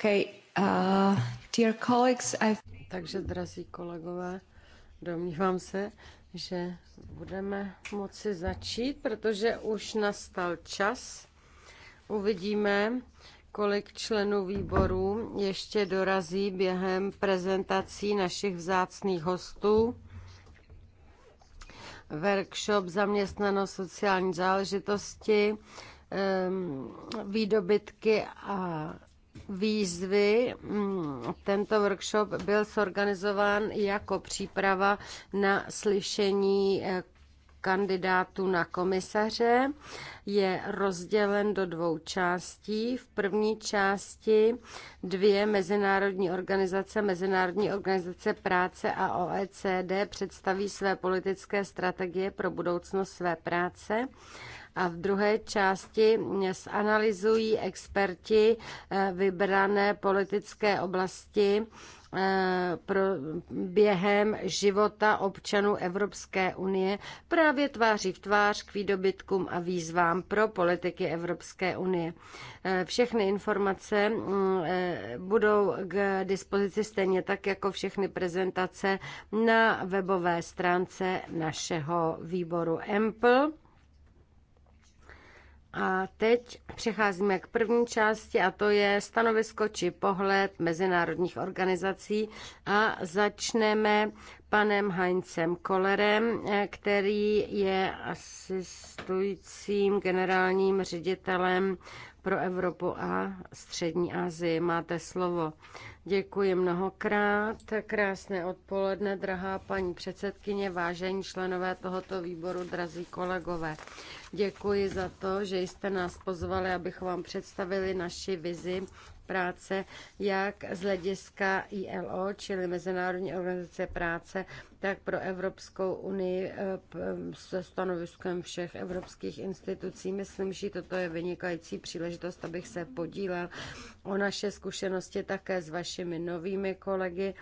Okay, uh, dear colleagues, I've... Takže, drazí kolegové, domnívám se, že budeme moci začít, protože už nastal čas. Uvidíme, kolik členů výboru ještě dorazí během prezentací našich vzácných hostů. Workshop zaměstnanost sociální záležitosti, výdobytky a výzvy. Mm, tento workshop byl sorganizován jako příprava na slyšení eh, kandidátů na komisaře. Je rozdělen do dvou částí. V první části dvě mezinárodní organizace, Mezinárodní organizace práce a OECD představí své politické strategie pro budoucnost své práce. A v druhé části zanalizují experti eh, vybrané politické oblasti eh, pro během života občanů Evropské unie právě tváří v tvář k výdobytkům a výzvám pro politiky Evropské unie. Eh, všechny informace mm, budou k dispozici stejně tak jako všechny prezentace na webové stránce našeho výboru EMPL. A teď přecházíme k první části a to je stanovisko či pohled mezinárodních organizací a začneme panem Heincem Kollerem, který je asistujícím generálním ředitelem pro Evropu a Střední Asii. Máte slovo. Děkuji mnohokrát. Krásné odpoledne, drahá paní předsedkyně, vážení členové tohoto výboru, drazí kolegové. Děkuji za to, že jste nás pozvali, abych vám představili naši vizi práce, jak z hlediska ILO, čili Mezinárodní organizace práce, tak pro Evropskou unii eh, se stanoviskem všech evropských institucí. Myslím, že toto je vynikající příležitost, abych se podílel o naše zkušenosti také s vašimi novými kolegy.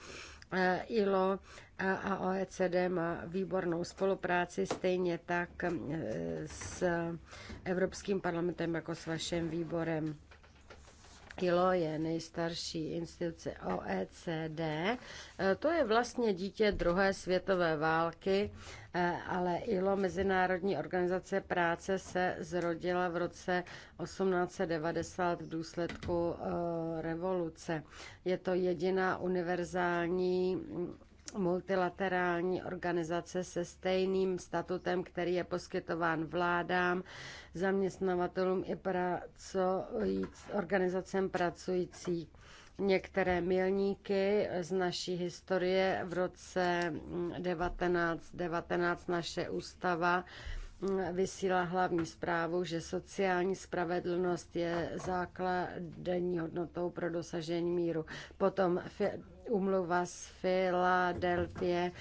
Eh, ILO eh, a OECD má výbornou spolupráci, stejně tak s Evropským parlamentem jako s vaším výborem. ILO je nejstarší instituce OECD. E, to je vlastně dítě druhé světové války, e, ale ILO, Mezinárodní organizace práce, se zrodila v roce 1890 v důsledku e, revoluce. Je to jediná univerzální multilaterální organizace se stejným statutem, který je poskytován vládám, zaměstnavatelům i pracujíc, organizacem pracující. některé milníky z naší historie. V roce 1919 naše ústava mm, vysílá hlavní zprávu, že sociální spravedlnost je základní hodnotou pro dosažení míru. Potom umluva z Filadelfie,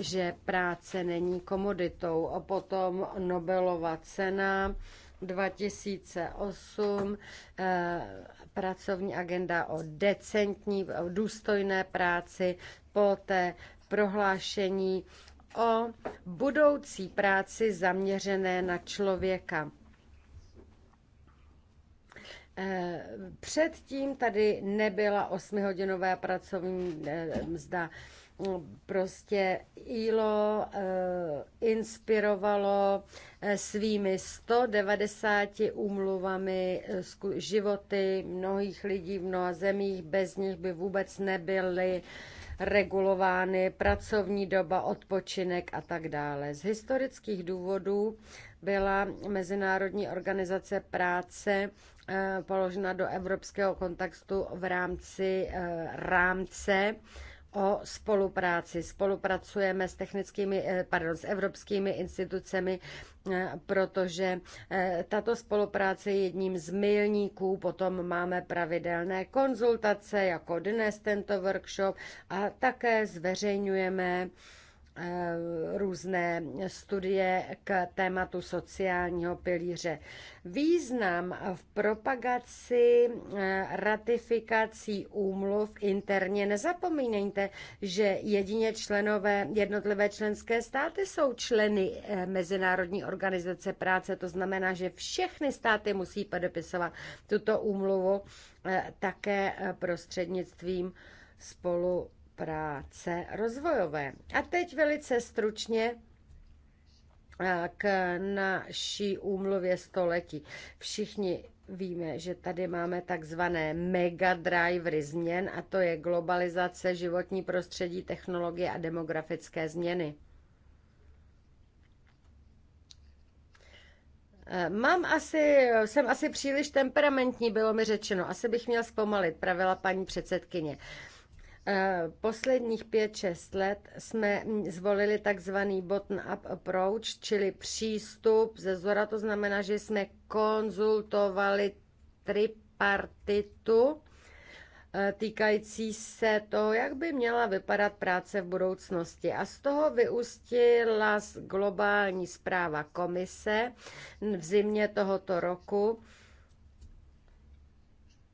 že práce není komoditou. A potom Nobelova cena 2008, eh, pracovní agenda o decentní, o důstojné práci, poté prohlášení o budoucí práci zaměřené na člověka. Eh, předtím tady nebyla osmihodinová pracovní eh, mzda. Mm, prostě ILO eh, inspirovalo svými 190 úmluvami životy mnohých lidí v mnoha zemích. Bez nich by vůbec nebyly regulovány, pracovní doba, odpočinek a tak dále. Z historických důvodů byla Mezinárodní organizace práce eh, položena do evropského kontextu v rámci eh, rámce o spolupráci. Spolupracujeme s technickými, eh, pardon, s evropskými institucemi, eh, protože eh, tato spolupráce je jedním z milníků. Potom máme pravidelné konzultace, jako dnes tento workshop a také zveřejňujeme Eh, různé studie k tématu sociálního pilíře. Význam v propagaci eh, ratifikací úmluv interně. Nezapomínejte, že jedině členové, jednotlivé členské státy jsou členy eh, Mezinárodní organizace práce. To znamená, že všechny státy musí podepisovat tuto úmluvu také prostřednictvím spolu práce rozvojové. A teď velice stručně eh, k naší úmluvě století. Všichni víme, že tady máme takzvané mega drivery změn a to je globalizace, životní prostředí, technologie a demografické změny. Eh, mám asi, jsem asi příliš temperamentní, bylo mi řečeno. Asi bych měl zpomalit, pravila paní předsedkyně. Eh, posledních 5-6 let jsme zvolili takzvaný bottom-up approach, čili přístup ze zora, to znamená, že jsme konzultovali tripartitu eh, týkající se toho, jak by měla vypadat práce v budoucnosti. A z toho vyústila globální zpráva komise v zimě tohoto roku,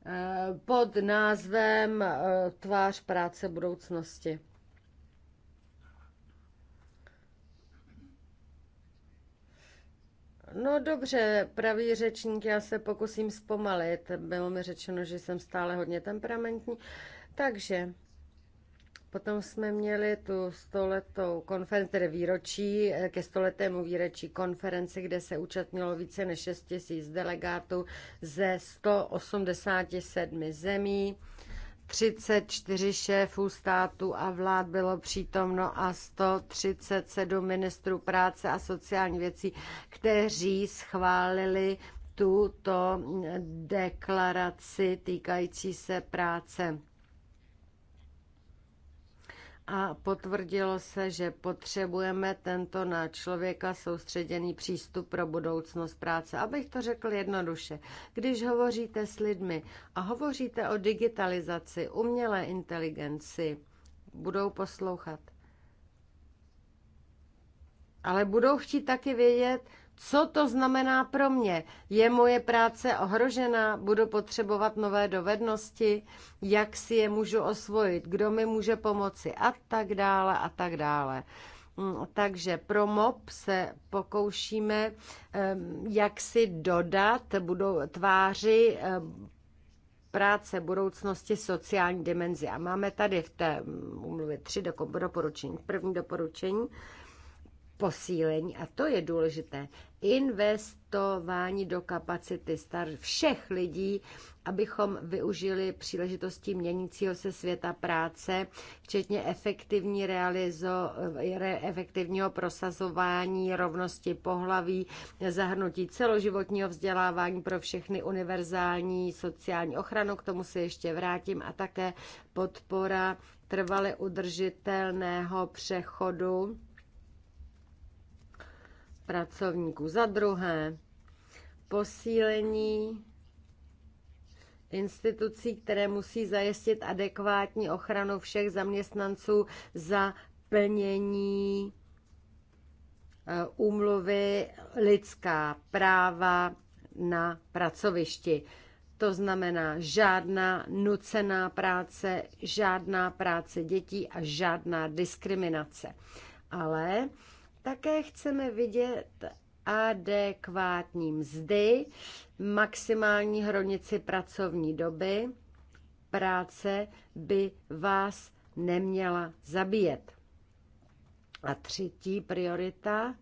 Eh, pod názvem eh, Tvář práce budoucnosti. No dobře, pravý řečník, já se pokusím zpomalit. Bylo mi řečeno, že jsem stále hodně temperamentní. Takže Potom jsme měli tu stoletou konferenci, tedy výročí, eh, ke stoletému výročí konferenci, kde se účastnilo více než 6 tisíc delegátů ze 187 zemí. 34 šéfů států a vlád bylo přítomno a 137 ministrů práce a sociální věcí, kteří schválili tuto deklaraci týkající se práce a potvrdilo se, že potřebujeme tento na člověka soustředěný přístup pro budoucnost práce. Abych to řekl jednoduše, když hovoříte s lidmi a hovoříte o digitalizaci, umělé inteligenci, budou poslouchat. Ale budou chtít taky vědět, co to znamená pro mě? Je moje práce ohrožena? Budu potřebovat nové dovednosti? Jak si je můžu osvojit? Kdo mi může pomoci? A tak dále, a tak dále. Mm, takže pro MOP se pokoušíme jak si dodat budou tváři práce budoucnosti sociální dimenzi. A máme tady v té mm, umluvě tři doporučení. První doporučení – posílení, a to je důležité, investování do kapacity star všech lidí, abychom využili příležitosti měnícího se světa práce, včetně efektivní realizo, efektivního prosazování rovnosti pohlaví, zahrnutí celoživotního vzdělávání pro všechny univerzální sociální ochranu, k tomu se ještě vrátím, a také podpora trvale udržitelného přechodu pracovníků. Za druhé, posílení institucí, které musí zajistit adekvátní ochranu všech zaměstnanců za plnění eh, úmluvy lidská práva na pracovišti. To znamená žádná nucená práce, žádná práce dětí a žádná diskriminace. Ale také chceme vidět adekvátní mzdy, maximální hranici pracovní doby. Práce by vás neměla zabíjet. A třetí priorita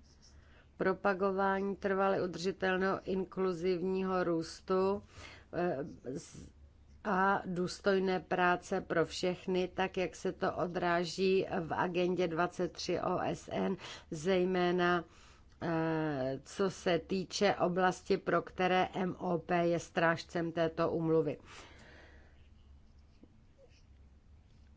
propagování trvale udržitelného inkluzivního růstu eh, a důstojné práce pro všechny, tak jak se to odráží v agendě 23 OSN, zejména eh, co se týče oblasti, pro které MOP je strážcem této umluvy.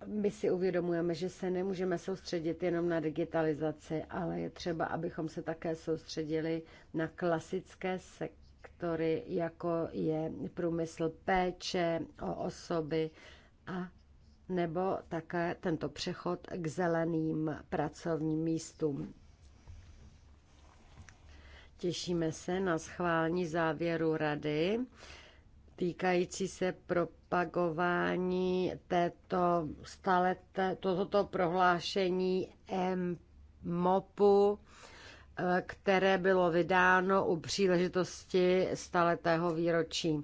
My si uvědomujeme, že se nemůžeme soustředit jenom na digitalizaci, ale je třeba, abychom se také soustředili na klasické sektory sektory, jako je průmysl péče o osoby a nebo také tento přechod k zeleným pracovním místům. Těšíme se na schválení závěru rady týkající se propagování této stále tohoto prohlášení MOPu které bylo vydáno u příležitosti staletého výročí.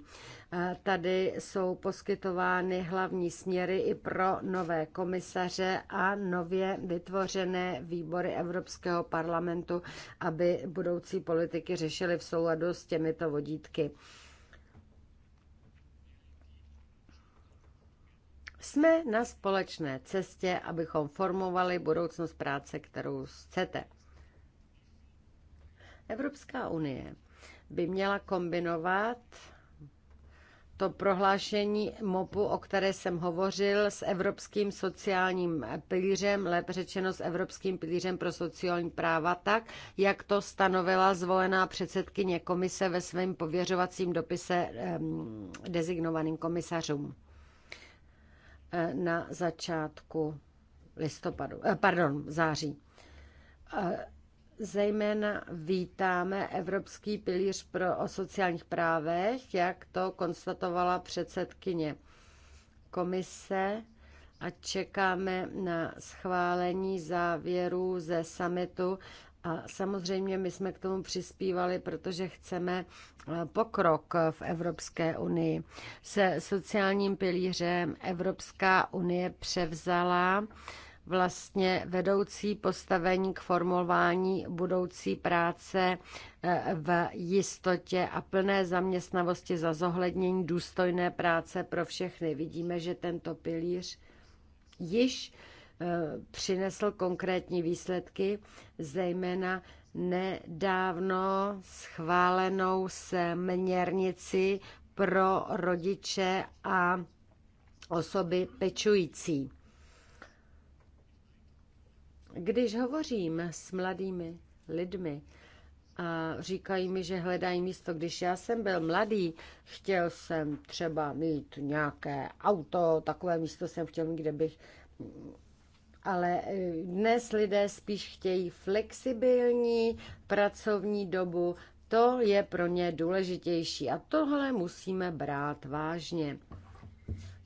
Tady jsou poskytovány hlavní směry i pro nové komisaře a nově vytvořené výbory Evropského parlamentu, aby budoucí politiky řešily v souladu s těmito vodítky. Jsme na společné cestě, abychom formovali budoucnost práce, kterou chcete. Evropská unie by měla kombinovat to prohlášení MOPu, o které jsem hovořil, s Evropským sociálním pilířem, lépe řečeno s Evropským pilířem pro sociální práva, tak, jak to stanovila zvolená předsedkyně komise ve svém pověřovacím dopise eh, designovaným komisařům eh, na začátku listopadu, eh, pardon, září. Eh, Zejména vítáme Evropský pilíř pro, o sociálních právech, jak to konstatovala předsedkyně komise a čekáme na schválení závěrů ze summitu. A samozřejmě my jsme k tomu přispívali, protože chceme eh, pokrok v Evropské unii. Se sociálním pilířem Evropská unie převzala vlastně vedoucí postavení k formování budoucí práce eh, v jistotě a plné zaměstnavosti za zohlednění důstojné práce pro všechny. Vidíme, že tento pilíř již eh, přinesl konkrétní výsledky, zejména nedávno schválenou směrnici pro rodiče a osoby pečující. Když hovořím s mladými lidmi a říkají mi, že hledají místo, když já jsem byl mladý, chtěl jsem třeba mít nějaké auto, takové místo jsem chtěl mít, kde bych ale eh, dnes lidé spíš chtějí flexibilní pracovní dobu, to je pro ně důležitější a tohle musíme brát vážně.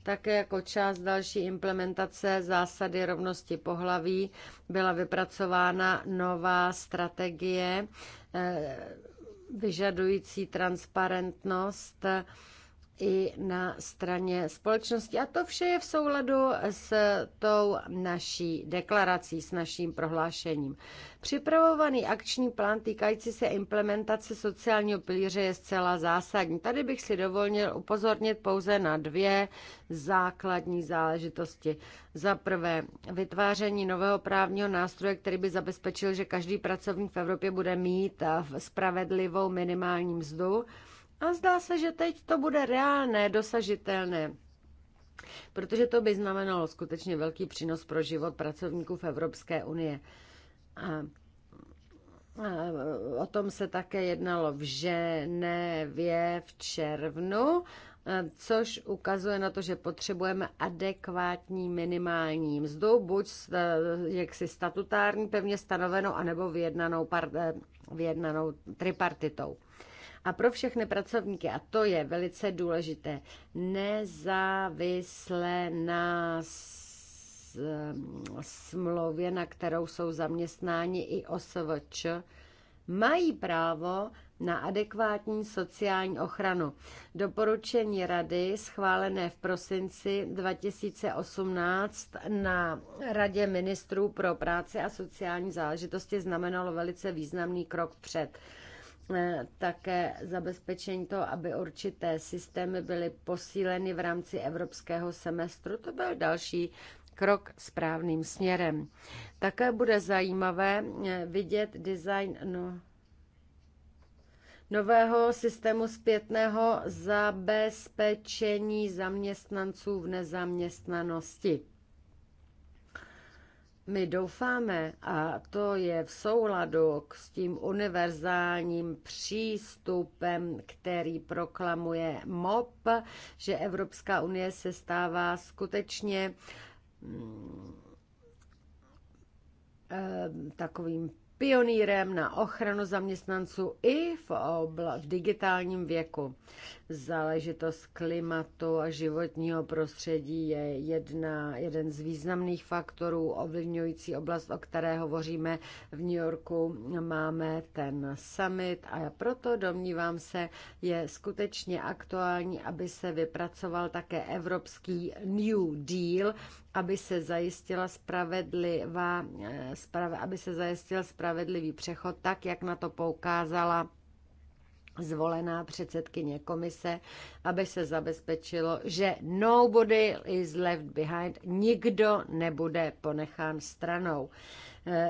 Také jako část další implementace zásady rovnosti pohlaví byla vypracována nová strategie eh, vyžadující transparentnost i na straně společnosti. A to vše je v souladu s tou naší deklarací, s naším prohlášením. Připravovaný akční plán týkající se implementace sociálního pilíře je zcela zásadní. Tady bych si dovolnil upozornit pouze na dvě základní záležitosti. Za prvé, vytváření nového právního nástroje, který by zabezpečil, že každý pracovník v Evropě bude mít spravedlivou minimální mzdu. A zdá se, že teď to bude reálné, dosažitelné. Protože to by znamenalo skutečně velký přínos pro život pracovníků v Evropské unie. A O tom se také jednalo v Ženevě v červnu, což ukazuje na to, že potřebujeme adekvátní minimální mzdu, buď e, jaksi statutární, pevně stanovenou, anebo vyjednanou, par, e, vyjednanou tripartitou a pro všechny pracovníky, a to je velice důležité, nezávisle na smlouvě, na kterou jsou zaměstnáni i OSVČ, mají právo na adekvátní sociální ochranu. Doporučení rady schválené v prosinci 2018 na Radě ministrů pro práci a sociální záležitosti znamenalo velice významný krok před. Eh, také zabezpečení toho, aby určité systémy byly posíleny v rámci evropského semestru. To byl další krok správným směrem. Také bude zajímavé eh, vidět design no, nového systému zpětného zabezpečení zaměstnanců v nezaměstnanosti. My doufáme, a to je v souladu s tím univerzálním přístupem, který proklamuje MOP, že Evropská unie se stává skutečně mm, eh, takovým pionýrem na ochranu zaměstnanců i v, obla, v digitálním věku. Záležitost klimatu a životního prostředí je jedna, jeden z významných faktorů ovlivňující oblast, o které hovoříme v New Yorku. Máme ten summit a já proto domnívám se, je skutečně aktuální, aby se vypracoval také evropský New Deal, aby se zajistila spravedlivá, eh, aby se zajistil spravedlivý přechod, tak jak na to poukázala zvolená předsedkyně komise, aby se zabezpečilo, že nobody is left behind, nikdo nebude ponechán stranou.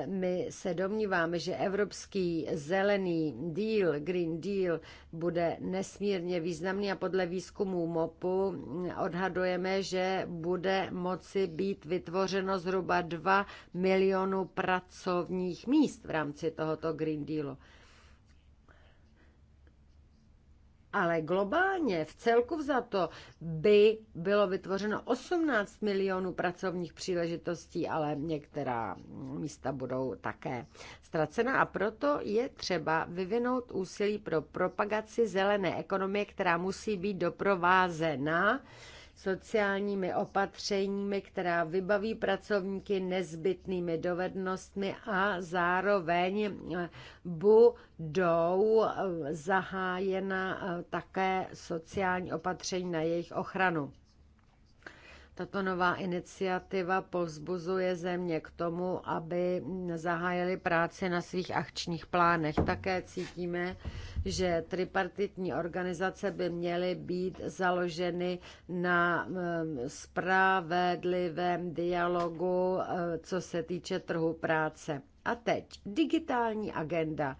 My se domníváme, že evropský zelený deal, Green Deal, bude nesmírně významný a podle výzkumu MOPu odhadujeme, že bude moci být vytvořeno zhruba 2 milionů pracovních míst v rámci tohoto Green Dealu. ale globálně v celku za to by bylo vytvořeno 18 milionů pracovních příležitostí, ale některá místa budou také ztracena a proto je třeba vyvinout úsilí pro propagaci zelené ekonomie, která musí být doprovázena sociálními opatřeními, která vybaví pracovníky nezbytnými dovednostmi a zároveň eh, budou eh, zahájena eh, také sociální opatření na jejich ochranu. Tato nová iniciativa povzbuzuje země k tomu, aby zahájili práci na svých akčních plánech. Také cítíme, že tripartitní organizace by měly být založeny na ehm, spravedlivém dialogu, ehm, co se týče trhu práce. A teď digitální agenda.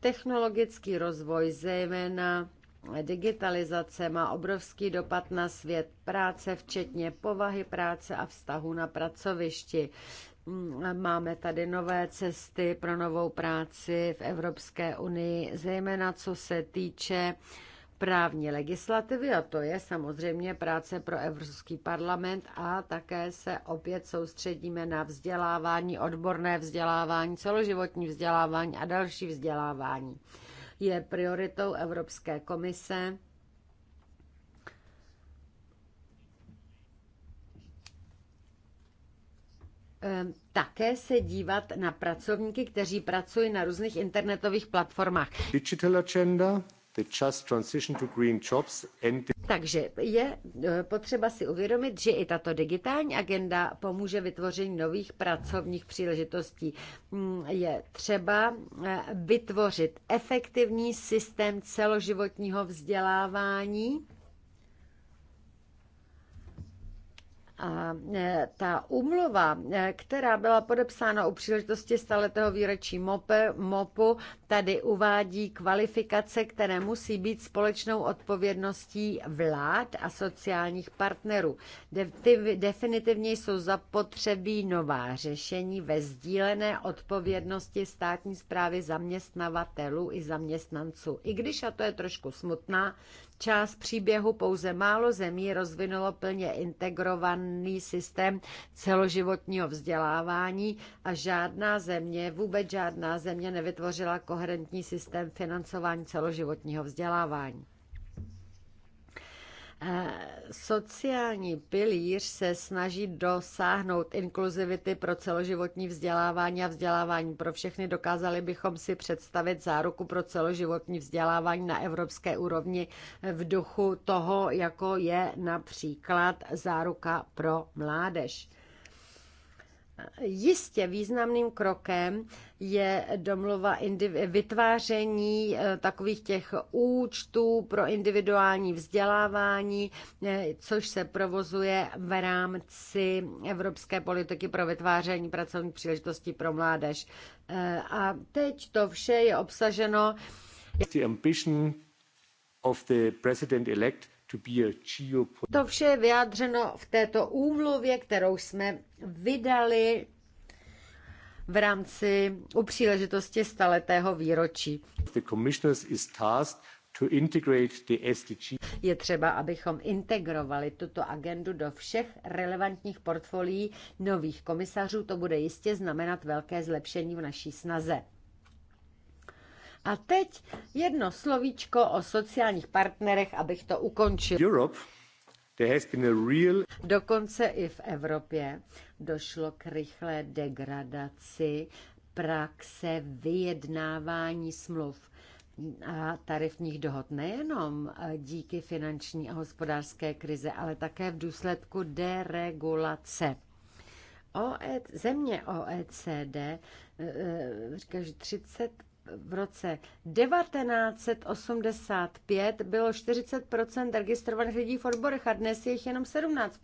Technologický rozvoj, zejména Digitalizace má obrovský dopad na svět práce, včetně povahy práce a vztahu na pracovišti. Máme tady nové cesty pro novou práci v Evropské unii, zejména co se týče právní legislativy, a to je samozřejmě práce pro Evropský parlament a také se opět soustředíme na vzdělávání, odborné vzdělávání, celoživotní vzdělávání a další vzdělávání je prioritou Evropské komise. Ehm, také se dívat na pracovníky, kteří pracují na různých internetových platformách. Digital agenda takže je e, potřeba si uvědomit, že i tato digitální agenda pomůže vytvoření nových pracovních příležitostí. Mm, je třeba e, vytvořit efektivní systém celoživotního vzdělávání A e, ta umluva, e, která byla podepsána u příležitosti staletého výročí MOPE, MOPu, tady uvádí kvalifikace, které musí být společnou odpovědností vlád a sociálních partnerů. Definitivně jsou zapotřebí nová řešení ve sdílené odpovědnosti státní zprávy zaměstnavatelů i zaměstnanců. I když, a to je trošku smutná část příběhu pouze málo zemí rozvinulo plně integrovaný systém celoživotního vzdělávání a žádná země, vůbec žádná země nevytvořila koherentní systém financování celoživotního vzdělávání. Sociální pilíř se snaží dosáhnout inkluzivity pro celoživotní vzdělávání a vzdělávání pro všechny. Dokázali bychom si představit záruku pro celoživotní vzdělávání na evropské úrovni v duchu toho, jako je například záruka pro mládež. Jistě významným krokem je domluva vytváření eh, takových těch účtů pro individuální vzdělávání, eh, což se provozuje v rámci evropské politiky pro vytváření pracovních příležitostí pro mládež. Eh, a teď to vše je obsaženo. The ambition of the president-elect to vše je vyjádřeno v této úmluvě, kterou jsme vydali v rámci u příležitosti staletého výročí. Je třeba, abychom integrovali tuto agendu do všech relevantních portfolií nových komisařů. To bude jistě znamenat velké zlepšení v naší snaze. A teď jedno slovíčko o sociálních partnerech, abych to ukončil. Europe. There has been a real... Dokonce i v Evropě došlo k rychlé degradaci praxe vyjednávání smluv a tarifních dohod nejenom díky finanční a hospodářské krize, ale také v důsledku deregulace. OED, země OECD e, e, říká, že 30 v roce 1985 bylo 40 registrovaných lidí v odborech a dnes je jich jenom 17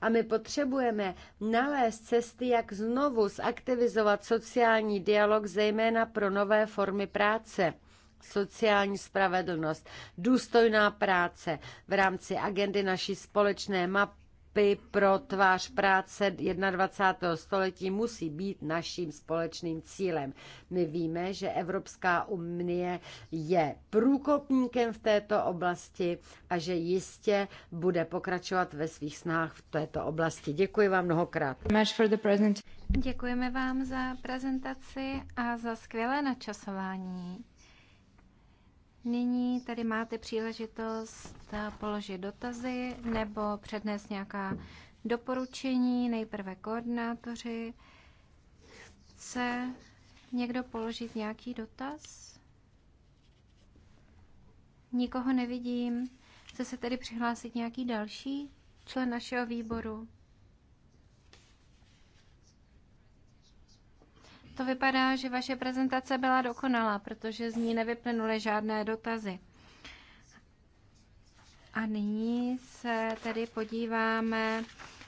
A my potřebujeme nalézt cesty, jak znovu zaktivizovat sociální dialog, zejména pro nové formy práce sociální spravedlnost, důstojná práce v rámci agendy naší společné mapy Evropy pro tvář práce 21. století musí být naším společným cílem. My víme, že Evropská unie je průkopníkem v této oblasti a že jistě bude pokračovat ve svých snách v této oblasti. Děkuji vám mnohokrát. Děkujeme vám za prezentaci a za skvělé načasování. Nyní tady máte příležitost eh, položit dotazy nebo přednést nějaká doporučení, nejprve koordinátoři. Chce někdo položit nějaký dotaz? Nikoho nevidím. Chce se tedy přihlásit nějaký další člen našeho výboru? To vypadá, že vaše prezentace byla dokonalá, protože z ní nevyplynuly žádné dotazy. A nyní se tedy podíváme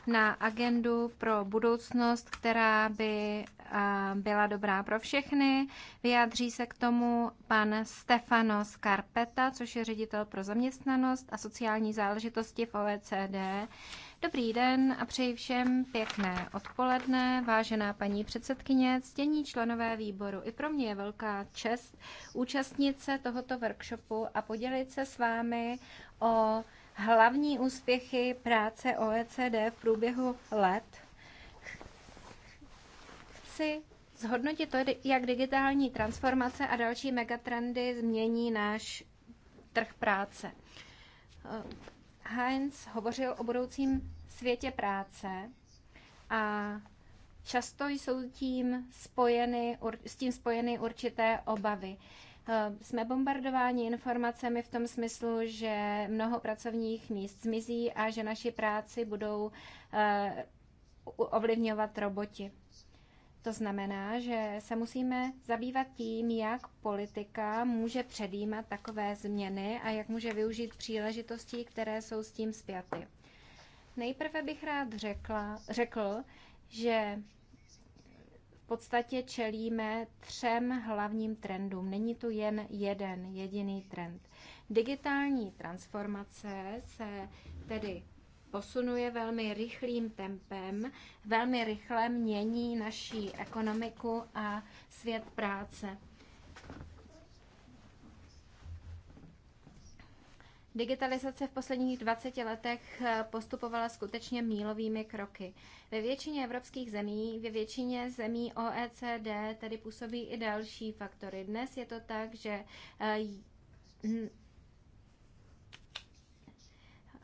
na agendu pro budoucnost, která by byla dobrá pro všechny. Vyjádří se k tomu pan Stefano Scarpeta, což je ředitel pro zaměstnanost a sociální záležitosti v OECD. Dobrý den a přeji všem pěkné odpoledne, vážená paní předsedkyně, ctění členové výboru. I pro mě je velká čest účastnit se tohoto workshopu a podělit se s vámi o hlavní úspěchy práce OECD v průběhu let. Chci zhodnotit to, jak digitální transformace a další megatrendy změní náš trh práce. Heinz hovořil o budoucím světě práce a často jsou tím spojeny, s tím spojeny určité obavy. Eh, jsme bombardováni informacemi v tom smyslu, že mnoho pracovních míst zmizí a že naši práci budou eh, ovlivňovat roboti. To znamená, že se musíme zabývat tím, jak politika může předjímat takové změny a jak může využít příležitostí, které jsou s tím spjaty. Nejprve bych rád řekla, řekl, že v podstatě čelíme třem hlavním trendům. Není tu jen jeden jediný trend. Digitální transformace se tedy posunuje velmi rychlým tempem, velmi rychle mění naší ekonomiku a svět práce. Digitalizace v posledních 20 letech eh, postupovala skutečně mílovými kroky. Ve většině evropských zemí, ve většině zemí OECD tady působí i další faktory. Dnes je to tak, že uh,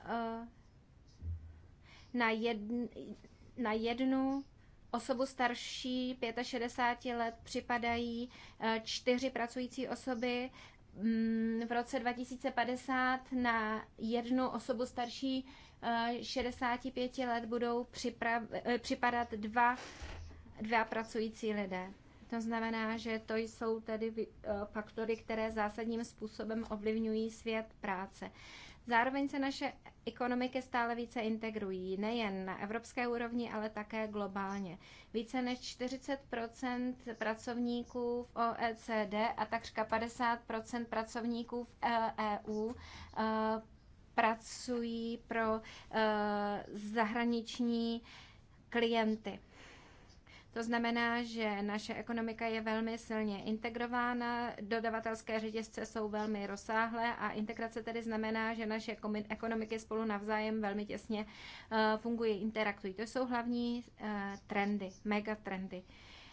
uh, na, jedn, na jednu osobu starší 65 let připadají eh, čtyři pracující osoby, mm, v roce 2050 na jednu osobu starší 65 eh, let budou připrav, eh, připadat dva, dva pracující lidé. To znamená, že to jsou tedy faktory, které zásadním způsobem ovlivňují svět práce. Zároveň se naše ekonomiky stále více integrují, nejen na evropské úrovni, ale také globálně. Více než 40 pracovníků v OECD a takřka 50 pracovníků v EU e eh, pracují pro eh, zahraniční klienty. To znamená, že naše ekonomika je velmi silně integrována, dodavatelské řetězce jsou velmi rozsáhlé a integrace tedy znamená, že naše ekonomiky spolu navzájem velmi těsně eh, fungují, interaktují. To jsou hlavní eh, trendy, megatrendy.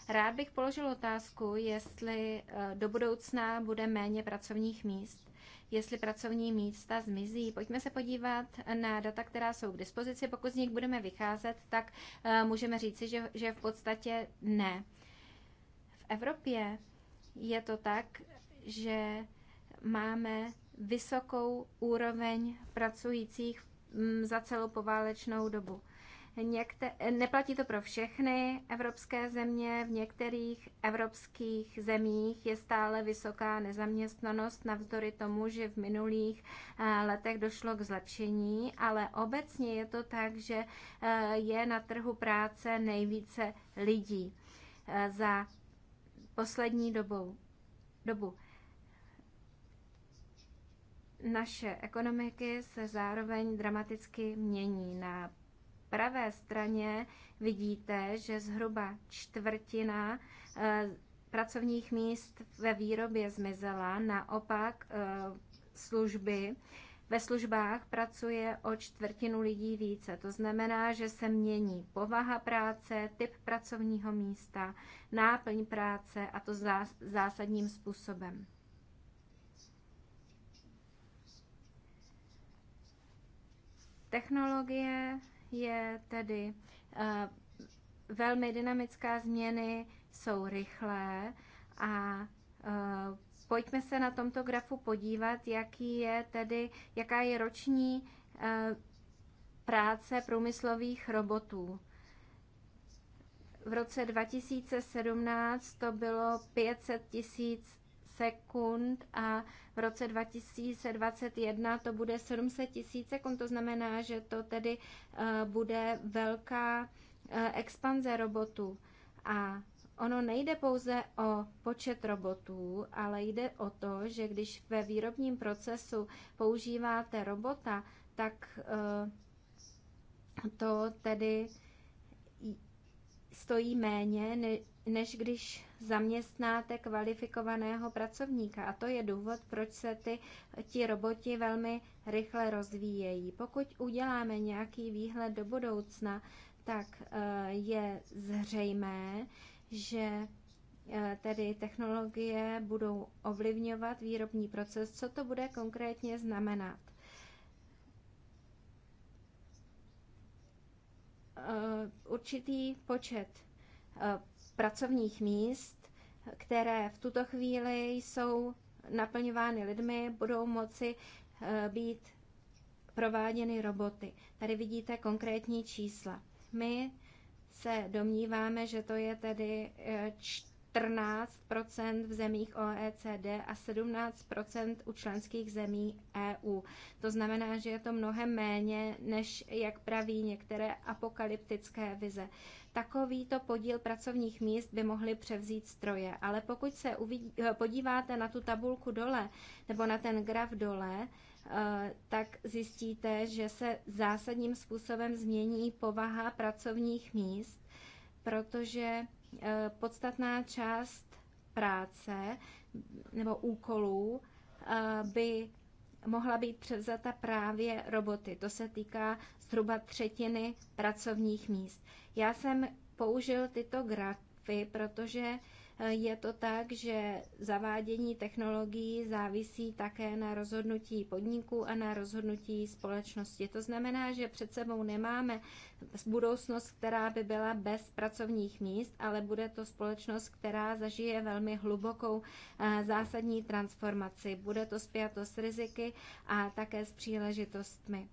Rád bych položil otázku, jestli eh, do budoucna bude méně pracovních míst jestli pracovní místa zmizí. Pojďme se podívat na data, která jsou k dispozici. Pokud z nich budeme vycházet, tak eh, můžeme říci, že, že v podstatě ne. V Evropě je to tak, že máme vysokou úroveň pracujících mm, za celou poválečnou dobu. Někte, neplatí to pro všechny evropské země. V některých evropských zemích je stále vysoká nezaměstnanost, navzdory tomu, že v minulých eh, letech došlo k zlepšení, ale obecně je to tak, že eh, je na trhu práce nejvíce lidí eh, za poslední dobou, dobu. Naše ekonomiky se zároveň dramaticky mění. Na pravé straně vidíte, že zhruba čtvrtina eh, pracovních míst ve výrobě zmizela, naopak eh, služby ve službách pracuje o čtvrtinu lidí více. To znamená, že se mění povaha práce, typ pracovního místa, náplň práce a to zásadním způsobem. Technologie je tedy eh, velmi dynamická, změny jsou rychlé a eh, pojďme se na tomto grafu podívat, jaký je tedy, jaká je roční eh, práce průmyslových robotů. V roce 2017 to bylo 500 tisíc sekund a v roce 2021 to bude 700 tisíc sekund. To znamená, že to tedy eh, bude velká eh, expanze robotů. A ono nejde pouze o počet robotů, ale jde o to, že když ve výrobním procesu používáte robota, tak eh, to tedy stojí méně, než když zaměstnáte kvalifikovaného pracovníka. A to je důvod, proč se ty, ti roboti velmi rychle rozvíjejí. Pokud uděláme nějaký výhled do budoucna, tak eh, je zřejmé, že eh, tedy technologie budou ovlivňovat výrobní proces. Co to bude konkrétně znamenat? Eh, určitý počet pracovních míst, které v tuto chvíli jsou naplňovány lidmi, budou moci eh, být prováděny roboty. Tady vidíte konkrétní čísla. My se domníváme, že to je tedy eh, 14 v zemích OECD a 17 u členských zemí EU. To znamená, že je to mnohem méně, než jak praví některé apokalyptické vize. Takovýto podíl pracovních míst by mohly převzít stroje, ale pokud se podíváte na tu tabulku dole nebo na ten graf dole, eh, tak zjistíte, že se zásadním způsobem změní povaha pracovních míst, protože Eh, podstatná část práce nebo úkolů eh, by mohla být převzata právě roboty. To se týká zhruba třetiny pracovních míst. Já jsem použil tyto grafy, protože je to tak, že zavádění technologií závisí také na rozhodnutí podniků a na rozhodnutí společnosti. To znamená, že před sebou nemáme budoucnost, která by byla bez pracovních míst, ale bude to společnost, která zažije velmi hlubokou eh, zásadní transformaci. Bude to spjato s riziky a také s příležitostmi.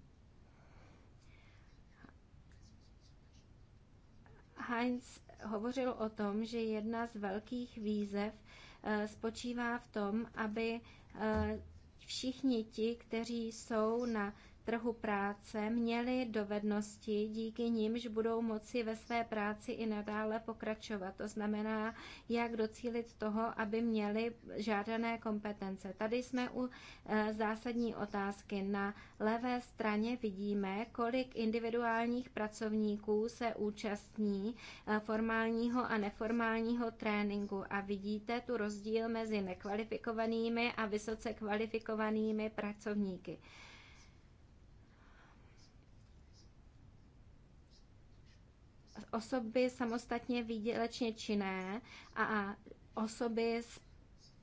Heinz hovořil o tom, že jedna z velkých výzev eh, spočívá v tom, aby eh, všichni ti, kteří jsou na trhu práce měli dovednosti, díky nimž budou moci ve své práci i nadále pokračovat. To znamená, jak docílit toho, aby měli žádané kompetence. Tady jsme u e, zásadní otázky. Na levé straně vidíme, kolik individuálních pracovníků se účastní e, formálního a neformálního tréninku a vidíte tu rozdíl mezi nekvalifikovanými a vysoce kvalifikovanými pracovníky. osoby samostatně výdělečně činné a osoby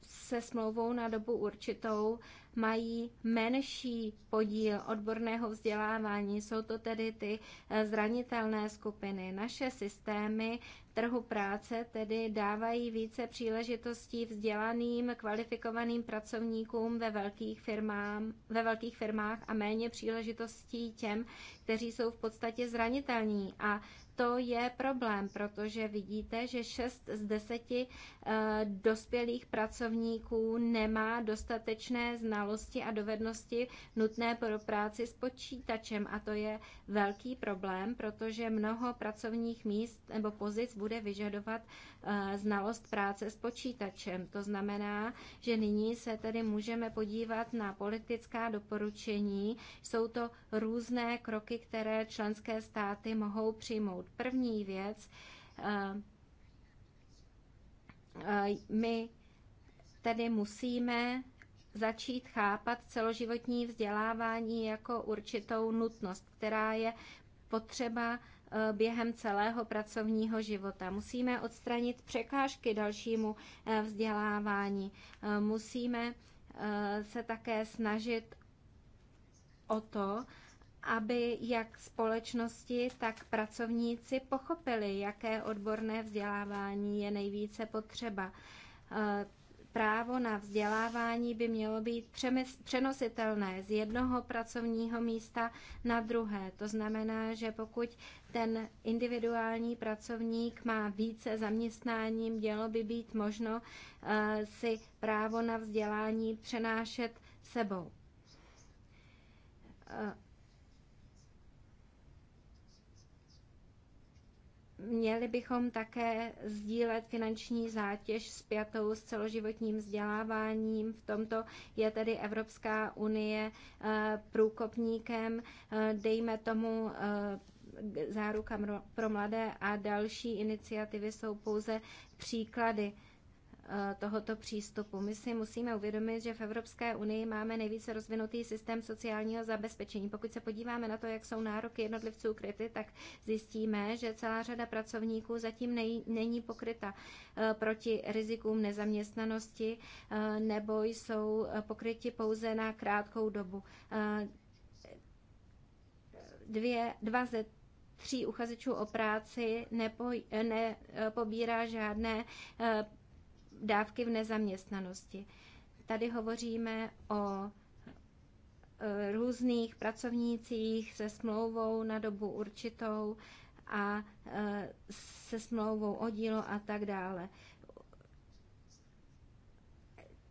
se smlouvou na dobu určitou mají menší podíl odborného vzdělávání. Jsou to tedy ty eh, zranitelné skupiny. Naše systémy trhu práce tedy dávají více příležitostí vzdělaným, kvalifikovaným pracovníkům ve velkých, firmám, ve velkých firmách a méně příležitostí těm, kteří jsou v podstatě zranitelní. A to je problém, protože vidíte, že 6 z 10 eh, dospělých pracovníků nemá dostatečné znalosti a dovednosti nutné pro práci s počítačem. A to je velký problém, protože mnoho pracovních míst nebo pozic bude vyžadovat eh, znalost práce s počítačem. To znamená, že nyní se tedy můžeme podívat na politická doporučení. Jsou to různé kroky, které členské státy mohou přijmout. První věc, eh, eh, my tedy musíme začít chápat celoživotní vzdělávání jako určitou nutnost, která je potřeba Eh, během celého pracovního života. Musíme odstranit překážky dalšímu eh, vzdělávání. Eh, musíme se také snažit o to, aby jak společnosti, tak pracovníci pochopili, jaké odborné vzdělávání je nejvíce potřeba právo na vzdělávání by mělo být přenositelné z jednoho pracovního místa na druhé. To znamená, že pokud ten individuální pracovník má více zaměstnání, mělo by být možno eh, si právo na vzdělání přenášet sebou eh, Měli bychom také sdílet finanční zátěž pětou s celoživotním vzděláváním. V tomto je tedy Evropská unie eh, průkopníkem, eh, dejme tomu eh, záruka pro mladé a další iniciativy jsou pouze příklady. Eh, tohoto přístupu. My si musíme uvědomit, že v Evropské unii máme nejvíce rozvinutý systém sociálního zabezpečení. Pokud se podíváme na to, jak jsou nároky jednotlivců kryty, tak zjistíme, že celá řada pracovníků zatím nej, není pokryta eh, proti rizikům nezaměstnanosti eh, nebo jsou pokryti pouze na krátkou dobu. Dvě, dva ze tří uchazečů o práci nepo, nepobírá žádné dávky v nezaměstnanosti. Tady hovoříme o e, různých pracovnících se smlouvou na dobu určitou a e, se smlouvou o dílo a tak dále.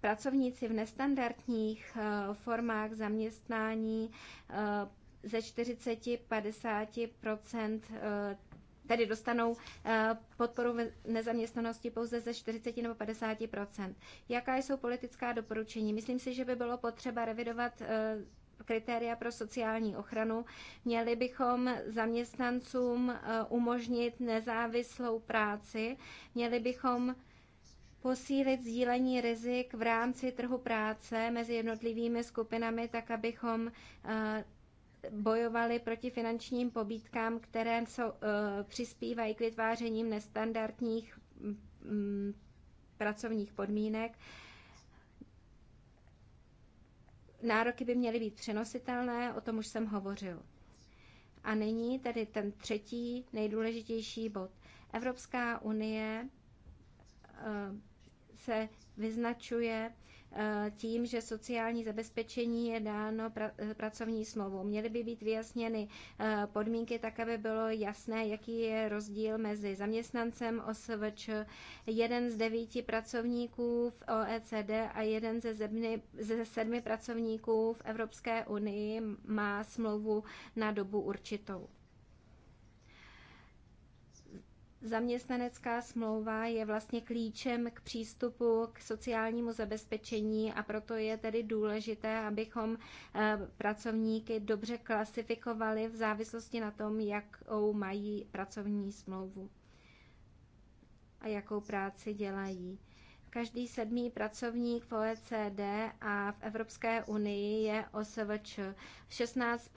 Pracovníci v nestandardních e, formách zaměstnání ze 40-50 tedy dostanou eh, podporu nezaměstnanosti pouze ze 40 nebo 50 Jaká jsou politická doporučení? Myslím si, že by bylo potřeba revidovat eh, kritéria pro sociální ochranu. Měli bychom zaměstnancům eh, umožnit nezávislou práci, měli bychom posílit sdílení rizik v rámci trhu práce mezi jednotlivými skupinami, tak abychom bojovali proti finančním pobítkám, které jsou, eh, přispívají k vytvářením nestandardních mm, pracovních podmínek. Nároky by měly být přenositelné, o tom už jsem hovořil. A nyní tedy ten třetí nejdůležitější bod. Evropská unie eh, se vyznačuje Eh, tím, že sociální zabezpečení je dáno pra, eh, pracovní smlouvou. Měly by být vyjasněny eh, podmínky tak, aby bylo jasné, jaký je rozdíl mezi zaměstnancem OSVČ. Jeden z devíti pracovníků v OECD a jeden ze, zemny, ze sedmi pracovníků v Evropské unii má smlouvu na dobu určitou. Zaměstnanecká smlouva je vlastně klíčem k přístupu k sociálnímu zabezpečení a proto je tedy důležité, abychom eh, pracovníky dobře klasifikovali v závislosti na tom, jakou mají pracovní smlouvu a jakou práci dělají. Každý sedmý pracovník v OECD a v Evropské unii je OSVČ. 16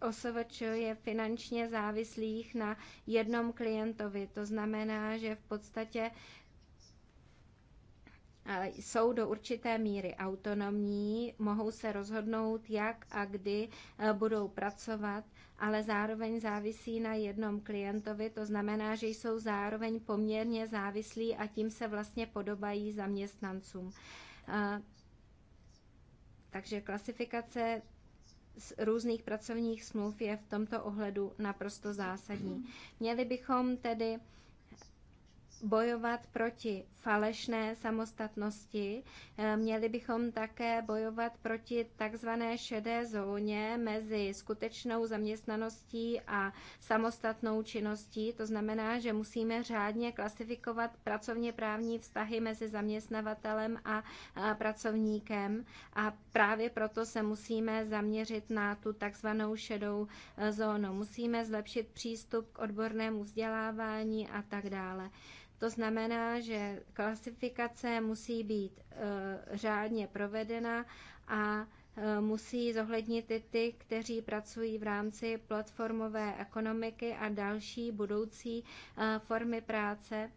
OSVČ je finančně závislých na jednom klientovi. To znamená, že v podstatě eh, jsou do určité míry autonomní, mohou se rozhodnout, jak a kdy eh, budou pracovat, ale zároveň závisí na jednom klientovi, to znamená, že jsou zároveň poměrně závislí a tím se vlastně podobají zaměstnancům. Eh, takže klasifikace z různých pracovních smluv je v tomto ohledu naprosto zásadní. Měli bychom tedy bojovat proti falešné samostatnosti. Eh, měli bychom také bojovat proti takzvané šedé zóně mezi skutečnou zaměstnaností a samostatnou činností. To znamená, že musíme řádně klasifikovat pracovně právní vztahy mezi zaměstnavatelem a pracovníkem a právě proto se musíme zaměřit na tu takzvanou šedou eh, zónu. Musíme zlepšit přístup k odbornému vzdělávání a tak dále. To znamená, že klasifikace musí být eh, řádně provedena a eh, musí zohlednit i ty, kteří pracují v rámci platformové ekonomiky a další budoucí eh, formy práce.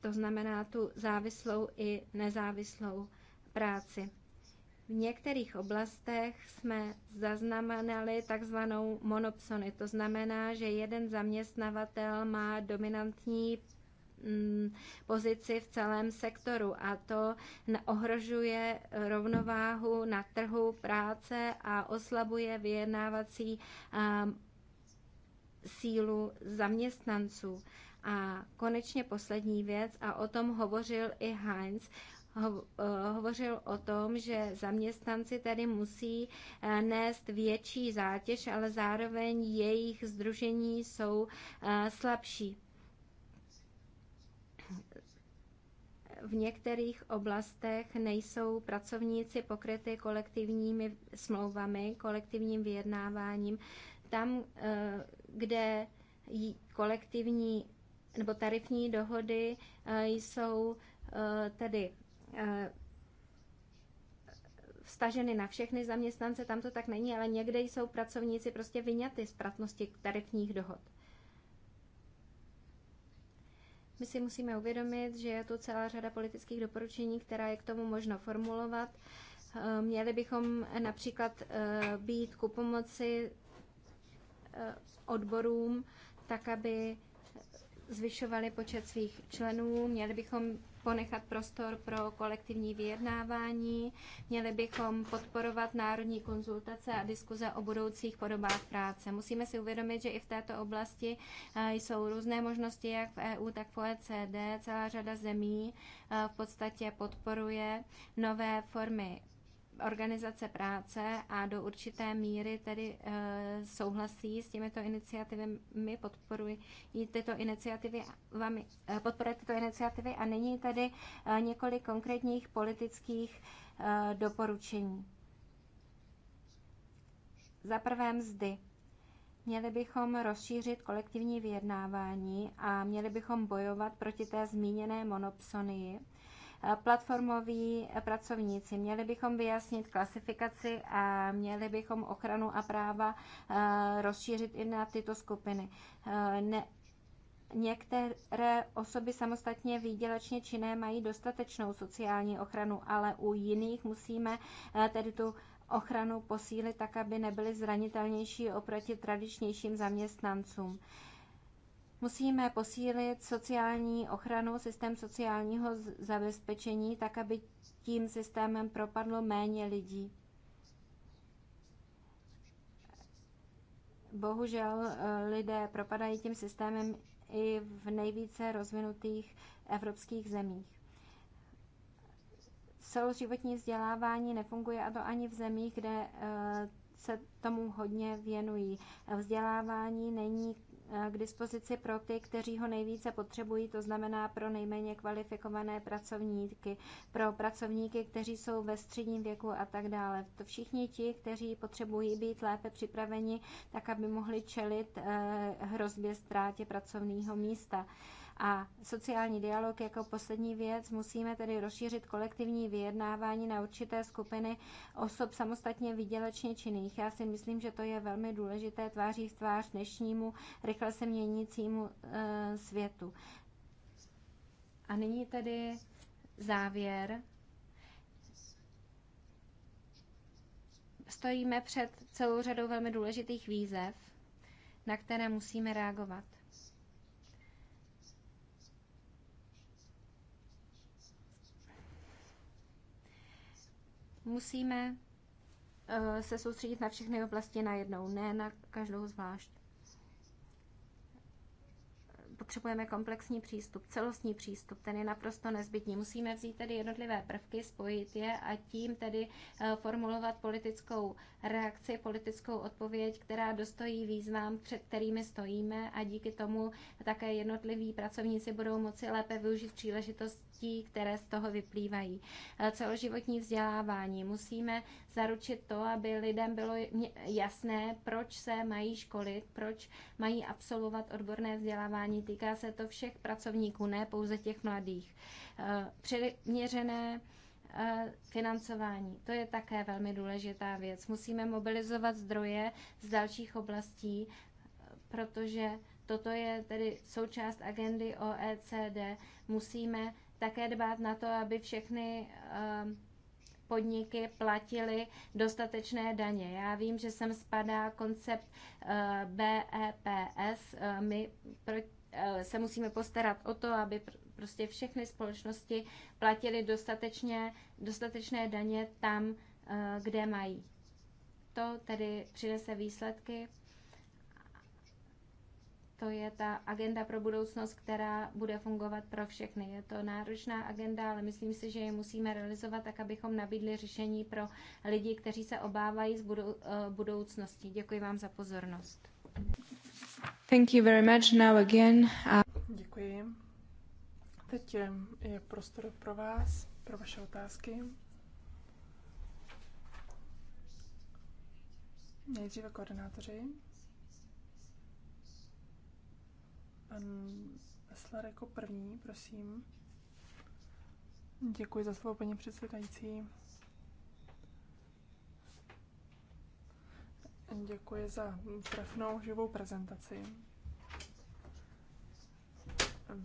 To znamená tu závislou i nezávislou práci. V některých oblastech jsme zaznamenali takzvanou monopsony. To znamená, že jeden zaměstnavatel má dominantní mm, pozici v celém sektoru a to ohrožuje rovnováhu na trhu práce a oslabuje vyjednávací sílu zaměstnanců. A konečně poslední věc, a o tom hovořil i Heinz, Eh, hovořil o tom, že zaměstnanci tady musí eh, nést větší zátěž, ale zároveň jejich združení jsou eh, slabší. v některých oblastech nejsou pracovníci pokryty kolektivními smlouvami, kolektivním vyjednáváním. Tam, kde kolektivní nebo tarifní dohody jsou tedy Eh, vstaženy na všechny zaměstnance, tam to tak není, ale někde jsou pracovníci prostě vyňaty z pratnosti tarifních dohod. My si musíme uvědomit, že je tu celá řada politických doporučení, která je k tomu možno formulovat. Eh, měli bychom například eh, být ku pomoci odborům, tak aby zvyšovali počet svých členů. Měli bychom ponechat prostor pro kolektivní vyjednávání, měli bychom podporovat národní konzultace a diskuze o budoucích podobách práce. Musíme si uvědomit, že i v této oblasti eh, jsou různé možnosti, jak v EU, tak v OECD. Celá řada zemí eh, v podstatě podporuje nové formy organizace práce a do určité míry tedy eh, souhlasí s těmito iniciativami, podporují tyto iniciativy, vám eh, podporuje tyto iniciativy a tady uh, eh, několik konkrétních politických doporučení. Za prvé mzdy. Měli bychom rozšířit kolektivní vyjednávání a měli bychom bojovat proti té zmíněné monopsonii platformoví pracovníci. Měli bychom vyjasnit klasifikaci a měli bychom ochranu a práva eh, rozšířit i na tyto skupiny. Eh, ne, Některé osoby samostatně výdělečně činné mají dostatečnou sociální ochranu, ale u jiných musíme eh, tedy tu ochranu posílit tak, aby nebyly zranitelnější oproti tradičnějším zaměstnancům. Musíme posílit sociální ochranu, systém sociálního zabezpečení, tak aby tím systémem propadlo méně lidí. Bohužel eh, lidé propadají tím systémem i v nejvíce rozvinutých evropských zemích. Celoživotní vzdělávání nefunguje a to ani v zemích, kde eh, se tomu hodně věnují. Vzdělávání není Eh, k dispozici pro ty, kteří ho nejvíce potřebují, to znamená pro nejméně kvalifikované pracovníky, pro pracovníky, kteří jsou ve středním věku a tak dále. To všichni ti, kteří potřebují být lépe připraveni, tak aby mohli čelit eh, hrozbě ztrátě pracovního místa. A sociální dialog jako poslední věc musíme tedy rozšířit kolektivní vyjednávání na určité skupiny osob samostatně výdělečně činných. Já si myslím, že to je velmi důležité tváří v tvář dnešnímu rychle se měnícímu e, světu. A nyní tedy závěr. Stojíme před celou řadou velmi důležitých výzev, na které musíme reagovat. Musíme eh, se soustředit na všechny oblasti najednou, ne na každou zvlášť. Potřebujeme komplexní přístup, celostní přístup, ten je naprosto nezbytný. Musíme vzít tedy jednotlivé prvky, spojit je a tím tedy eh, formulovat politickou reakci, politickou odpověď, která dostojí výzvám, před kterými stojíme a díky tomu také jednotliví pracovníci budou moci lépe využít příležitost možností, které z toho vyplývají. Eh, celoživotní vzdělávání. Musíme zaručit to, aby lidem bylo jasné, proč se mají školit, proč mají absolvovat odborné vzdělávání. Týká se to všech pracovníků, ne pouze těch mladých. Eh, přiměřené eh, financování. To je také velmi důležitá věc. Musíme mobilizovat zdroje z dalších oblastí, protože toto je tedy součást agendy OECD. Musíme také dbát na to, aby všechny ehm, podniky platily dostatečné daně. Já vím, že sem spadá koncept eh, BEPS. Eh, my eh, se musíme postarat o to, aby prostě všechny společnosti platily dostatečně, dostatečné daně tam, kde mají. To tedy přinese výsledky to je ta agenda pro budoucnost, která bude fungovat pro všechny. Je to náročná agenda, ale myslím si, že ji musíme realizovat tak, abychom nabídli řešení pro lidi, kteří se obávají z budou, eh, budoucnosti. Děkuji vám za pozornost. Thank you very much. Now again. A... Uh, Děkuji. Teď je, je prostor pro vás, pro vaše otázky. Nejdříve koordinátoři. pan jako první, prosím. Děkuji za slovo, paní předsedající. Děkuji za trefnou živou prezentaci.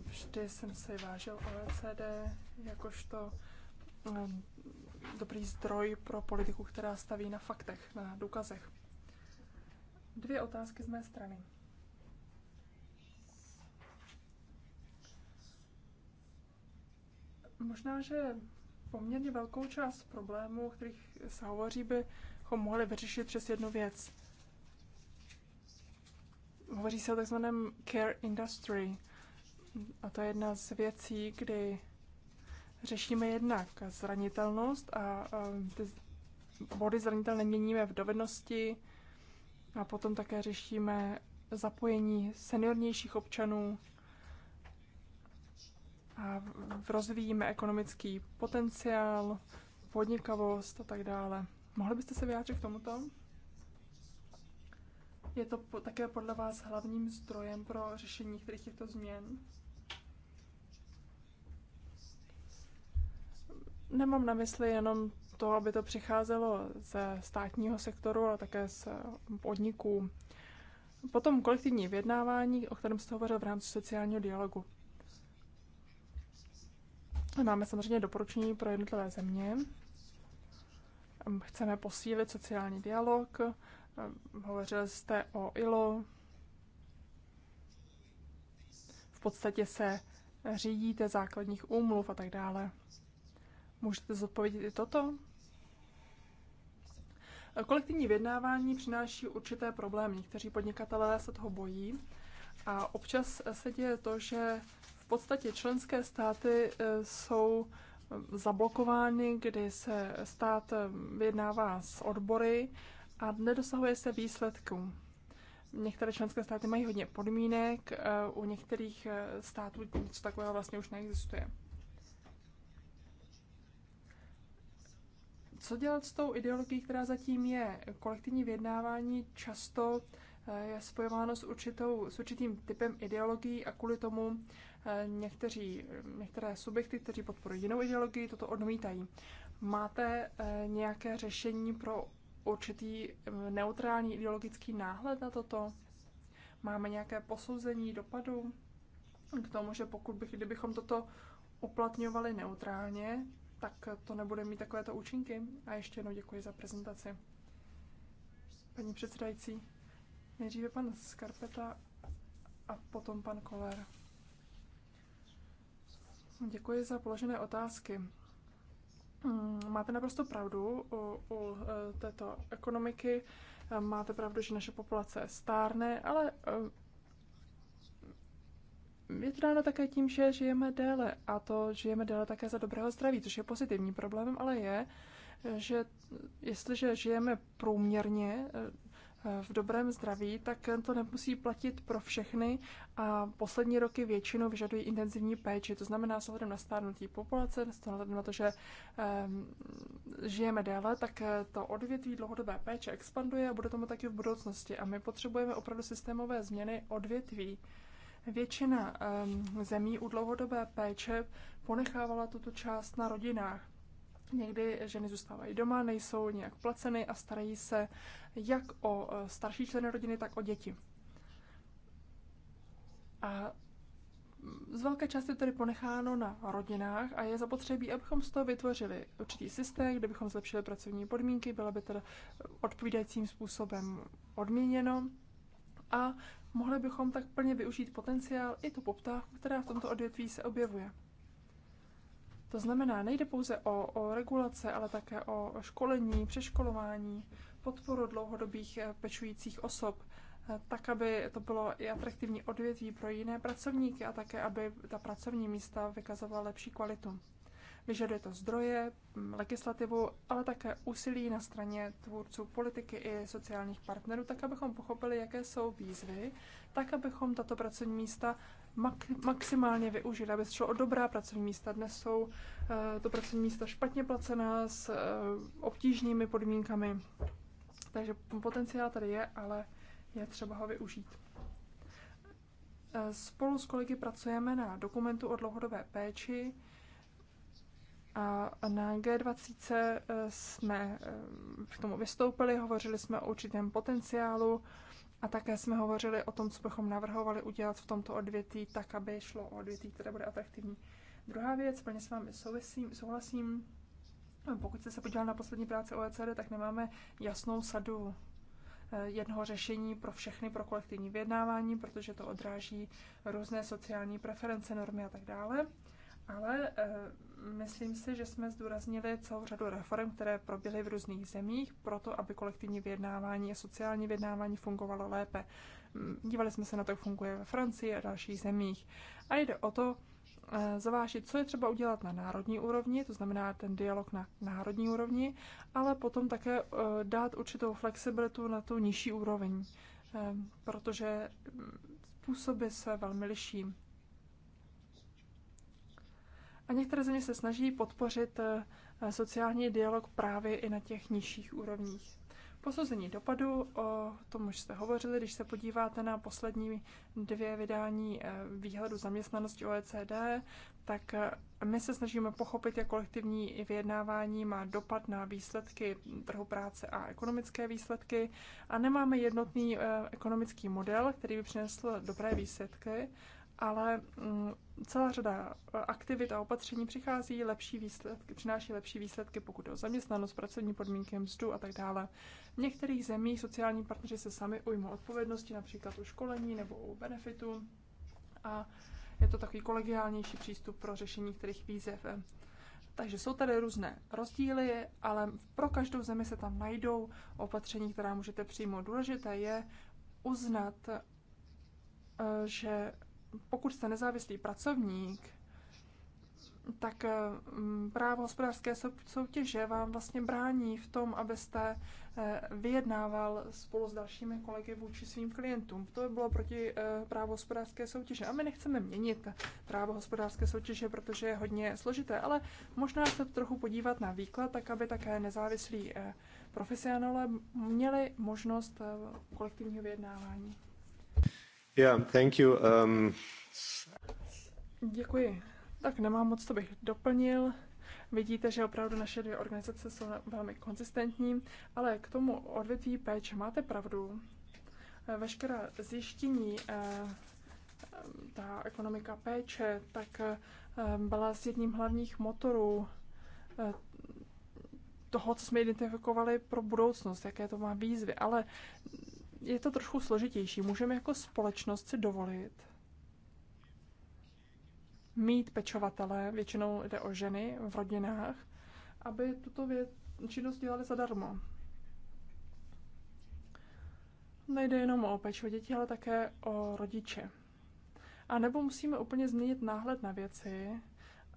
Vždy jsem si vážil OECD jakožto eh, dobrý zdroj pro politiku, která staví na faktech, na důkazech. Dvě otázky z mé strany. Možná, že poměrně velkou část problémů, o kterých se hovoří, bychom mohli vyřešit přes jednu věc. Hovoří se o takzvaném care industry. A to je jedna z věcí, kdy řešíme jednak zranitelnost a ty body zranitelné měníme v dovednosti a potom také řešíme zapojení seniornějších občanů a rozvíjíme ekonomický potenciál, podnikavost a tak dále. Mohli byste se vyjádřit k tomuto? Je to po, také podle vás hlavním zdrojem pro řešení některých těchto změn? Nemám na mysli jenom to, aby to přicházelo ze státního sektoru, ale také z podniků. Potom kolektivní vyjednávání, o kterém jste hovořil v rámci sociálního dialogu. Máme samozřejmě doporučení pro jednotlivé země. Chceme posílit sociální dialog. Hovořili jste o ILO. V podstatě se řídíte základních úmluv a tak dále. Můžete zodpovědět i toto? Kolektivní vyjednávání přináší určité problémy. Někteří podnikatelé se toho bojí a občas se děje to, že podstatě členské státy eh, jsou zablokovány, kdy se stát eh, vyjednává s odbory a nedosahuje se výsledků. Některé členské státy mají hodně podmínek, eh, u některých států nic takového vlastně už neexistuje. Co dělat s tou ideologií, která zatím je? Kolektivní vyjednávání často je spojováno s, určitou, s určitým typem ideologií a kvůli tomu Někteří, některé subjekty, kteří podporují jinou ideologii, toto odmítají. Máte eh, nějaké řešení pro určitý eh, neutrální ideologický náhled na toto? Máme nějaké posouzení dopadu k tomu, že pokud bych, kdybychom toto uplatňovali neutrálně, tak to nebude mít takovéto účinky. A ještě jednou děkuji za prezentaci. Paní předsedající, nejdříve pan Skarpeta a potom pan Kolar. Děkuji za položené otázky. Mm, máte naprosto pravdu u, u e, této ekonomiky. E, máte pravdu, že naše populace stárne, ale e, je to dáno také tím, že žijeme déle a to žijeme déle také za dobrého zdraví, což je pozitivní problém, ale je, že jestliže žijeme průměrně v dobrém zdraví, tak to nemusí platit pro všechny a poslední roky většinou vyžadují intenzivní péči. To znamená, s ohledem na stárnutí populace, s ohledem na to, že žijeme déle, tak eh, to odvětví dlouhodobé péče expanduje a bude tomu taky v budoucnosti. A my potřebujeme opravdu systémové změny odvětví. Většina zemí u dlouhodobé péče ponechávala tuto část na rodinách. Někdy ženy zůstávají doma, nejsou nějak placeny a starají se jak o e, starší členy rodiny, tak o děti. A z velké části tedy ponecháno na rodinách a je zapotřebí, abychom z toho vytvořili určitý systém, kde bychom zlepšili pracovní podmínky, bylo by to odpovídajícím způsobem odměněno a mohli bychom tak plně využít potenciál i tu poptávku, která v tomto odvětví se objevuje. To znamená, nejde pouze o, o regulace, ale také o školení, přeškolování, podporu dlouhodobých eh, pečujících osob, eh, tak, aby to bylo i atraktivní odvětví pro jiné pracovníky a také, aby ta pracovní místa vykazovala lepší kvalitu. Vyžaduje to zdroje, mm, legislativu, ale také úsilí na straně tvůrců politiky i sociálních partnerů, tak abychom pochopili, jaké jsou výzvy, tak abychom tato pracovní místa maximálně využít. aby se šlo o dobrá pracovní místa. Dnes jsou eh, to pracovní místa špatně placená s eh, obtížnými podmínkami. Takže potenciál tady je, ale je třeba ho využít. Eh, spolu s kolegy pracujeme na dokumentu o dlouhodobé péči a na G20 jsme k tomu vystoupili, hovořili jsme o určitém potenciálu, a také jsme hovořili o tom, co bychom navrhovali udělat v tomto odvětví, tak, aby šlo o odvětví, které bude atraktivní. Druhá věc, plně s vámi souvisím, souhlasím. Pokud jste se podívali na poslední práci OECD, tak nemáme jasnou sadu eh, jednoho řešení pro všechny, pro kolektivní vyjednávání, protože to odráží různé sociální preference, normy a tak dále ale eh, myslím si, že jsme zdůraznili celou řadu reform, které proběhly v různých zemích, proto aby kolektivní vyjednávání a sociální vyjednávání fungovalo lépe. Mm, dívali jsme se na to, jak funguje ve Francii a dalších zemích. A jde o to, eh, zavážit, co je třeba udělat na národní úrovni, to znamená ten dialog na národní úrovni, ale potom také eh, dát určitou flexibilitu na tu nižší úroveň, protože mm, způsoby se velmi liší. A některé země se snaží podpořit eh, sociální dialog právě i na těch nižších úrovních. Posouzení dopadu, o tom už jste hovořili, když se podíváte na poslední dvě vydání eh, výhledu zaměstnanosti OECD, tak eh, my se snažíme pochopit, jak kolektivní vyjednávání má dopad na výsledky trhu práce a ekonomické výsledky a nemáme jednotný ekonomický model, který by přinesl dobré výsledky, ale mm, celá řada eh, aktivit a opatření přichází lepší výsledky, přináší lepší výsledky, pokud o zaměstnanost, pracovní podmínky, mzdu a tak dále. V některých zemích sociální partneři se sami ujmou odpovědnosti, například u školení nebo u benefitu. A je to takový kolegiálnější přístup pro řešení kterých výzev. Takže jsou tady různé rozdíly, ale pro každou zemi se tam najdou opatření, která můžete přijmout. Důležité je uznat, eh, že pokud jste nezávislý pracovník, tak eh, právo hospodářské soutěže vám vlastně brání v tom, abyste eh, vyjednával spolu s dalšími kolegy vůči svým klientům. To by bylo proti eh, právu hospodářské soutěže. A my nechceme měnit právo hospodářské soutěže, protože je hodně složité, ale možná se trochu podívat na výklad, tak aby také nezávislí profesionálové měli možnost kolektivního vyjednávání. Yeah, thank you. Um... Děkuji. Tak nemám moc, co bych doplnil. Vidíte, že opravdu naše dvě organizace jsou velmi konzistentní, ale k tomu odvětví péče máte pravdu. Veškerá zjištění, eh, eh, ta ekonomika péče, tak eh, byla s jedním hlavních motorů toho, co jsme identifikovali pro budoucnost, jaké to má výzvy. Ale je to trošku složitější. Můžeme jako společnost si dovolit mít pečovatele, většinou jde o ženy v rodinách, aby tuto věc, činnost dělali zadarmo. Nejde jenom o péči o děti, ale také o rodiče. A nebo musíme úplně změnit náhled na věci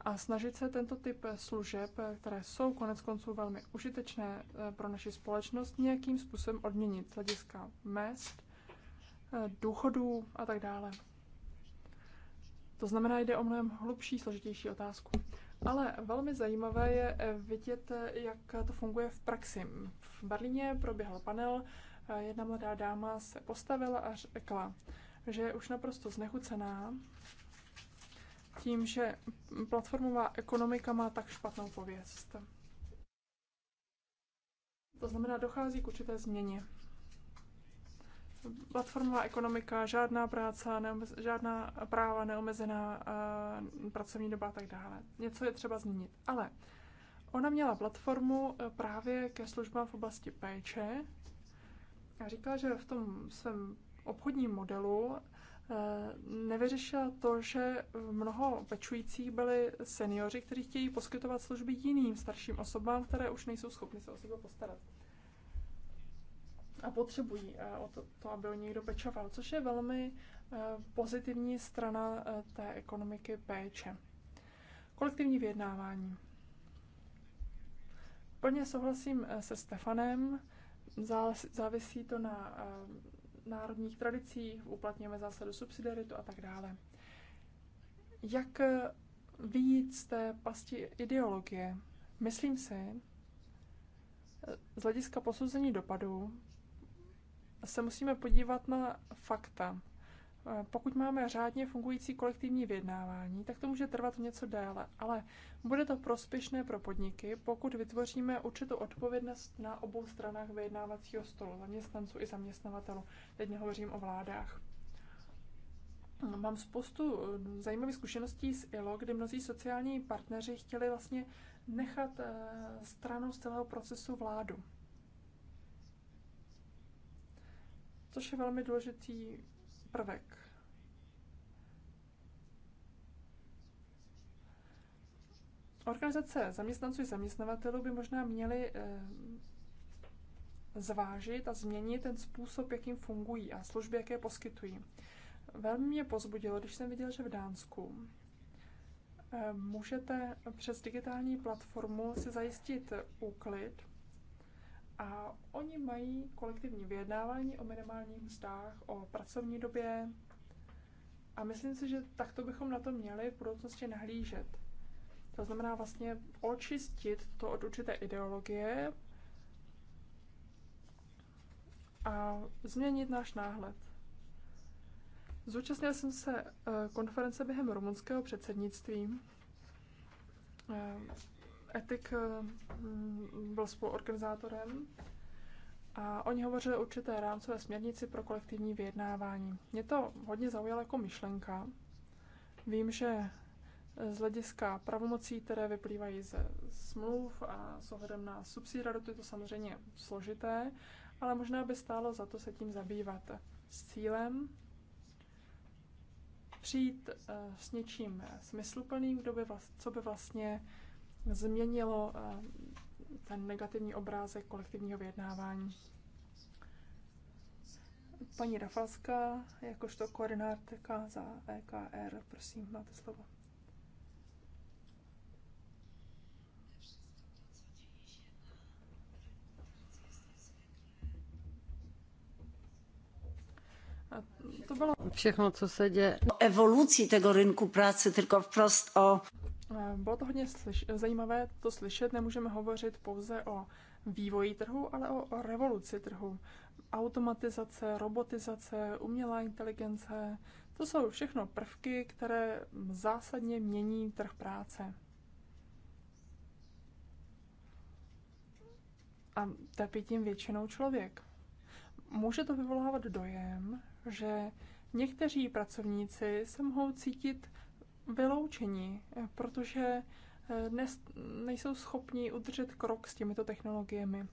a snažit se tento typ služeb, které jsou konec konců velmi užitečné eh, pro naši společnost, nějakým způsobem odměnit z hlediska mest, eh, důchodů a tak dále. To znamená, jde o mnohem hlubší, složitější otázku. Ale velmi zajímavé je eh, vidět, jak to funguje v praxi. V Berlíně proběhl panel, jedna mladá dáma se postavila a řekla, že je už naprosto znechucená tím, že platformová ekonomika má tak špatnou pověst. To znamená, dochází k určité změně. Platformová ekonomika, žádná práce, neomez, žádná práva, neomezená uh, pracovní doba a tak dále. Něco je třeba změnit. Ale ona měla platformu eh, právě ke službám v oblasti péče a říkala, že v tom svém obchodním modelu Eh, nevyřešila to, že mnoho pečujících byli seniori, kteří chtějí poskytovat služby jiným starším osobám, které už nejsou schopny se o sebe postarat. A potřebují eh, o to, to, aby o někdo pečoval, což je velmi eh, pozitivní strana té ekonomiky péče. Kolektivní vyjednávání. Plně souhlasím se Stefanem, závisí to na národních tradicích, uplatňujeme zásadu subsidiaritu a tak dále. Jak výjít z té pasti ideologie? Myslím si, z hlediska posouzení dopadu se musíme podívat na fakta. Eh, pokud máme řádně fungující kolektivní vyjednávání, tak to může trvat něco déle, ale bude to prospěšné pro podniky, pokud vytvoříme určitou odpovědnost na obou stranách vyjednávacího stolu, zaměstnanců i zaměstnavatelů. Teď nehovořím o vládách. Eh, mám spoustu eh, zajímavých zkušeností z ILO, kdy mnozí sociální partneři chtěli vlastně nechat stranou z celého procesu vládu. Což je velmi důležitý prvek. Organizace zaměstnanců i zaměstnavatelů by možná měly eh, zvážit a změnit ten způsob, jakým fungují a služby, jaké poskytují. Velmi mě pozbudilo, když jsem viděl, že v Dánsku eh, můžete přes digitální platformu si zajistit úklid a oni mají kolektivní vyjednávání o minimálních mzdách, o pracovní době. A myslím si, že takto bychom na to měli v budoucnosti nahlížet. To znamená vlastně očistit to od určité ideologie a změnit náš náhled. Zúčastnil jsem se eh, konference během rumunského předsednictví eh, Etik eh, mm, byl spoluorganizátorem a oni hovořili o určité rámcové směrnici pro kolektivní vyjednávání. Mě to hodně zaujalo jako myšlenka. Vím, že z hlediska pravomocí, které vyplývají ze smluv a s ohledem na subsidiaritu je to samozřejmě složité, ale možná by stálo za to se tím zabývat s cílem přijít eh, s něčím smysluplným, kdo by vlast, co by vlastně změnilo eh, ten negativní obrázek kolektivního vyjednávání. Paní Rafalská, jakožto koordinátorka za EKR, prosím, máte slovo. to bylo všechno, co se děje. Evoluci tego rynku pracy, tylko wprost o bylo to hodně slyš- zajímavé to slyšet. Nemůžeme hovořit pouze o vývoji trhu, ale o, o revoluci trhu. Automatizace, robotizace, umělá inteligence, to jsou všechno prvky, které zásadně mění trh práce. A trpí tím většinou člověk. Může to vyvolávat dojem, že někteří pracovníci se mohou cítit vyloučení, protože eh, dnes nejsou schopni udržet krok s těmito technologiemi.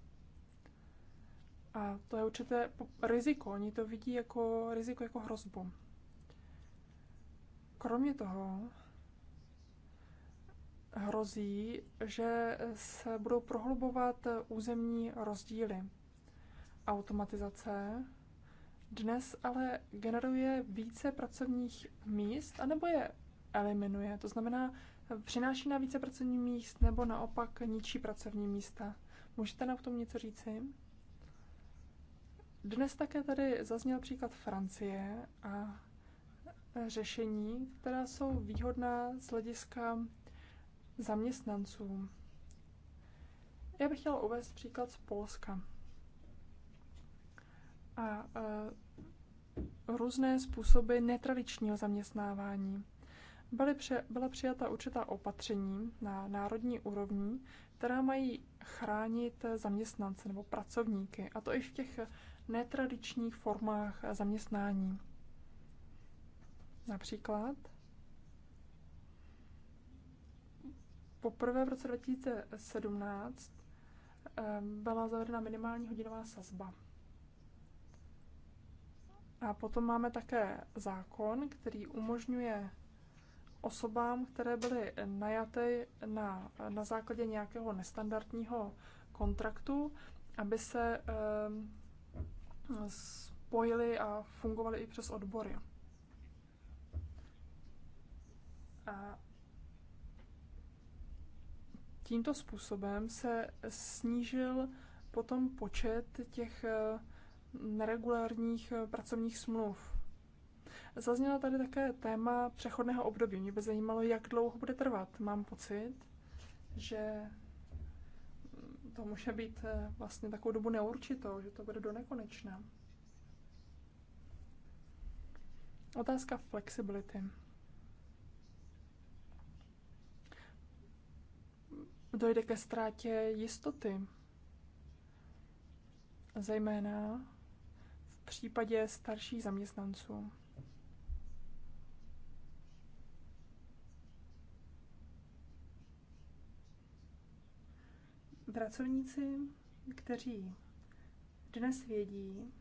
A to je určité riziko. Oni to vidí jako riziko, jako hrozbu. Kromě toho hrozí, že se budou prohlubovat územní rozdíly. Automatizace dnes ale generuje více pracovních míst, anebo je eliminuje. To znamená, přináší na více pracovních míst nebo naopak ničí pracovní místa. Můžete nám k tomu něco říci? Dnes také tady zazněl příklad Francie a řešení, která jsou výhodná z hlediska zaměstnanců. Já bych chtěla uvést příklad z Polska. A e, různé způsoby netradičního zaměstnávání byly pře, byla přijata určitá opatření na národní úrovni, která mají chránit zaměstnance nebo pracovníky, a to i v těch netradičních formách zaměstnání. Například poprvé v roce 2017 eh, byla zavedena minimální hodinová sazba. A potom máme také zákon, který umožňuje osobám, které byly najaty na, na základě nějakého nestandardního kontraktu, aby se ehm, spojili a fungovali i přes odbory. A tímto způsobem se snížil potom počet těch eh, neregulárních eh, pracovních smluv. Zaznělo tady také téma přechodného období. Mě by zajímalo, jak dlouho bude trvat. Mám pocit, že to může být eh, vlastně takovou dobu neurčitou, že to bude do nekonečna. Otázka flexibility. Dojde ke ztrátě jistoty, zejména v případě starších zaměstnanců. Pracovníci, kteří dnes vědí,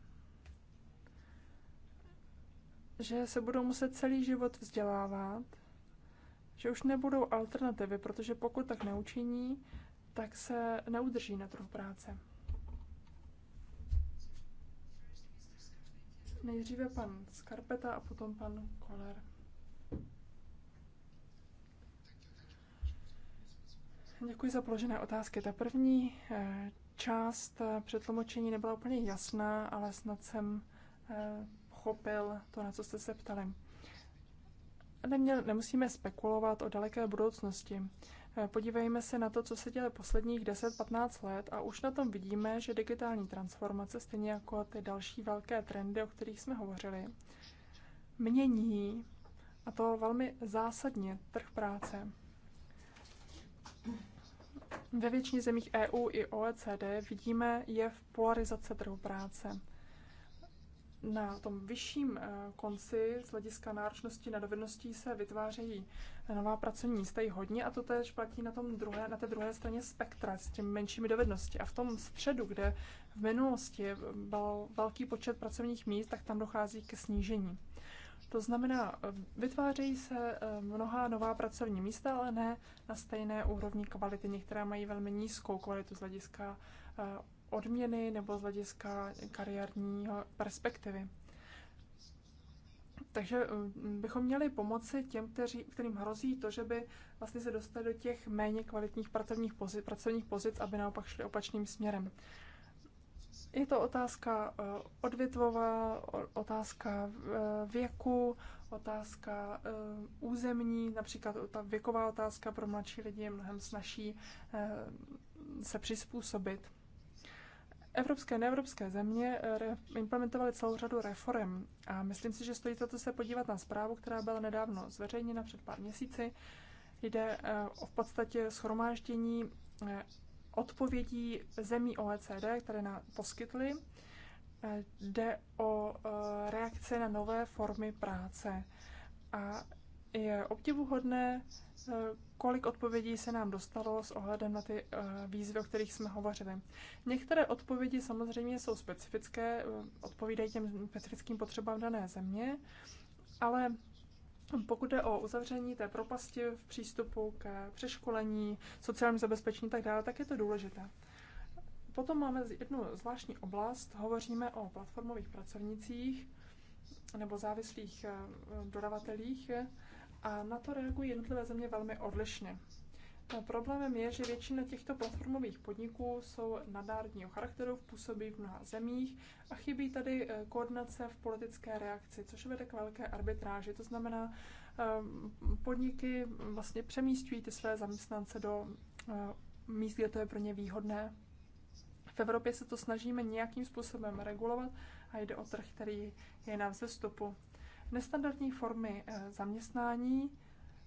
že se budou muset celý život vzdělávat, že už nebudou alternativy, protože pokud tak neučiní, tak se neudrží na trhu práce. Nejdříve pan Skarpeta a potom pan Koller. Děkuji za položené otázky. Ta první eh, část eh, přetlumočení nebyla úplně jasná, ale snad jsem eh, pochopil to, na co jste se ptali. Neměl, nemusíme spekulovat o daleké budoucnosti. Podívejme se na to, co se děje posledních 10-15 let a už na tom vidíme, že digitální transformace, stejně jako ty další velké trendy, o kterých jsme hovořili, mění, a to velmi zásadně, trh práce. Ve většině zemích EU i OECD vidíme je v polarizace trhu práce. Na tom vyšším eh, konci z hlediska náročnosti na dovedností se vytvářejí eh, nová pracovní místa i hodně a to též platí na, tom druhé, na té druhé straně spektra s těmi menšími dovednosti. A v tom středu, kde v minulosti eh, byl velký počet pracovních míst, tak tam dochází ke snížení. To znamená, vytvářejí se eh, mnoha nová pracovní místa, ale ne na stejné úrovni kvality. Některá mají velmi nízkou kvalitu z hlediska eh, odměny nebo z hlediska kariérní perspektivy. Takže eh, bychom měli pomoci těm, kteří, kterým hrozí to, že by vlastně se dostali do těch méně kvalitních pracovních pozic, pracovních pozic aby naopak šli opačným směrem. Je to otázka eh, odvětvová, otázka eh, věku, otázka eh, územní, například ta věková otázka pro mladší lidi je mnohem snažší se přizpůsobit. Evropské a neevropské země implementovaly celou řadu reform a myslím si, že stojí za to se podívat na zprávu, která byla nedávno zveřejněna před pár měsíci. Jde o v podstatě schromáždění odpovědí zemí OECD, které nám poskytly. Eh, jde o eh, reakce na nové formy práce. A je obdivuhodné, eh, kolik odpovědí se nám dostalo s ohledem na ty výzvy, o kterých jsme hovořili. Některé odpovědi samozřejmě jsou specifické, odpovídají těm specifickým potřebám dané země, ale pokud je o uzavření té propasti v přístupu k přeškolení, sociálním zabezpečení tak dále, tak je to důležité. Potom máme jednu zvláštní oblast, hovoříme o platformových pracovnicích nebo závislých eh, dodavatelích a na to reagují jednotlivé země velmi odlišně. Problémem je, že většina těchto platformových podniků jsou nadnárodního charakteru, působí v mnoha zemích a chybí tady eh, koordinace v politické reakci, což vede k velké arbitráži. To znamená, eh, podniky vlastně přemístují ty své zaměstnance do eh, míst, kde to je pro ně výhodné. V Evropě se to snažíme nějakým způsobem regulovat a jde o trh, který je na vzestupu. Nestandardní formy zaměstnání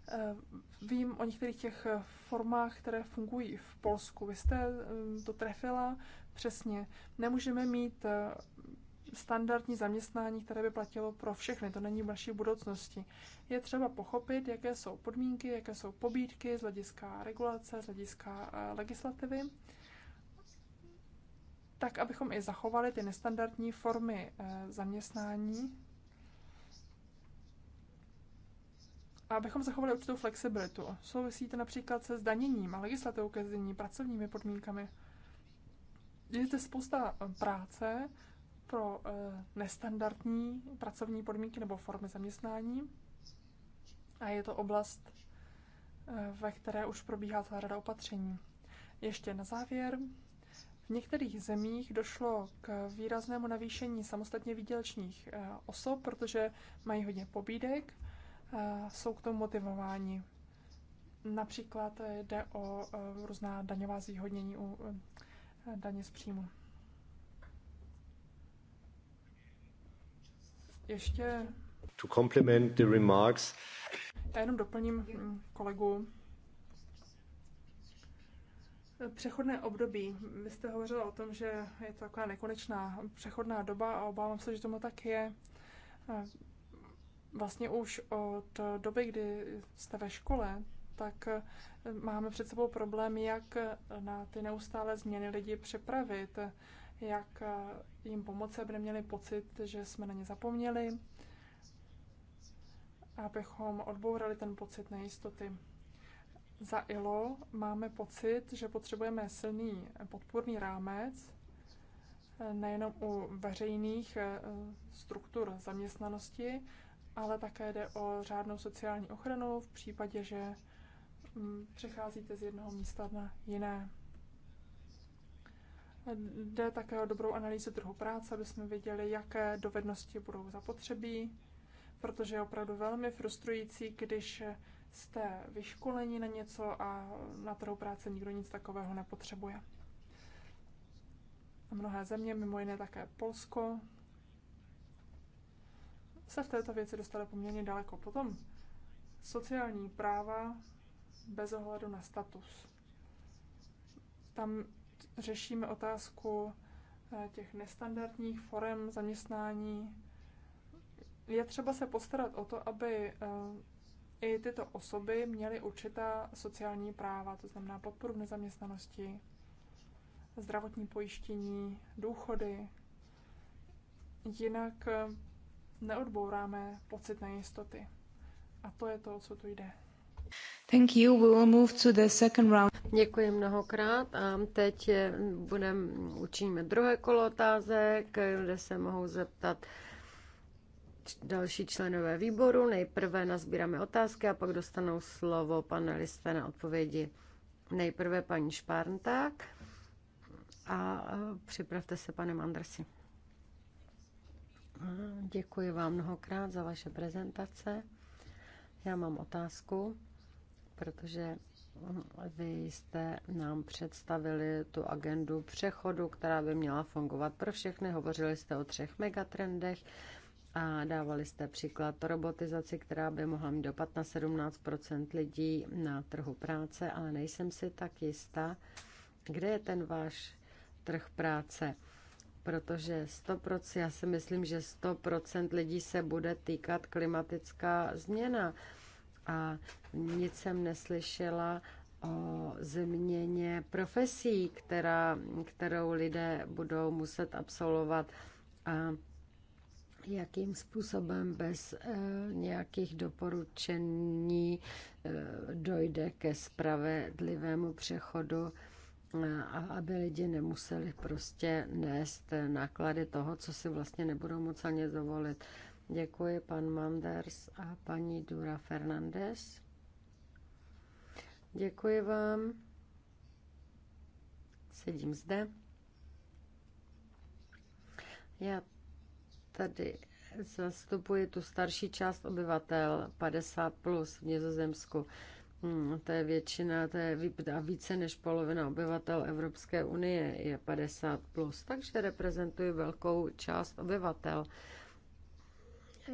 Eh, vím o některých těch eh, formách, které fungují v Polsku. Vy jste eh, to trefila přesně. Nemůžeme mít standardní zaměstnání, které by platilo pro všechny. To není v naší budoucnosti. Je třeba pochopit, jaké jsou podmínky, jaké jsou pobídky z hlediska regulace, z hlediska legislativy, tak abychom i zachovali ty nestandardní formy zaměstnání a abychom zachovali určitou flexibilitu. Souvisí to například se zdaněním a legislativou ke zdanění, pracovními podmínkami. Je to spousta eh, práce pro eh, nestandardní pracovní podmínky nebo formy zaměstnání a je to oblast, eh, ve které už probíhá celá rada opatření. Ještě na závěr. V některých zemích došlo k výraznému navýšení samostatně výdělečných osob, protože mají hodně pobídek Eh, jsou k tomu motivováni. Například eh, jde o eh, různá daňová zvýhodnění u daně z příjmu. Ještě to complement the remarks. Já jenom doplním hm, kolegu. Přechodné období. Vy jste hovořila o tom, že je to taková nekonečná přechodná doba a obávám se, že tomu tak je vlastně už od doby, kdy jste ve škole, tak eh, máme před sebou problém, jak eh, na ty neustále změny lidi připravit, jak eh, jim pomoci, aby neměli pocit, že jsme na ně zapomněli, abychom odbourali ten pocit nejistoty. Za ILO máme pocit, že potřebujeme silný podpůrný rámec, nejenom u veřejných struktur zaměstnanosti, ale také jde o řádnou sociální ochranu v případě, že mm, přecházíte z jednoho místa na jiné. Jde také o dobrou analýzu trhu práce, aby jsme věděli, jaké dovednosti budou zapotřebí, protože je opravdu velmi frustrující, když jste vyškoleni na něco a na trhu práce nikdo nic takového nepotřebuje. mnohé země, mimo jiné také Polsko, se v této věci dostali poměrně daleko. Potom sociální práva bez ohledu na status. Tam řešíme otázku eh, těch nestandardních forem zaměstnání. Je třeba se postarat o to, aby eh, i tyto osoby měly určitá sociální práva, to znamená podporu v nezaměstnanosti, zdravotní pojištění, důchody. Jinak eh, neodbouráme pocit nejistoty. A to je to, o co tu jde. Thank you. We will move to the second round. Děkuji mnohokrát a teď budem, učiníme druhé kolo otázek, kde se mohou zeptat další členové výboru. Nejprve nazbíráme otázky a pak dostanou slovo panelisté na odpovědi. Nejprve paní Špárnták a eh, připravte se, panem Andersi. Děkuji vám mnohokrát za vaše prezentace. Já mám otázku, protože vy jste nám představili tu agendu přechodu, která by měla fungovat pro všechny. Hovořili jste o třech megatrendech a dávali jste příklad robotizaci, která by mohla mít dopad na 17 lidí na trhu práce, ale nejsem si tak jistá, kde je ten váš trh práce protože 100%, já si myslím, že 100% lidí se bude týkat klimatická změna. A nic jsem neslyšela o změně profesí, která, kterou lidé budou muset absolvovat a jakým způsobem bez e, nějakých doporučení e, dojde ke spravedlivému přechodu a aby lidi nemuseli prostě nést náklady toho, co si vlastně nebudou moc ani dovolit. Děkuji pan Manders a paní Dura Fernandez. Děkuji vám. Sedím zde. Já tady zastupuji tu starší část obyvatel 50 plus v Nizozemsku. Hmm, to je většina, to je více než polovina obyvatel Evropské unie je 50+, plus, takže reprezentuji velkou část obyvatel.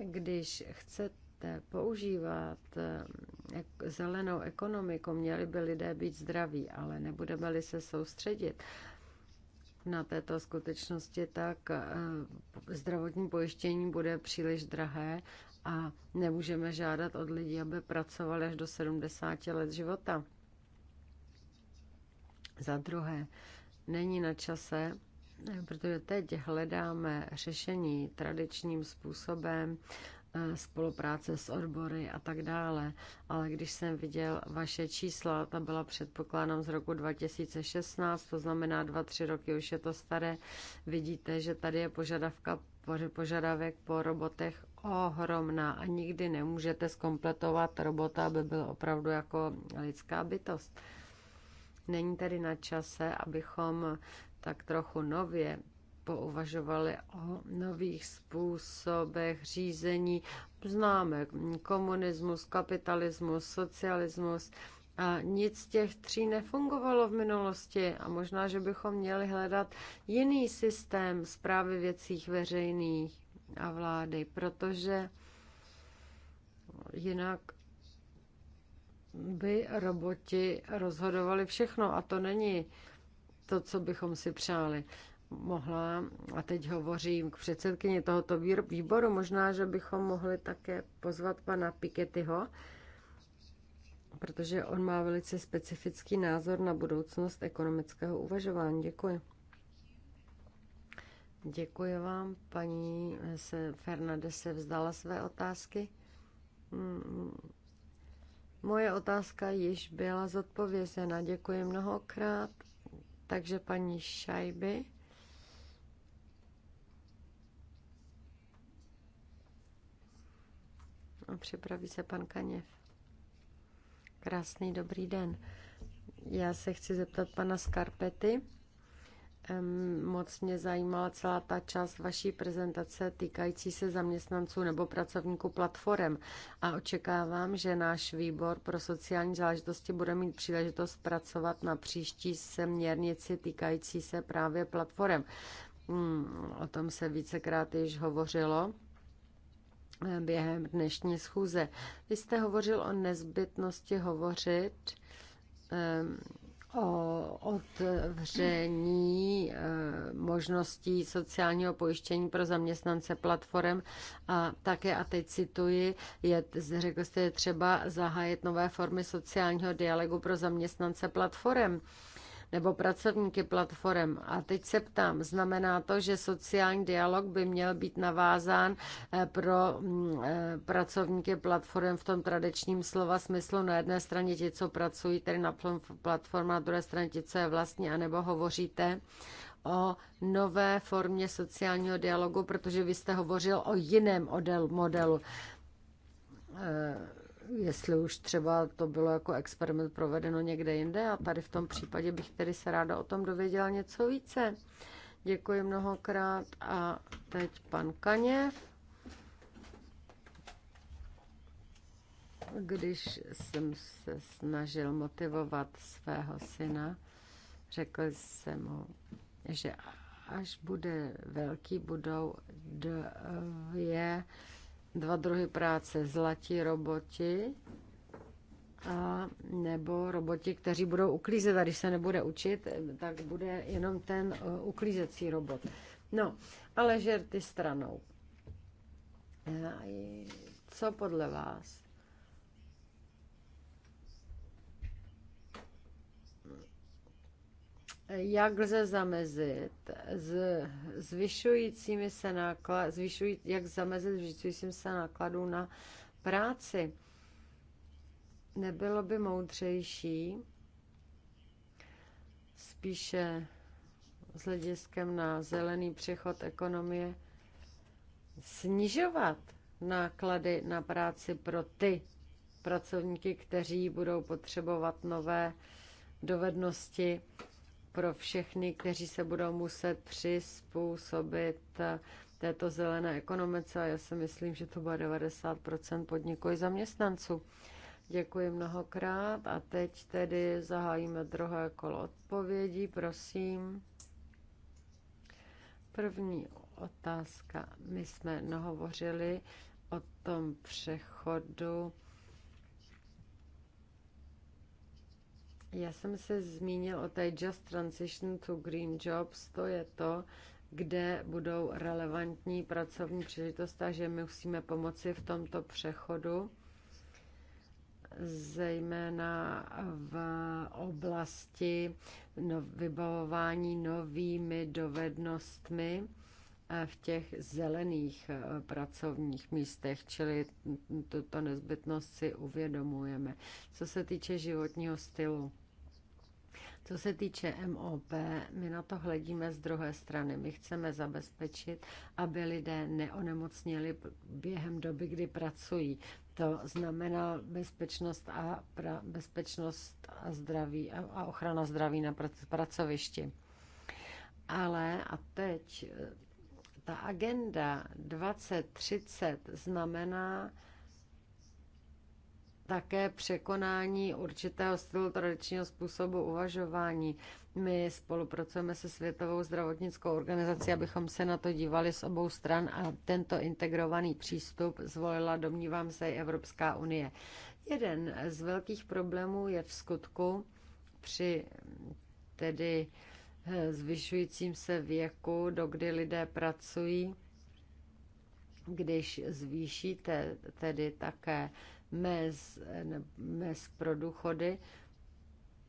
Když chcete používat eh, zelenou ekonomiku, měli by lidé být zdraví, ale nebudeme-li se soustředit na této skutečnosti, tak eh, zdravotní pojištění bude příliš drahé a nemůžeme žádat od lidí, aby pracovali až do 70 let života. Za druhé, není na čase, protože teď hledáme řešení tradičním způsobem, eh, spolupráce s odbory a tak dále. Ale když jsem viděl vaše čísla, ta byla předpokládám z roku 2016, to znamená 2-3 roky už je to staré, vidíte, že tady je požadavka, požadavek po robotech ohromná a nikdy nemůžete skompletovat robota, aby byl opravdu jako lidská bytost. Není tedy na čase, abychom tak trochu nově pouvažovali o nových způsobech řízení. Známe komunismus, kapitalismus, socialismus. A nic z těch tří nefungovalo v minulosti a možná, že bychom měli hledat jiný systém zprávy věcích veřejných a vlády, protože jinak by roboti rozhodovali všechno a to není to, co bychom si přáli. Mohla, a teď hovořím k předsedkyni tohoto výboru, možná, že bychom mohli také pozvat pana Piketyho, protože on má velice specifický názor na budoucnost ekonomického uvažování. Děkuji. Děkuji vám. Paní Fernandez se vzdala své otázky. Mm, moje otázka již byla zodpovězena. Děkuji mnohokrát. Takže paní Šajby. A připraví se pan Kaněv. Krásný dobrý den. Já se chci zeptat pana Skarpety moc mě zajímala celá ta část vaší prezentace týkající se zaměstnanců nebo pracovníků platform a očekávám, že náš výbor pro sociální záležitosti bude mít příležitost pracovat na příští seměrnici týkající se právě platform. Hmm, o tom se vícekrát již hovořilo eh, během dnešní schůze. Vy jste hovořil o nezbytnosti hovořit o otevření eh, možností sociálního pojištění pro zaměstnance platform a také, a teď cituji, je, řekl jste, je třeba zahájit nové formy sociálního dialogu pro zaměstnance platform nebo pracovníky platform. A teď se ptám, znamená to, že sociální dialog by měl být navázán eh, pro mm, eh, pracovníky platform v tom tradičním slova smyslu na jedné straně ti, co pracují tedy na platformě, na druhé straně ti, co je vlastní, anebo hovoříte o nové formě sociálního dialogu, protože vy jste hovořil o jiném modelu eh, jestli už třeba to bylo jako experiment provedeno někde jinde a tady v tom případě bych tedy se ráda o tom dověděla něco více. Děkuji mnohokrát a teď pan Kaněv. Když jsem se snažil motivovat svého syna, řekl jsem mu, že až bude velký, budou dvě uh, dva druhy práce, zlatí roboti a nebo roboti, kteří budou uklízet a když se nebude učit, tak bude jenom ten eh, uklízecí robot. No, ale žerty stranou. Eh, co podle vás jak lze zamezit z zvyšujícími se náklad, zvyšují, jak zamezit zvyšujícím se nákladům na práci. Nebylo by moudřejší spíše s hlediskem na zelený přechod ekonomie snižovat náklady na práci pro ty pracovníky, kteří budou potřebovat nové dovednosti pro všechny, kteří se budou muset přizpůsobit této zelené ekonomice. A já si myslím, že to bude 90 podniků i zaměstnanců. Děkuji mnohokrát a teď tedy zahájíme druhé kolo odpovědí, prosím. První otázka. My jsme nahovořili o tom přechodu Já jsem se zmínil o té Just Transition to Green Jobs, to je to, kde budou relevantní pracovní příležitosti že my musíme pomoci v tomto přechodu, zejména v oblasti no, vybavování novými dovednostmi v těch zelených e, pracovních místech, čili tuto nezbytnost si uvědomujeme. Co se týče životního stylu, co se týče MOP, my na to hledíme z druhé strany. My chceme zabezpečit, aby lidé neonemocněli během doby, kdy pracují. To znamená bezpečnost a, pra, bezpečnost a, zdraví, a, a ochrana zdraví na pr- pracovišti. Ale a teď ta agenda 2030 znamená také překonání určitého stylu tradičního způsobu uvažování. My spolupracujeme se Světovou zdravotnickou organizací, abychom se na to dívali z obou stran a tento integrovaný přístup zvolila, domnívám se, i Evropská unie. Jeden z velkých problémů je v skutku při tedy uh, zvyšujícím se věku, do kdy lidé pracují. Když zvýšíte tedy také mez, mez pro důchody,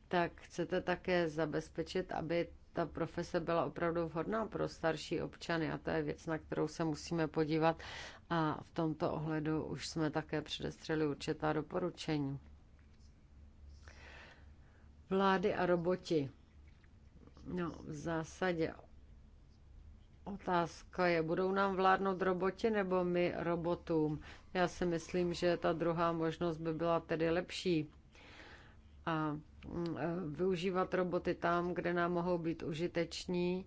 tak chcete také zabezpečit, aby ta profese byla opravdu vhodná pro starší občany a to je věc, na kterou se musíme podívat a v tomto ohledu už jsme také předestřeli určitá doporučení. Vlády a roboti. No, v zásadě otázka je, budou nám vládnout roboti nebo my robotům? Já si myslím, že ta druhá možnost by byla tedy lepší. A mm, e, využívat roboty tam, kde nám mohou být užiteční,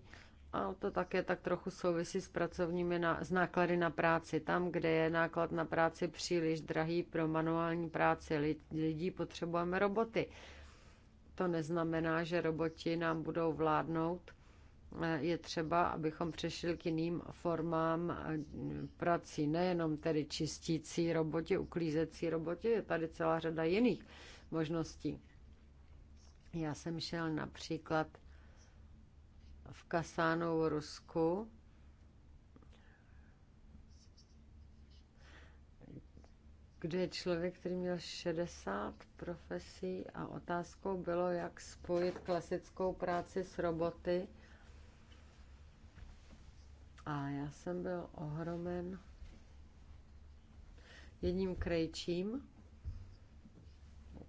a to také tak trochu souvisí s pracovními na, s náklady na práci. Tam, kde je náklad na práci příliš drahý pro manuální práci lidí, potřebujeme roboty. To neznamená, že roboti nám budou vládnout. Eh, je třeba, abychom přešli k jiným formám eh, prací, nejenom tedy čistící roboti, uklízecí roboti, je tady celá řada jiných možností. Já jsem šel například v Kasánu v Rusku kde je člověk, který měl 60 profesí a otázkou bylo, jak spojit klasickou práci s roboty. A já jsem byl ohromen jedním krejčím,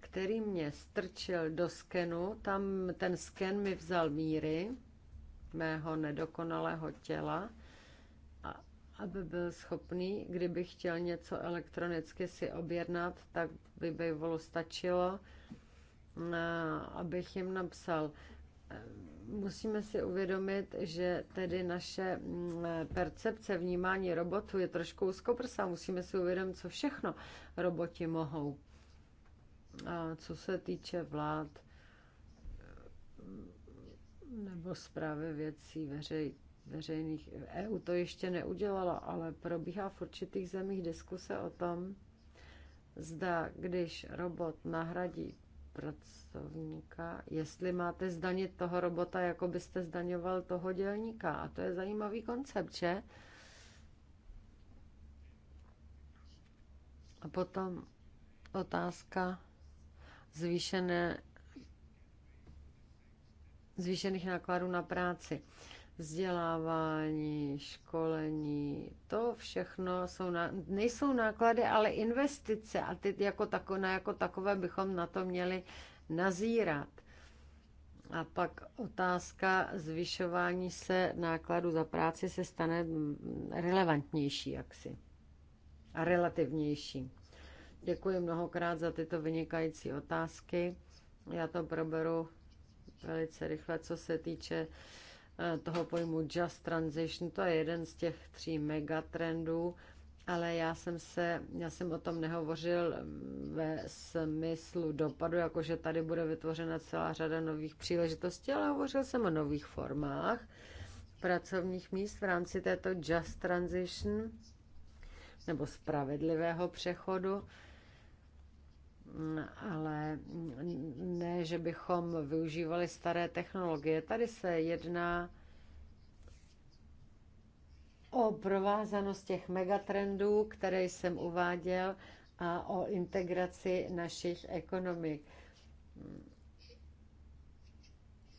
který mě strčil do skenu. Tam ten sken mi vzal míry mého nedokonalého těla aby byl schopný, kdyby chtěl něco elektronicky si objednat, tak by bývalo stačilo, abych jim napsal. Musíme si uvědomit, že tedy naše mm, percepce vnímání robotu je trošku úzkoprsá. Musíme si uvědomit, co všechno roboti mohou. A co se týče vlád nebo zprávy věcí veřejných, veřejných EU to ještě neudělala, ale probíhá v určitých zemích diskuse o tom, zda když robot nahradí pracovníka, jestli máte zdanit toho robota, jako byste zdaňoval toho dělníka. A to je zajímavý koncept, že? A potom otázka zvýšené, zvýšených nákladů na práci vzdělávání, školení, to všechno jsou na, nejsou náklady, ale investice a ty jako, tako, na jako takové bychom na to měli nazírat. A pak otázka zvyšování se nákladu za práci se stane relevantnější jaksi a relativnější. Děkuji mnohokrát za tyto vynikající otázky. Já to proberu velice rychle, co se týče Eh, toho pojmu Just Transition, to je jeden z těch tří megatrendů, ale já jsem, se, já jsem o tom nehovořil ve smyslu dopadu, jakože tady bude vytvořena celá řada nových příležitostí, ale hovořil jsem o nových formách pracovních míst v rámci této Just Transition nebo spravedlivého přechodu Mm, ale ne, že bychom využívali staré technologie. Tady se jedná o provázanost těch megatrendů, které jsem uváděl, a o integraci našich ekonomik.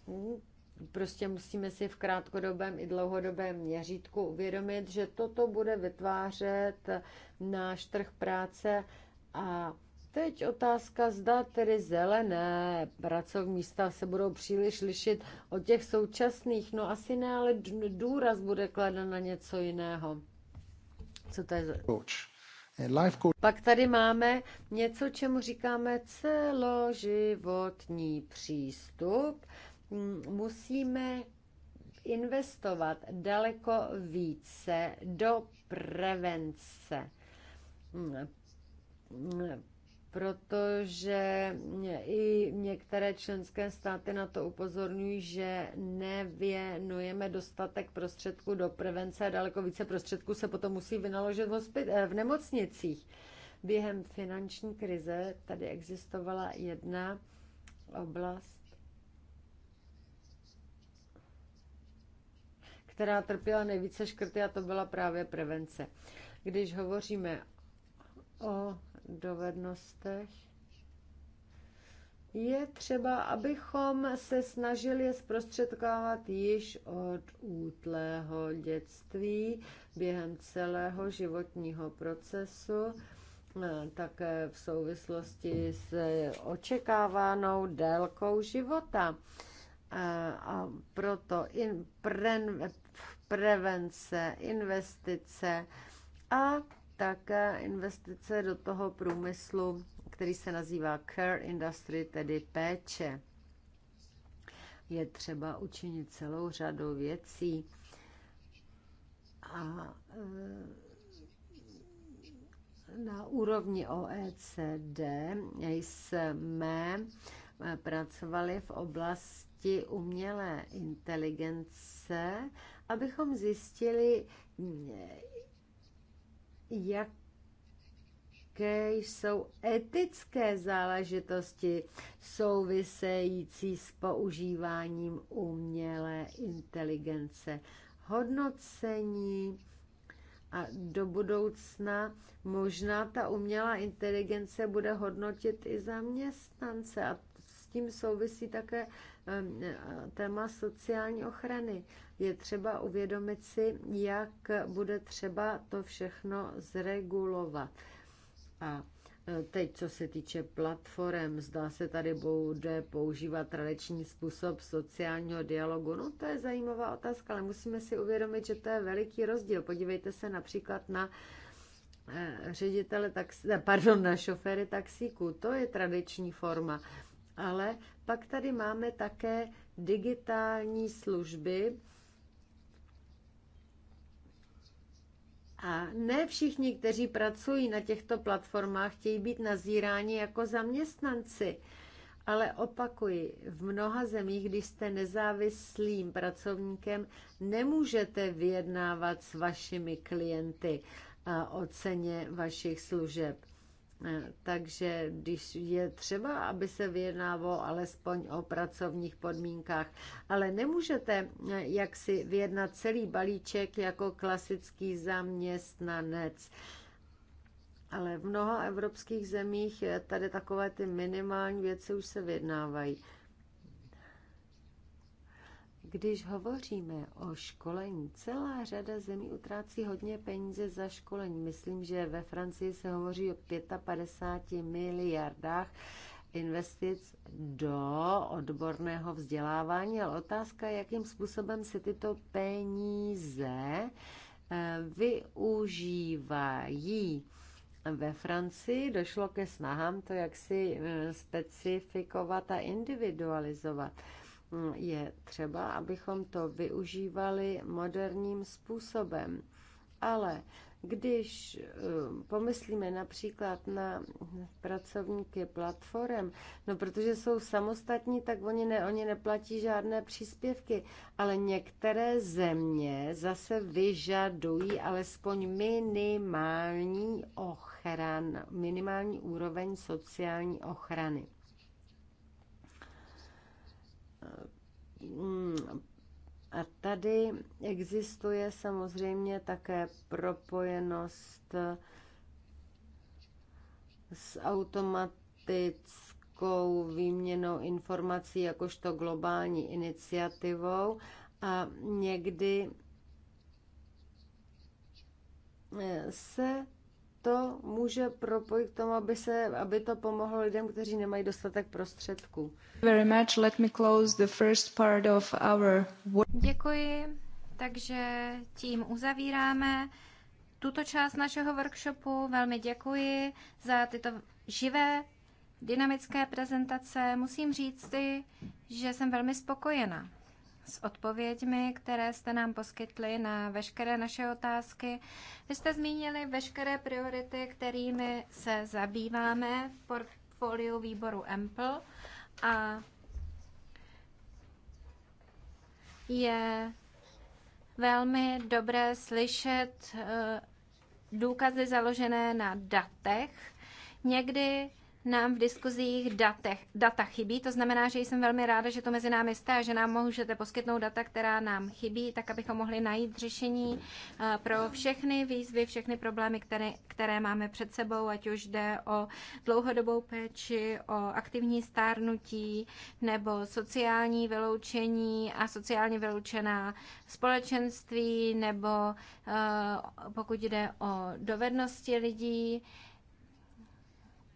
Mm, prostě musíme si v krátkodobém i dlouhodobém měřítku uvědomit, že toto bude vytvářet náš trh práce a Teď otázka, zda tedy zelené pracovní místa se budou příliš lišit od těch současných. No asi ne, ale důraz bude kladen na něco jiného. Co to je? Coach. Life coach. Pak tady máme něco, čemu říkáme celoživotní přístup. Musíme investovat daleko více do prevence protože i některé členské státy na to upozorňují, že nevěnujeme dostatek prostředků do prevence a daleko více prostředků se potom musí vynaložit v, hospit- eh, v nemocnicích. Během finanční krize tady existovala jedna oblast, která trpěla nejvíce škrty a to byla právě prevence. Když hovoříme o dovednostech, je třeba, abychom se snažili je zprostředkávat již od útlého dětství během celého životního procesu, také v souvislosti s očekávanou délkou života. A proto in, pre, prevence, investice a tak investice do toho průmyslu, který se nazývá care industry, tedy péče. Je třeba učinit celou řadu věcí a e, na úrovni OECD jsme e, pracovali v oblasti umělé inteligence, abychom zjistili, jaké jsou etické záležitosti související s používáním umělé inteligence, hodnocení a do budoucna možná ta umělá inteligence bude hodnotit i zaměstnance a tím souvisí také téma sociální ochrany. Je třeba uvědomit si, jak bude třeba to všechno zregulovat. A e, Teď, co se týče platform, zdá se tady bude používat tradiční způsob sociálního dialogu. No, to je zajímavá otázka, ale musíme si uvědomit, že to je veliký rozdíl. Podívejte se například na e, ředitele taxi, pardon, na šoféry taxíku. To je tradiční forma ale pak tady máme také digitální služby, A ne všichni, kteří pracují na těchto platformách, chtějí být nazíráni jako zaměstnanci. Ale opakuji, v mnoha zemích, když jste nezávislým pracovníkem, nemůžete vyjednávat s vašimi klienty o ceně vašich služeb. Eh, takže když je třeba, aby se vyjednávalo alespoň o pracovních podmínkách, ale nemůžete eh, jak si vyjednat celý balíček jako klasický zaměstnanec. Ale v mnoha evropských zemích tady takové ty minimální věci už se vyjednávají. Když hovoříme o školení, celá řada zemí utrácí hodně peníze za školení. Myslím, že ve Francii se hovoří o 55 miliardách investic do odborného vzdělávání, ale otázka je, jakým způsobem se tyto peníze eh, využívají. Ve Francii došlo ke snahám to jaksi eh, specifikovat a individualizovat je třeba, abychom to využívali moderním způsobem. Ale když eh, pomyslíme například na pracovníky platform, no protože jsou samostatní, tak oni, ne, oni neplatí žádné příspěvky, ale některé země zase vyžadují alespoň minimální ochran, minimální úroveň sociální ochrany. A tady existuje samozřejmě také propojenost s automatickou výměnou informací jakožto globální iniciativou a někdy se to může propojit k tomu, aby, se, aby to pomohlo lidem, kteří nemají dostatek prostředků. Very much. Let me close the first part of our... Děkuji, takže tím uzavíráme tuto část našeho workshopu. Velmi děkuji za tyto živé dynamické prezentace. Musím říct, že jsem velmi spokojená s odpověďmi, které jste nám poskytli na veškeré naše otázky. Vy jste zmínili veškeré priority, kterými se zabýváme v portfoliu výboru EMPL a je velmi dobré slyšet eh, důkazy založené na datech. Někdy nám v diskuzích datech, data chybí. To znamená, že jsem velmi ráda, že to mezi námi jste a že nám můžete poskytnout data, která nám chybí, tak abychom mohli najít řešení eh, pro všechny výzvy, všechny problémy, které, které máme před sebou, ať už jde o dlouhodobou péči, o aktivní stárnutí nebo sociální vyloučení a sociálně vyloučená společenství, nebo eh, pokud jde o dovednosti lidí,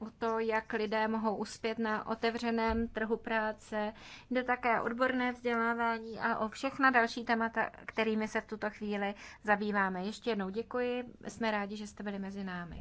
o to, jak lidé mohou uspět na otevřeném trhu práce. Jde také o odborné vzdělávání a o všechna další témata, kterými se v tuto chvíli zabýváme. Ještě jednou děkuji, jsme rádi, že jste byli mezi námi.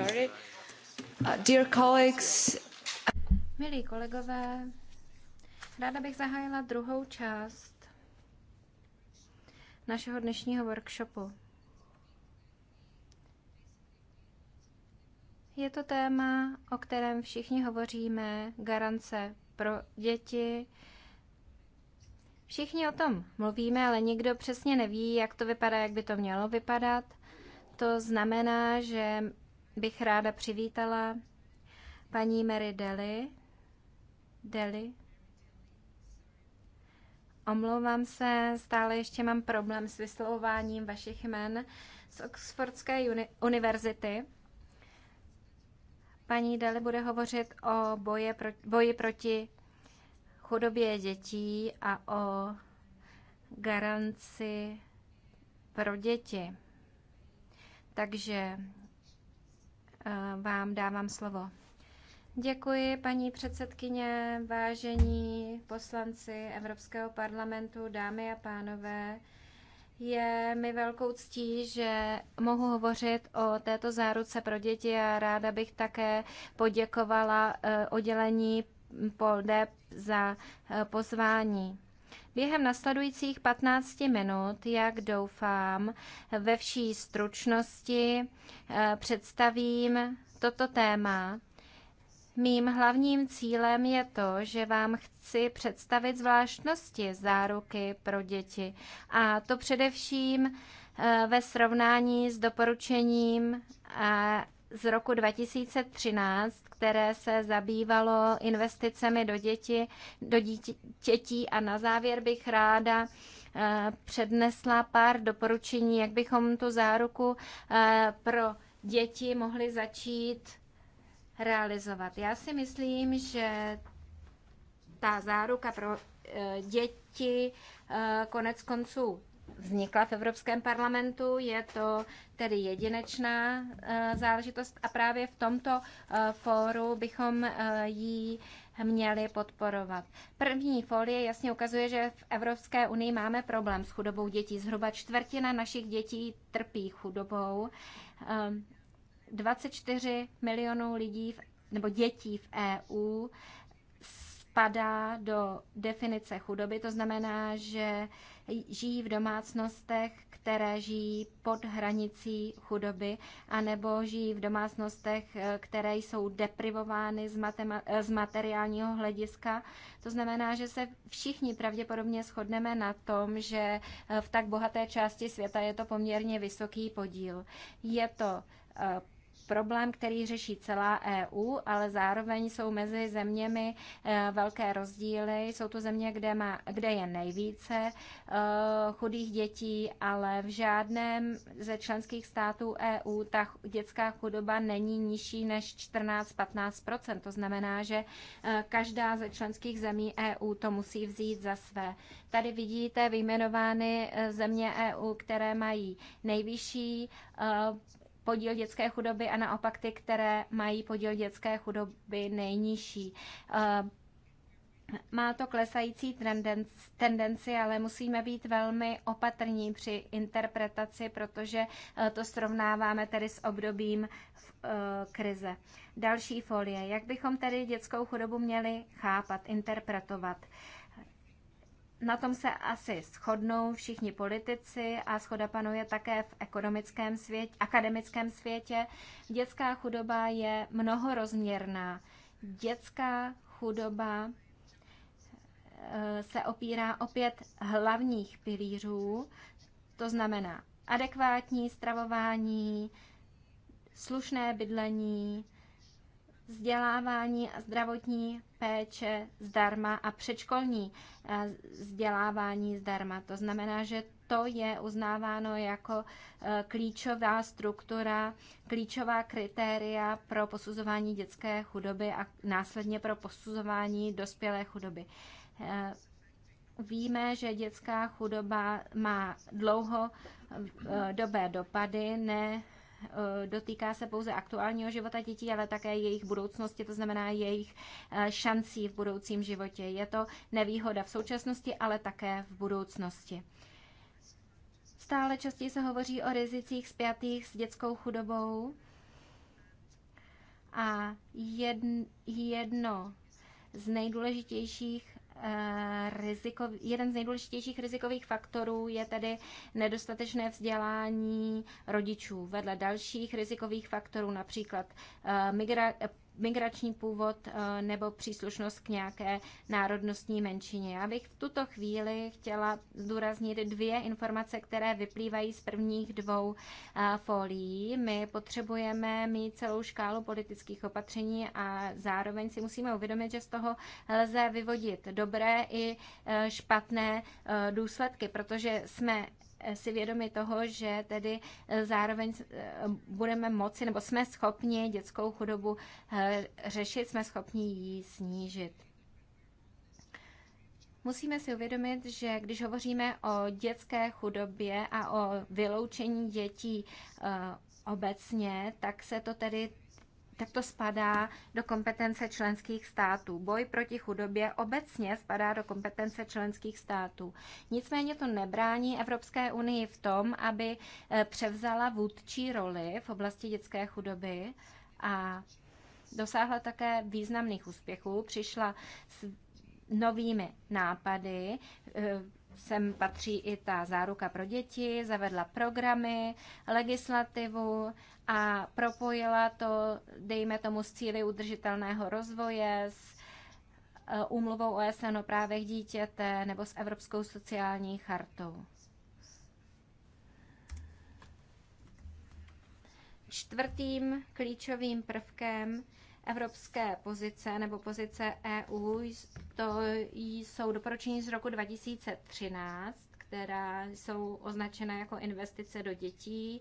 Uh, Milí kolegové, ráda bych zahájila druhou část našeho dnešního workshopu. Je to téma, o kterém všichni hovoříme, garance pro děti. Všichni o tom mluvíme, ale nikdo přesně neví, jak to vypadá, jak by to mělo vypadat. To znamená, že bych ráda přivítala paní Mary Deli. Deli. Omlouvám se, stále ještě mám problém s vyslovováním vašich jmen z Oxfordské uni- univerzity. Paní Deli bude hovořit o boje pro- boji proti chudobě dětí a o garanci pro děti. Takže vám dávám slovo. Děkuji, paní předsedkyně, vážení poslanci Evropského parlamentu, dámy a pánové. Je mi velkou ctí, že mohu hovořit o této záruce pro děti a ráda bych také poděkovala eh, oddělení POLDEP za eh, pozvání. Během nasledujících 15 minut, jak doufám, ve vší stručnosti eh, představím toto téma. Mým hlavním cílem je to, že vám chci představit zvláštnosti záruky pro děti, a to především eh, ve srovnání s doporučením eh, z roku 2013, které se zabývalo investicemi do, děti, do dětí a na závěr bych ráda eh, přednesla pár doporučení, jak bychom tu záruku eh, pro děti mohli začít realizovat. Já si myslím, že ta záruka pro eh, děti konec konců vznikla v Evropském parlamentu. Je to tedy jedinečná eh, záležitost a právě v tomto eh, fóru bychom eh, ji měli podporovat. První folie jasně ukazuje, že v Evropské unii máme problém s chudobou dětí. Zhruba čtvrtina našich dětí trpí chudobou. 24 milionů lidí v, nebo dětí v EU spadá do definice chudoby, to znamená, že žijí v domácnostech, které žijí pod hranicí chudoby, anebo žijí v domácnostech, eh, které jsou deprivovány z, eh, z materiálního hlediska. To znamená, že se všichni pravděpodobně shodneme na tom, že eh, v tak bohaté části světa je to poměrně vysoký podíl. Je to problém, který řeší celá EU, ale zároveň jsou mezi zeměmi eh, velké rozdíly. Jsou to země, kde, má, kde je nejvíce eh, chudých dětí, ale v žádném ze členských států EU ta dětská chudoba není nižší než 14-15 To znamená, že eh, každá ze členských zemí EU to musí vzít za své. Tady vidíte vyjmenovány země EU, které mají nejvyšší podíl dětské chudoby a naopak ty, které mají podíl dětské chudoby nejnižší. Eh, má to klesající tendenci, ale musíme být velmi opatrní při interpretaci, protože eh, to srovnáváme tedy s obdobím eh, krize. Další folie. Jak bychom tedy dětskou chudobu měli chápat, interpretovat? na tom se asi shodnou všichni politici a schoda panuje také v ekonomickém světě, akademickém světě. Dětská chudoba je mnohorozměrná. Dětská chudoba eh, se opírá o pět hlavních pilířů, to znamená adekvátní stravování, slušné bydlení, vzdělávání a zdravotní péče zdarma a předškolní eh, vzdělávání zdarma. To znamená, že to je uznáváno jako eh, klíčová struktura, klíčová kritéria pro posuzování dětské chudoby a následně pro posuzování dospělé chudoby. Eh, víme, že dětská chudoba má dlouhodobé dopady, ne Eh, dotýká se pouze aktuálního života dětí, ale také jejich budoucnosti, to znamená jejich eh, šancí v budoucím životě. Je to nevýhoda v současnosti, ale také v budoucnosti. Stále častěji se hovoří o rizicích spjatých s dětskou chudobou a jedno z nejdůležitějších Eh, riziko, jeden z nejdůležitějších rizikových faktorů je tedy nedostatečné vzdělání rodičů vedle dalších rizikových faktorů, například eh, migra, migrační původ eh, nebo příslušnost k nějaké národnostní menšině. Já bych v tuto chvíli chtěla zdůraznit dvě informace, které vyplývají z prvních dvou eh, folií. My potřebujeme mít celou škálu politických opatření a zároveň si musíme uvědomit, že z toho lze vyvodit dobré i eh, špatné důsledky, protože jsme si vědomi toho, že tedy eh, zároveň eh, budeme moci nebo jsme schopni dětskou chudobu eh, řešit, jsme schopni ji snížit. Musíme si uvědomit, že když hovoříme o dětské chudobě a o vyloučení dětí obecně, tak se to tedy tak to spadá do kompetence členských států. Boj proti chudobě obecně spadá do kompetence členských států. Nicméně to nebrání Evropské unii v tom, aby eh, převzala vůdčí roli v oblasti dětské chudoby a dosáhla také významných úspěchů. Přišla s novými nápady, eh, sem patří i ta záruka pro děti, zavedla programy, legislativu a propojila to, dejme tomu, s cíly udržitelného rozvoje, s e, úmluvou OSN o právech dítěte nebo s Evropskou sociální chartou. Čtvrtým klíčovým prvkem evropské pozice nebo pozice EU, to jsou doporučení z roku 2013, která jsou označena jako investice do dětí.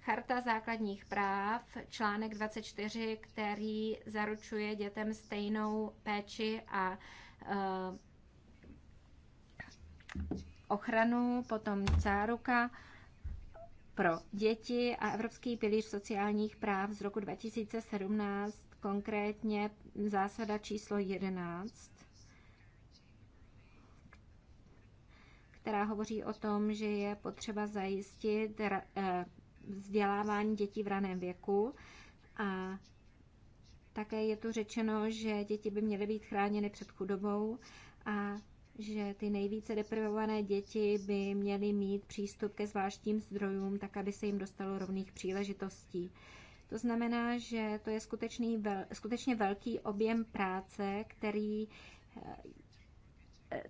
Charta základních práv, článek 24, který zaručuje dětem stejnou péči a uh, ochranu, potom záruka pro děti a Evropský pilíř sociálních práv z roku 2017, konkrétně zásada číslo 11, která hovoří o tom, že je potřeba zajistit eh, vzdělávání dětí v raném věku a také je tu řečeno, že děti by měly být chráněny před chudobou a že ty nejvíce deprivované děti by měly mít přístup ke zvláštním zdrojům, tak aby se jim dostalo rovných příležitostí. To znamená, že to je skutečný, vel, skutečně velký objem práce, který eh,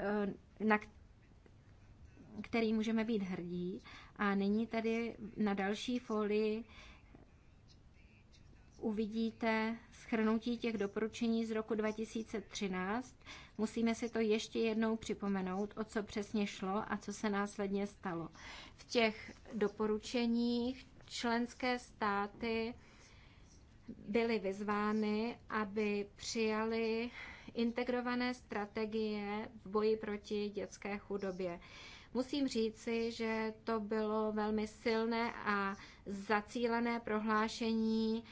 eh, na který můžeme být hrdí. A nyní tady na další folii uvidíte schrnutí těch doporučení z roku 2013. Musíme si to ještě jednou připomenout, o co přesně šlo a co se následně stalo. V těch doporučeních členské státy byly vyzvány, aby přijali integrované strategie v boji proti dětské chudobě. Musím říci, že to bylo velmi silné a zacílené prohlášení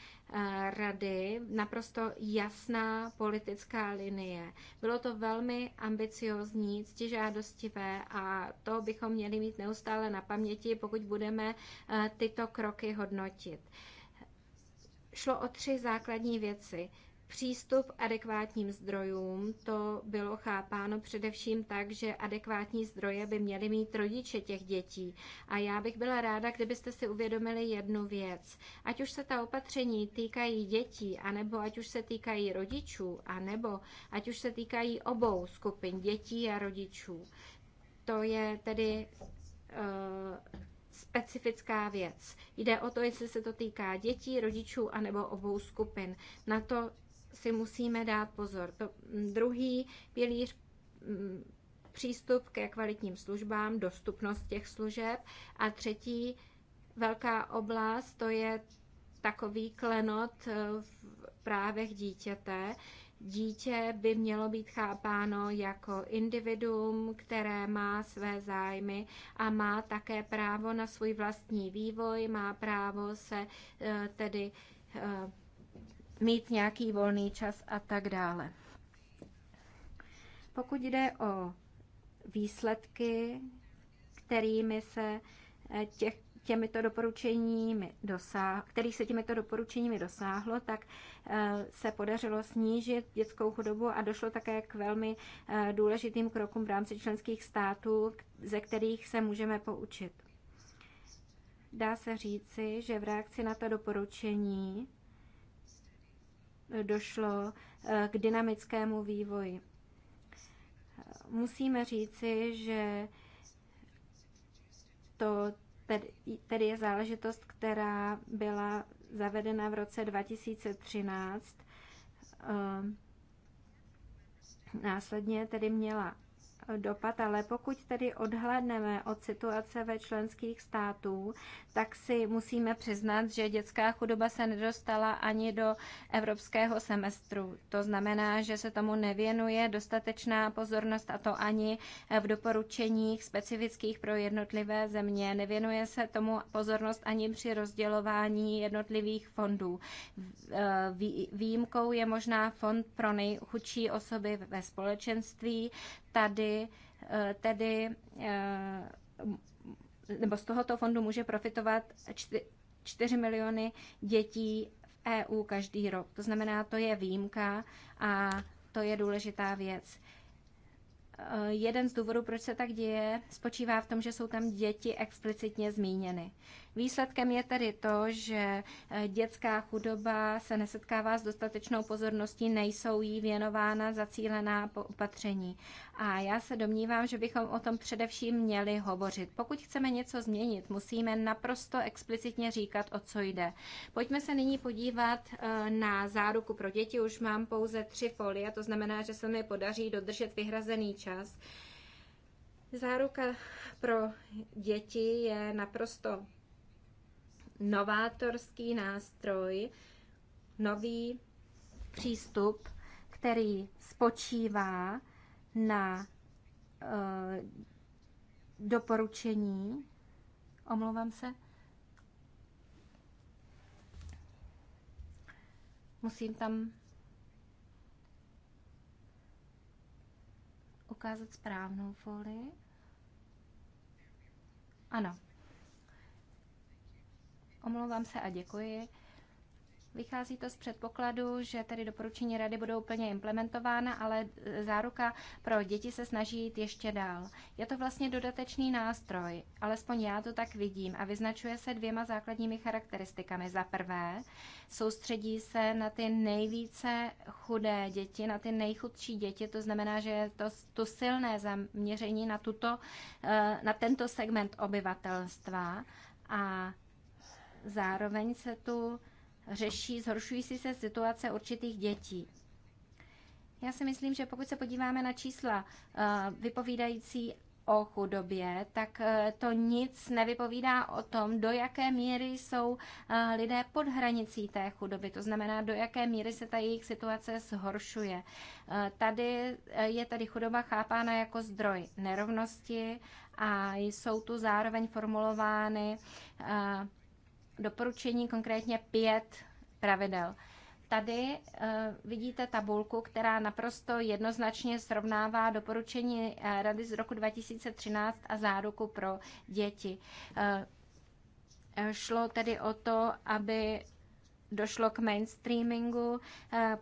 rady naprosto jasná politická linie. Bylo to velmi ambiciozní, ctižádostivé a to bychom měli mít neustále na paměti, pokud budeme tyto kroky hodnotit. Šlo o tři základní věci. Přístup k adekvátním zdrojům, to bylo chápáno především tak, že adekvátní zdroje by měly mít rodiče těch dětí. A já bych byla ráda, kdybyste si uvědomili jednu věc. Ať už se ta opatření týkají dětí, anebo ať už se týkají rodičů, anebo ať už se týkají obou skupin dětí a rodičů. To je tedy uh, specifická věc. Jde o to, jestli se to týká dětí, rodičů anebo obou skupin. Na to si musíme dát pozor. To mm, druhý pilíř mm, přístup ke kvalitním službám, dostupnost těch služeb a třetí velká oblast, to je takový klenot eh, v právech dítěte. Dítě by mělo být chápáno jako individuum, které má své zájmy a má také právo na svůj vlastní vývoj, má právo se eh, tedy eh, mít nějaký volný čas a tak dále. Pokud jde o výsledky, kterými se eh, těch, těmito doporučeními dosáhlo, který se těmito doporučeními dosáhlo, tak eh, se podařilo snížit dětskou chudobu a došlo také k velmi eh, důležitým krokům v rámci členských států, ze kterých se můžeme poučit. Dá se říci, že v reakci na to doporučení došlo eh, k dynamickému vývoji. Musíme říci, že to tedy je záležitost, která byla zavedena v roce 2013. Eh, následně tedy měla dopad, ale pokud tedy odhledneme od situace ve členských států, tak si musíme přiznat, že dětská chudoba se nedostala ani do evropského semestru. To znamená, že se tomu nevěnuje dostatečná pozornost a to ani v doporučeních specifických pro jednotlivé země. Nevěnuje se tomu pozornost ani při rozdělování jednotlivých fondů. Výjimkou je možná fond pro nejchudší osoby ve společenství tady eh, tedy eh, nebo z tohoto fondu může profitovat 4 miliony dětí v EU každý rok. To znamená, to je výjimka a to je důležitá věc. Eh, jeden z důvodů, proč se tak děje, spočívá v tom, že jsou tam děti explicitně zmíněny. Výsledkem je tedy to, že eh, dětská chudoba se nesetkává s dostatečnou pozorností, nejsou jí věnována zacílená opatření. A já se domnívám, že bychom o tom především měli hovořit. Pokud chceme něco změnit, musíme naprosto explicitně říkat, o co jde. Pojďme se nyní podívat eh, na záruku pro děti. Už mám pouze tři folie, to znamená, že se mi podaří dodržet vyhrazený čas. Záruka pro děti je naprosto novátorský nástroj, nový přístup, který spočívá na eh, doporučení. Omlouvám se. Musím tam ukázat správnou folii. Ano. Omlouvám se a děkuji. Vychází to z předpokladu, že tedy doporučení rady budou plně implementována, ale e, záruka pro děti se snaží jít ještě dál. Je to vlastně dodatečný nástroj, alespoň já to tak vidím, a vyznačuje se dvěma základními charakteristikami. Za prvé, soustředí se na ty nejvíce chudé děti, na ty nejchudší děti, to znamená, že je to, to silné zaměření na, tuto, e, na tento segment obyvatelstva. A zároveň se tu řeší zhoršující se situace určitých dětí. Já si myslím, že pokud se podíváme na čísla eh, vypovídající o chudobě, tak eh, to nic nevypovídá o tom, do jaké míry jsou eh, lidé pod hranicí té chudoby, to znamená, do jaké míry se ta jejich situace zhoršuje. Tady je tady chudoba chápána jako zdroj nerovnosti a jsou tu zároveň formulovány doporučení, konkrétně pět pravidel. Tady eh, vidíte tabulku, která naprosto jednoznačně srovnává doporučení eh, Rady z roku 2013 a záruku pro děti. Eh, šlo tedy o to, aby došlo k mainstreamingu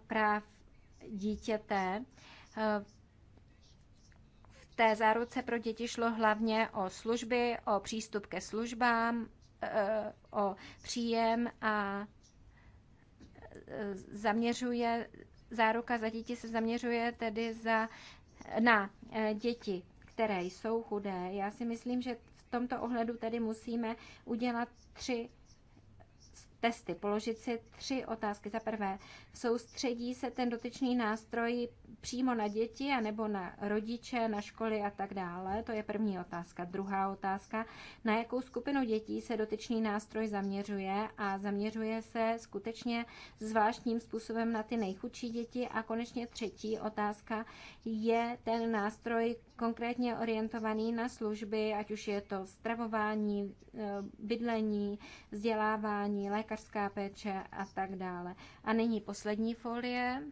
práv dítěte. V té záruce pro děti šlo hlavně o služby, o přístup ke službám, o příjem a e, zaměřuje, záruka za děti se zaměřuje tedy za, na e, děti, které jsou chudé. Já si myslím, že v tomto ohledu tedy musíme udělat tři testy, položit si tři otázky. Za prvé, soustředí se ten dotyčný nástroj přímo na děti anebo na rodiče, na školy a tak dále? To je první otázka. Druhá otázka, na jakou skupinu dětí se dotyčný nástroj zaměřuje a zaměřuje se skutečně zvláštním způsobem na ty nejchudší děti? A konečně třetí otázka, je ten nástroj konkrétně orientovaný na služby, ať už je to stravování, e, bydlení, vzdělávání, lékařská péče a tak dále. A nyní poslední folie.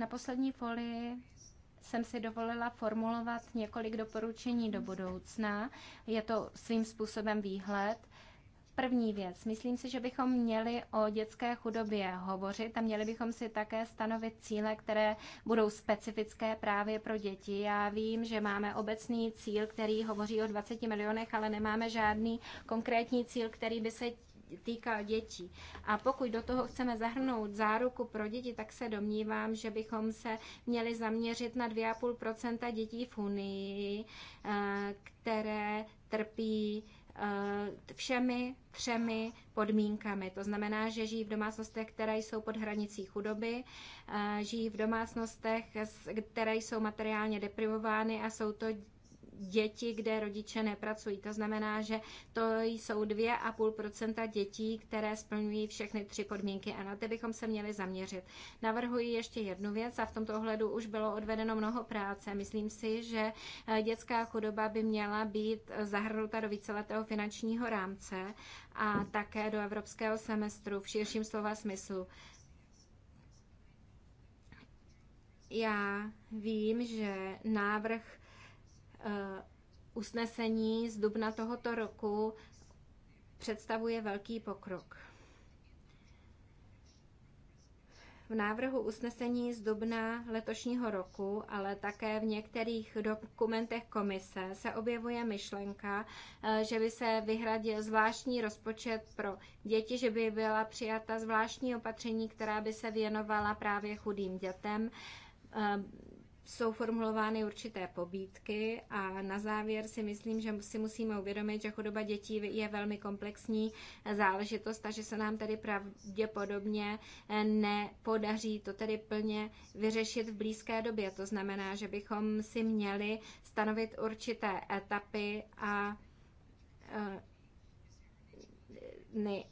Na poslední folii jsem si dovolila formulovat několik doporučení do budoucna. Je to svým způsobem výhled. První věc. Myslím si, že bychom měli o dětské chudobě hovořit a měli bychom si také stanovit cíle, které budou specifické právě pro děti. Já vím, že máme obecný cíl, který hovoří o 20 milionech, ale nemáme žádný konkrétní cíl, který by se týkal dětí. A pokud do toho chceme zahrnout záruku pro děti, tak se domnívám, že bychom se měli zaměřit na 2,5 dětí v Unii, eh, které trpí eh, všemi třemi podmínkami. To znamená, že žijí v domácnostech, které jsou pod hranicí chudoby, eh, žijí v domácnostech, které jsou materiálně deprivovány a jsou to děti, kde rodiče nepracují. To znamená, že to jsou 2,5 dětí, které splňují všechny tři podmínky a na ty bychom se měli zaměřit. Navrhuji ještě jednu věc a v tomto ohledu už bylo odvedeno mnoho práce. Myslím si, že eh, dětská chudoba by měla být zahrnuta do víceletého finančního rámce a také do evropského semestru v širším slova smyslu. Já vím, že návrh Eh, usnesení z dubna tohoto roku představuje velký pokrok. V návrhu usnesení z dubna letošního roku, ale také v některých dokumentech komise se objevuje myšlenka, eh, že by se vyhradil zvláštní rozpočet pro děti, že by byla přijata zvláštní opatření, která by se věnovala právě chudým dětem. Eh, jsou formulovány určité pobídky a na závěr si myslím, že si musíme uvědomit, že chudoba dětí je velmi komplexní záležitost a že se nám tedy pravděpodobně eh, nepodaří to tedy plně vyřešit v blízké době. To znamená, že bychom si měli stanovit určité etapy a eh,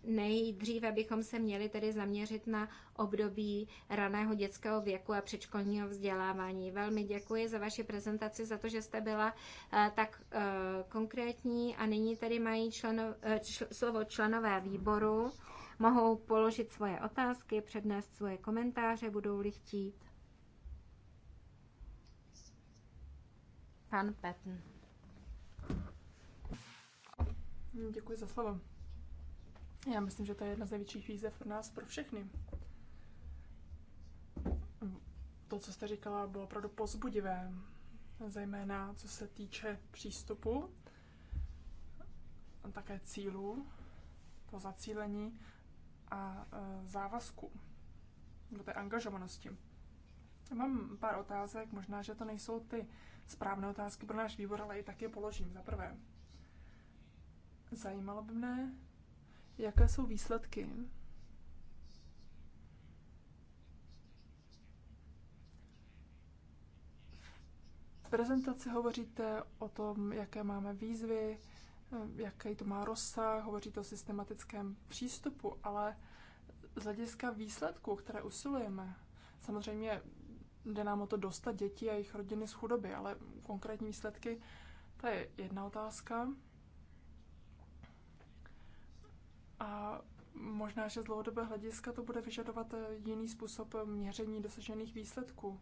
nejdříve bychom se měli tedy zaměřit na období raného dětského věku a předškolního vzdělávání. Velmi děkuji za vaši prezentaci, za to, že jste byla eh, tak eh, konkrétní a nyní tedy mají členo, eh, čl, slovo členové výboru. Mohou položit svoje otázky, přednést svoje komentáře, budou-li chtít. Pan Petn. Děkuji za slovo. Já myslím, že to je jedna z největších výzev pro nás, pro všechny. To, co jste říkala, bylo opravdu pozbudivé, zejména co se týče přístupu, také cílů, to zacílení a e, závazku do té angažovanosti. Já mám pár otázek, možná, že to nejsou ty správné otázky pro náš výbor, ale i tak je položím. Za prvé, zajímalo by mne, Jaké jsou výsledky? V prezentaci hovoříte o tom, jaké máme výzvy, jaký to má rozsah, hovoříte o systematickém přístupu, ale z hlediska výsledků, které usilujeme, samozřejmě jde nám o to dostat děti a jejich rodiny z chudoby, ale konkrétní výsledky, to je jedna otázka. A možná, že z dlouhodobého hlediska to bude vyžadovat eh, jiný způsob eh, měření dosažených výsledků.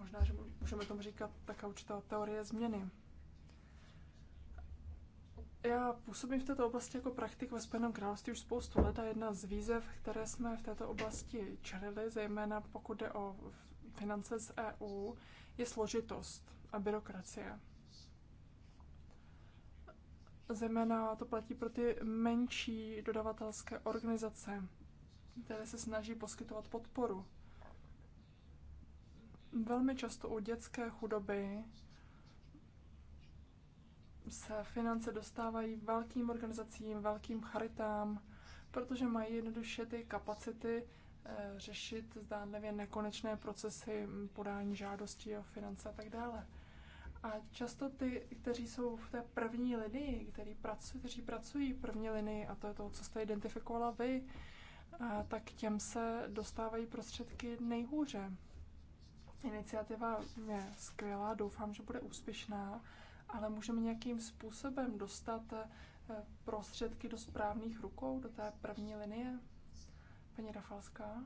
Možná, že můžeme tomu říkat taká určitá teorie změny. Já působím v této oblasti jako praktik ve Spojeném království už spoustu let a jedna z výzev, které jsme v této oblasti čelili, zejména pokud jde o finance z EU, je složitost a byrokracie. Zejména to platí pro ty menší dodavatelské organizace, které se snaží poskytovat podporu. Velmi často u dětské chudoby se finance dostávají velkým organizacím, velkým charitám, protože mají jednoduše ty kapacity eh, řešit zdánlivě nekonečné procesy podání žádostí o finance a tak dále. A často ty, kteří jsou v té první linii, kteří pracují, kteří pracují v první linii, a to je to, co jste identifikovala vy, a tak těm se dostávají prostředky nejhůře. Iniciativa je skvělá, doufám, že bude úspěšná, ale můžeme nějakým způsobem dostat eh, prostředky do správných rukou, do té první linie? Paní Rafalská?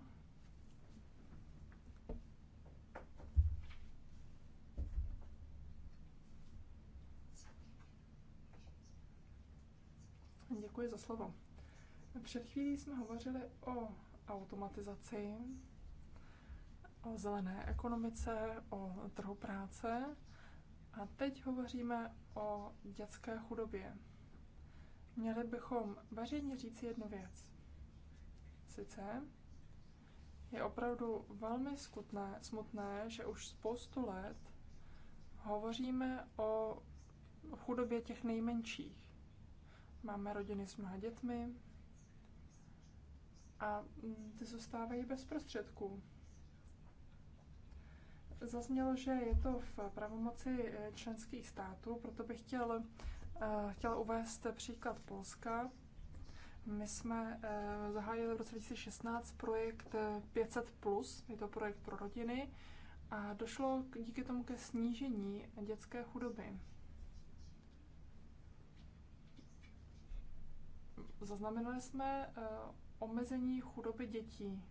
Děkuji za slovo. Před chvílí jsme hovořili o automatizaci, o zelené ekonomice, o trhu práce a teď hovoříme o dětské chudobě. Měli bychom veřejně říci jednu věc. Sice je opravdu velmi skutné, smutné, že už spoustu let hovoříme o chudobě těch nejmenších. Máme rodiny s mnoha dětmi a ty zůstávají bez prostředků. Zaznělo, že je to v pravomoci eh, členských států, proto bych chtěl, eh, chtěla uvést příklad Polska. My jsme eh, zahájili v roce 2016 projekt 500, je to projekt pro rodiny, a došlo díky tomu ke snížení dětské chudoby. Zaznamenali jsme eh, omezení chudoby dětí.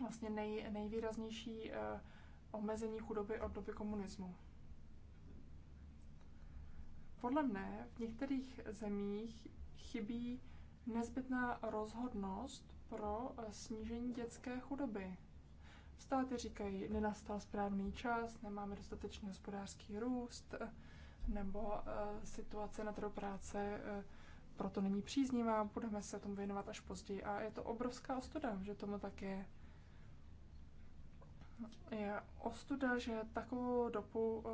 Vlastně nej, nejvýraznější eh, omezení chudoby od doby komunismu. Podle mne v některých zemích chybí nezbytná rozhodnost pro eh, snížení dětské chudoby. Státy říkají, nenastal správný čas, nemáme dostatečný hospodářský růst, nebo eh, situace na trhu práce eh, proto není příznivá, budeme se tomu věnovat až později. A je to obrovská ostuda, že tomu tak je. Je ostuda, že takovou dobu uh,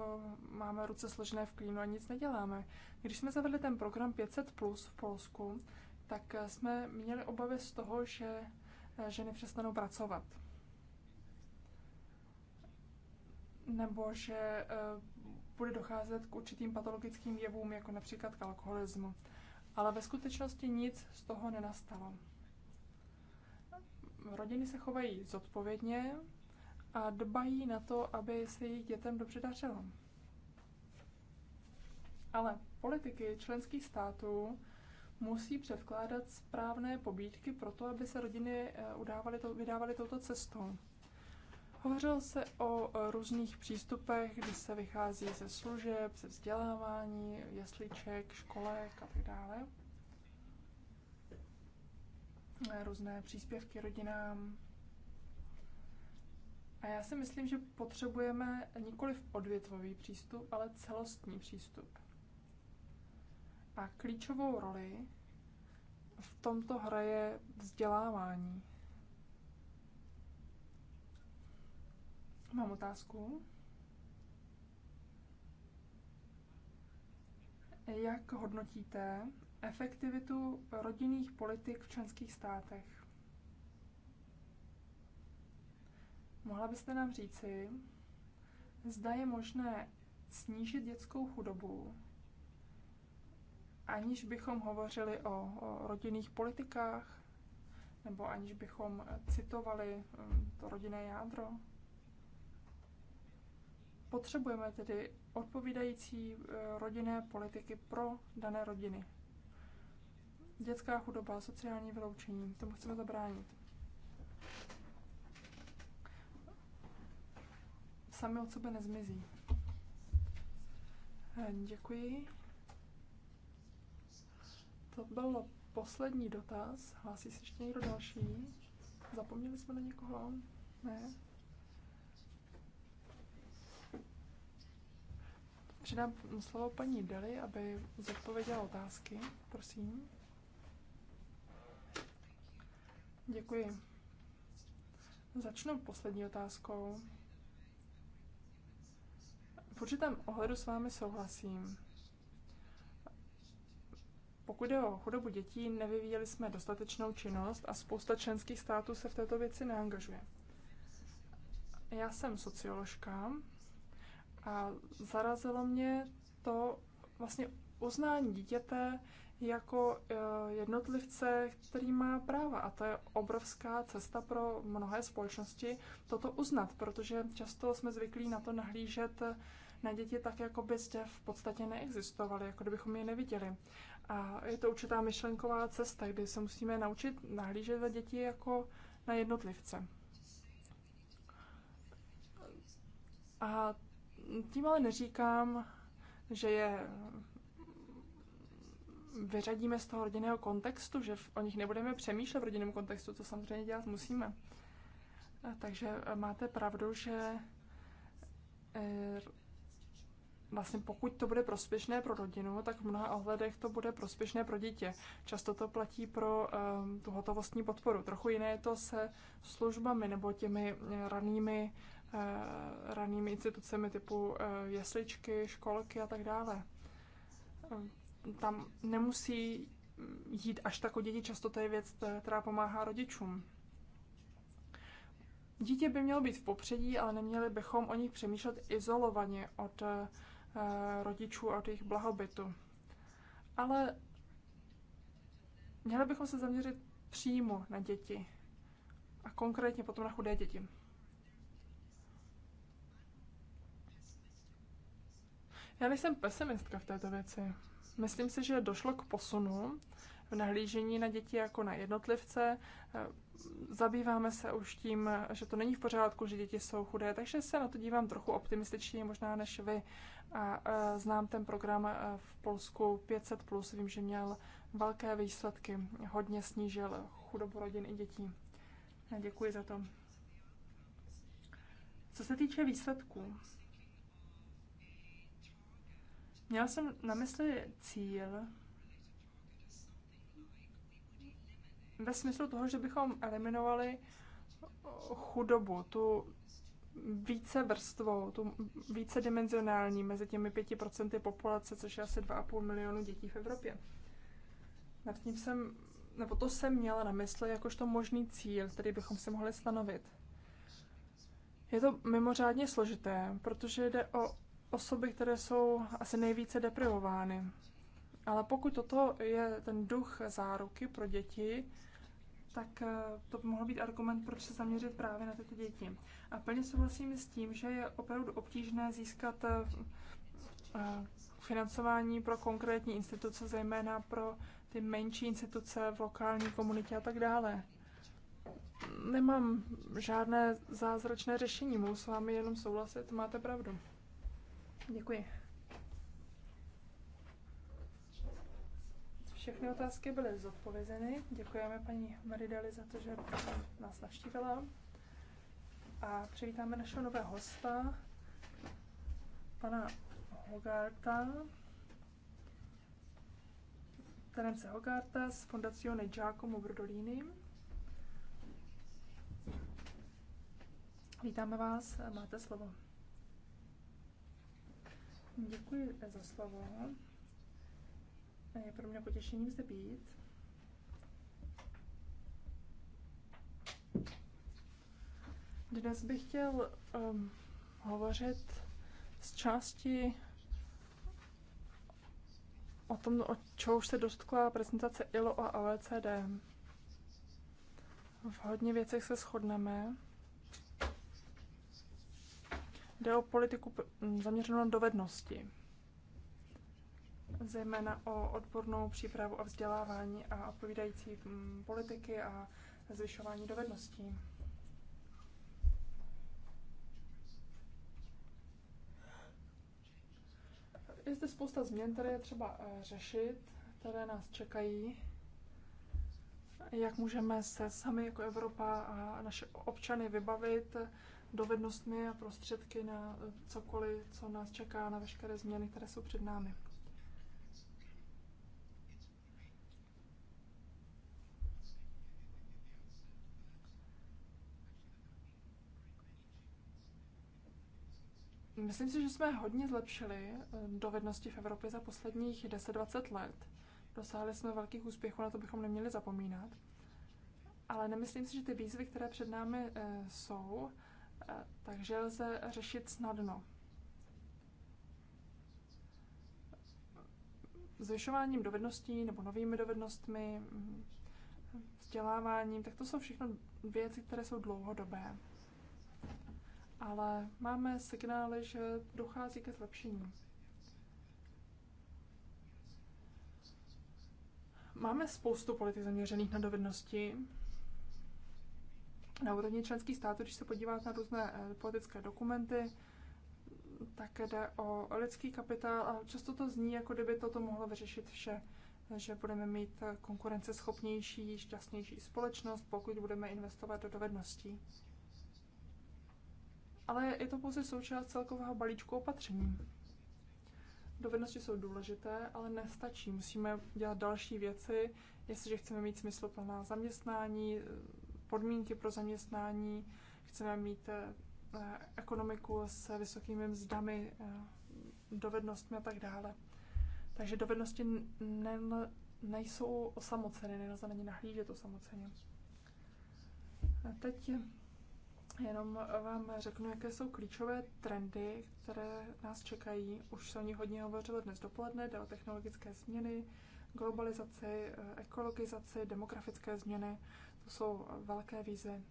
máme ruce složené v klínu a nic neděláme. Když jsme zavedli ten program 500 plus v Polsku, tak jsme měli obavy z toho, že ženy přestanou pracovat. Nebo že uh, bude docházet k určitým patologickým jevům, jako například k alkoholismu. Ale ve skutečnosti nic z toho nenastalo. Rodiny se chovají zodpovědně a dbají na to, aby se jejich dětem dobře dařilo. Ale politiky členských států musí předkládat správné pobídky pro to, aby se rodiny eh, udávaly, vydávaly touto cestou. Hovořil se o různých přístupech, kdy se vychází ze služeb, ze vzdělávání, jesliček, školek a tak dále. Různé příspěvky rodinám. A já si myslím, že potřebujeme nikoli v odvětvový přístup, ale celostní přístup. A klíčovou roli v tomto hraje vzdělávání. Mám otázku. Jak hodnotíte efektivitu rodinných politik v členských státech? Mohla byste nám říci, zda je možné snížit dětskou chudobu, aniž bychom hovořili o, o rodinných politikách, nebo aniž bychom citovali hm, to rodinné jádro? Potřebujeme tedy odpovídající eh, rodinné politiky pro dané rodiny. Dětská chudoba, sociální vyloučení, tomu chceme zabránit. Sami od sebe nezmizí. Eh, děkuji. To byl poslední dotaz. Hlásí se ještě někdo další? Zapomněli jsme na někoho? Ne. Předám slovo paní Deli, aby zodpověděla otázky. Prosím. Děkuji. Začnu poslední otázkou. V určitém ohledu s vámi souhlasím. Pokud je o chudobu dětí, nevyvíjeli jsme dostatečnou činnost a spousta členských států se v této věci neangažuje. Já jsem socioložka, a zarazilo mě to vlastně uznání dítěte jako eh, jednotlivce, který má práva. A to je obrovská cesta pro mnohé společnosti toto uznat, protože často jsme zvyklí na to nahlížet eh, na děti tak, jako by zde v podstatě neexistovaly, jako kdybychom je neviděli. A je to určitá myšlenková cesta, kdy se musíme naučit nahlížet na děti jako na jednotlivce. A tím ale neříkám, že je vyřadíme z toho rodinného kontextu, že o nich nebudeme přemýšlet v rodinném kontextu, to samozřejmě dělat musíme. Takže e, máte pravdu, že e, vlastně pokud to bude prospěšné pro rodinu, tak v mnoha ohledech to bude prospěšné pro dítě. Často to platí pro um, tu hotovostní podporu. Trochu jiné je to se službami nebo těmi ranými Eh, ranými institucemi typu eh, jesličky, školky a tak dále. Eh, tam nemusí jít až tak o děti, často to je věc, která pomáhá rodičům. Dítě by mělo být v popředí, ale neměli bychom o nich přemýšlet izolovaně od rodičů a od jejich blahobytu. Ale měli bychom se zaměřit přímo na děti a konkrétně potom na chudé děti. Já nejsem pesimistka v této věci. Myslím si, že došlo k posunu v nahlížení na děti jako na jednotlivce. Eh, zabýváme se už tím, že to není v pořádku, že děti jsou chudé, takže se na to dívám trochu optimističně, možná než vy. A eh, znám ten program eh, v Polsku 500+, plus. vím, že měl velké výsledky, hodně snížil chudobu rodin i dětí. Děkuji za to. Co se týče výsledků, Měla jsem na mysli cíl ve smyslu toho, že bychom eliminovali chudobu, tu více vrstvou, tu více dimenzionální mezi těmi 5% populace, což je asi 2,5 milionu dětí v Evropě. Nad tím jsem, nebo to jsem měla na mysli jakožto možný cíl, který bychom si mohli stanovit. Je to mimořádně složité, protože jde o osoby, které jsou asi nejvíce deprivovány. Ale pokud toto je ten duch záruky pro děti, tak eh, to by mohl být argument, proč se zaměřit právě na tyto děti. A plně souhlasím s tím, že je opravdu obtížné získat eh, eh, financování pro konkrétní instituce, zejména pro ty menší instituce v lokální komunitě a tak dále. Nemám žádné zázračné řešení, mohu s vámi jenom souhlasit, máte pravdu. Děkuji. Všechny otázky byly zodpovězeny. Děkujeme paní Marideli za to, že nás navštívila. A přivítáme našeho nového hosta, pana Hogarta, Terence Hogarta z Fondazione Giacomo Brdolini. Vítáme vás, máte slovo. Děkuji za slovo. Je pro mě potěšením zde být. Dnes bych chtěl um, hovořit z části o tom, o čeho už se dostkla prezentace ILO a OECD. V hodně věcech se shodneme. Jde o politiku zaměřenou na dovednosti, zejména o odbornou přípravu a vzdělávání a odpovídající mm, politiky a zvyšování dovedností. Je zde spousta změn, které je třeba eh, řešit, které nás čekají. Jak můžeme se sami jako Evropa a naše občany vybavit dovednostmi a prostředky na eh, cokoliv, co nás čeká na veškeré změny, které jsou před námi. Myslím si, že jsme hodně zlepšili eh, dovednosti v Evropě za posledních 10-20 let. Dosáhli jsme velkých úspěchů, na to bychom neměli zapomínat. Ale nemyslím si, že ty výzvy, které před námi eh, jsou, Eh, takže lze řešit snadno. Zvyšováním dovedností nebo novými dovednostmi, mm, vzděláváním, tak to jsou všechno věci, které jsou dlouhodobé. Ale máme signály, že dochází ke zlepšení. Máme spoustu politik zaměřených na dovednosti, na úrovni členských států, když se podíváte na různé eh, politické dokumenty, tak jde o lidský kapitál a často to zní, jako kdyby toto mohlo vyřešit vše, že budeme mít eh, konkurenceschopnější, šťastnější společnost, pokud budeme investovat do dovedností. Ale je to pouze součást celkového balíčku opatření. Dovednosti jsou důležité, ale nestačí. Musíme dělat další věci, jestliže chceme mít smysluplná zaměstnání, eh, podmínky pro zaměstnání, chceme mít eh, eh, ekonomiku s vysokými mzdami, eh, dovednostmi a tak dále. Takže dovednosti ne, nejsou osamoceny, nelze na ně nahlížet osamoceně. A teď jenom vám řeknu, jaké jsou klíčové trendy, které nás čekají. Už se o nich hodně hovořilo dnes dopoledne, jde o technologické změny, globalizaci, ekologizaci, demografické změny to jsou velké výzvy.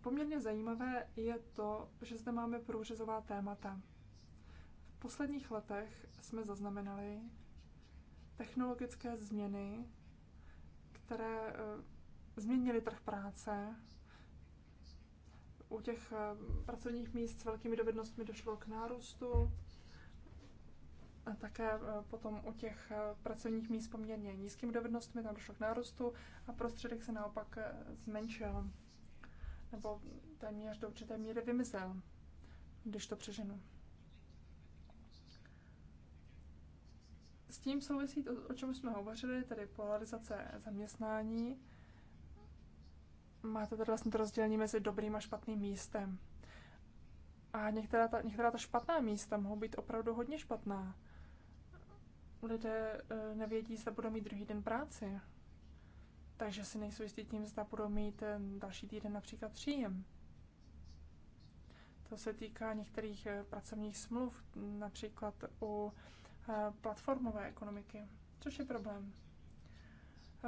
Poměrně zajímavé je to, že zde máme průřezová témata. V posledních letech jsme zaznamenali technologické změny, které eh, změnily trh práce. U těch eh, pracovních míst s velkými dovednostmi došlo k nárůstu a také eh, potom u těch eh, pracovních míst poměrně nízkými dovednostmi tam došlo k nárostu a prostředek se naopak eh, zmenšil nebo téměř do určité míry vymizel, když to přeženu. S tím souvisí to, o čem jsme hovořili, tedy polarizace zaměstnání. Máte tady vlastně to rozdělení mezi dobrým a špatným místem. A některá ta, některá ta špatná místa mohou být opravdu hodně špatná lidé eh, nevědí, zda budou mít druhý den práci. Takže si nejsou jistí tím, zda budou mít eh, další týden například příjem. To se týká některých eh, pracovních smluv, například u platformové ekonomiky, což je problém.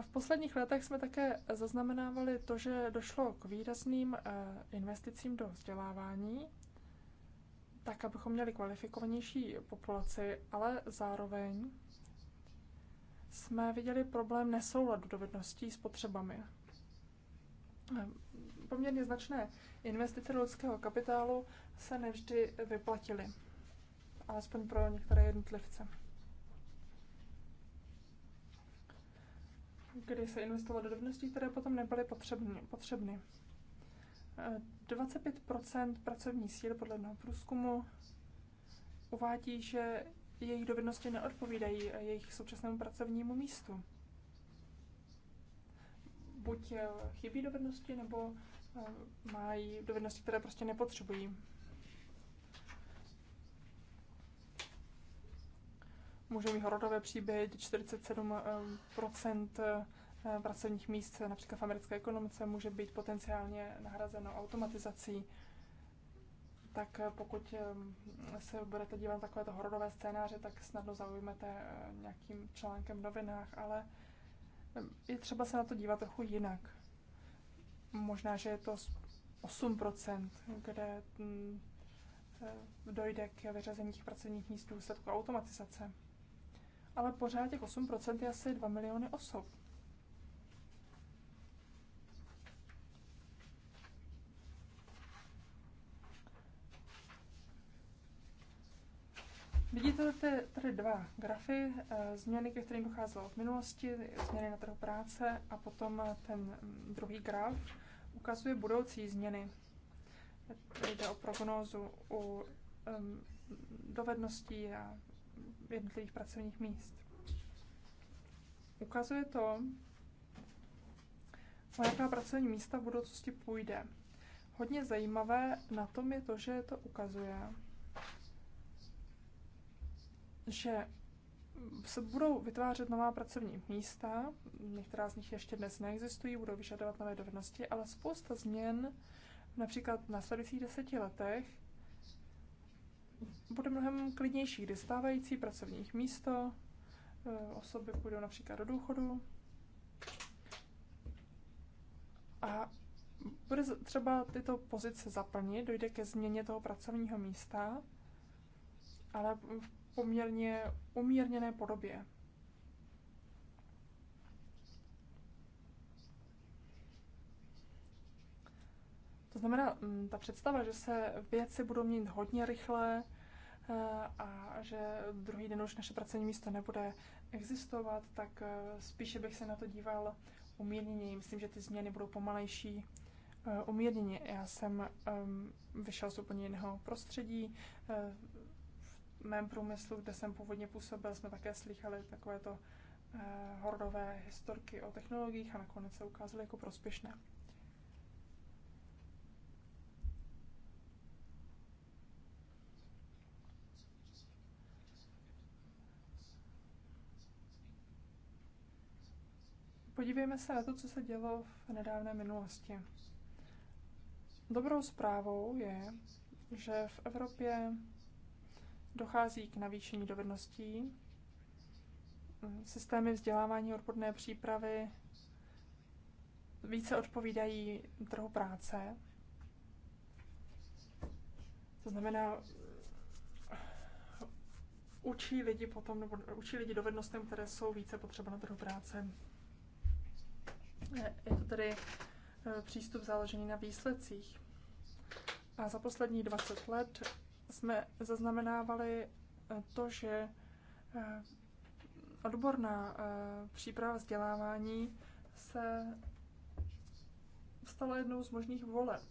V posledních letech jsme také zaznamenávali to, že došlo k výrazným investicím do vzdělávání tak abychom měli kvalifikovanější populaci, ale zároveň jsme viděli problém nesouladu dovedností s potřebami. Poměrně značné investice do lidského kapitálu se nevždy vyplatily, alespoň pro některé jednotlivce. Kdy se investovalo do dovedností, které potom nebyly potřebny. potřebny. 25 pracovní síly podle jednoho průzkumu uvádí, že jejich dovednosti neodpovídají jejich současnému pracovnímu místu. Buď eh, chybí dovednosti, nebo eh, mají dovednosti, které prostě nepotřebují. Můžou mít horodové příběhy, 47 Eh, pracovních míst, například v americké ekonomice, může být potenciálně nahrazeno automatizací. Tak eh, pokud eh, se budete dívat na takovéto hororové scénáře, tak snadno zaujmete nějakým článkem v novinách, ale je třeba se na to dívat trochu jinak. Možná, že je to 8%, kde mm, dojde k vyřazení těch pracovních míst v důsledku automatizace. Ale pořád těch 8% je asi 2 miliony osob. Vidíte tady, tady dva grafy, eh, změny, ke kterým docházelo v minulosti, změny na trhu práce a potom eh, ten mm, druhý graf ukazuje budoucí změny. Jde o prognózu u dovedností a jednotlivých pracovních míst. Ukazuje to, o jaká pracovní místa v budoucnosti půjde. Hodně zajímavé na tom je to, že to ukazuje, že se budou vytvářet nová pracovní místa, některá z nich ještě dnes neexistují, budou vyžadovat nové dovednosti, ale spousta změn, například v následujících deseti letech, bude mnohem klidnější, kdy stávající pracovních místo, eh, osoby půjdou například do důchodu a bude třeba tyto pozice zaplnit, dojde ke změně toho pracovního místa, ale v poměrně umírněné podobě. To znamená, mm, ta představa, že se věci budou měnit hodně rychle eh, a že druhý den už naše pracovní místo nebude existovat, tak eh, spíše bych se na to díval umírněně. Myslím, že ty změny budou pomalejší eh, umírněně. Já jsem ehm, vyšel z úplně jiného prostředí, mém průmyslu, kde jsem původně působil, jsme také slychali takovéto eh, hordové historky o technologiích a nakonec se ukázaly jako prospěšné. Podívejme se na to, co se dělo v nedávné minulosti. Dobrou zprávou je, že v Evropě Dochází k navýšení dovedností, systémy vzdělávání odborné přípravy více odpovídají trhu práce. To znamená, učí lidi potom, nebo učí lidi dovednostem, které jsou více potřeba na trhu práce. Je to tedy eh, přístup založený na výsledcích. A za poslední 20 let jsme zaznamenávali eh, to, že eh, odborná eh, příprava vzdělávání se stala jednou z možných voleb.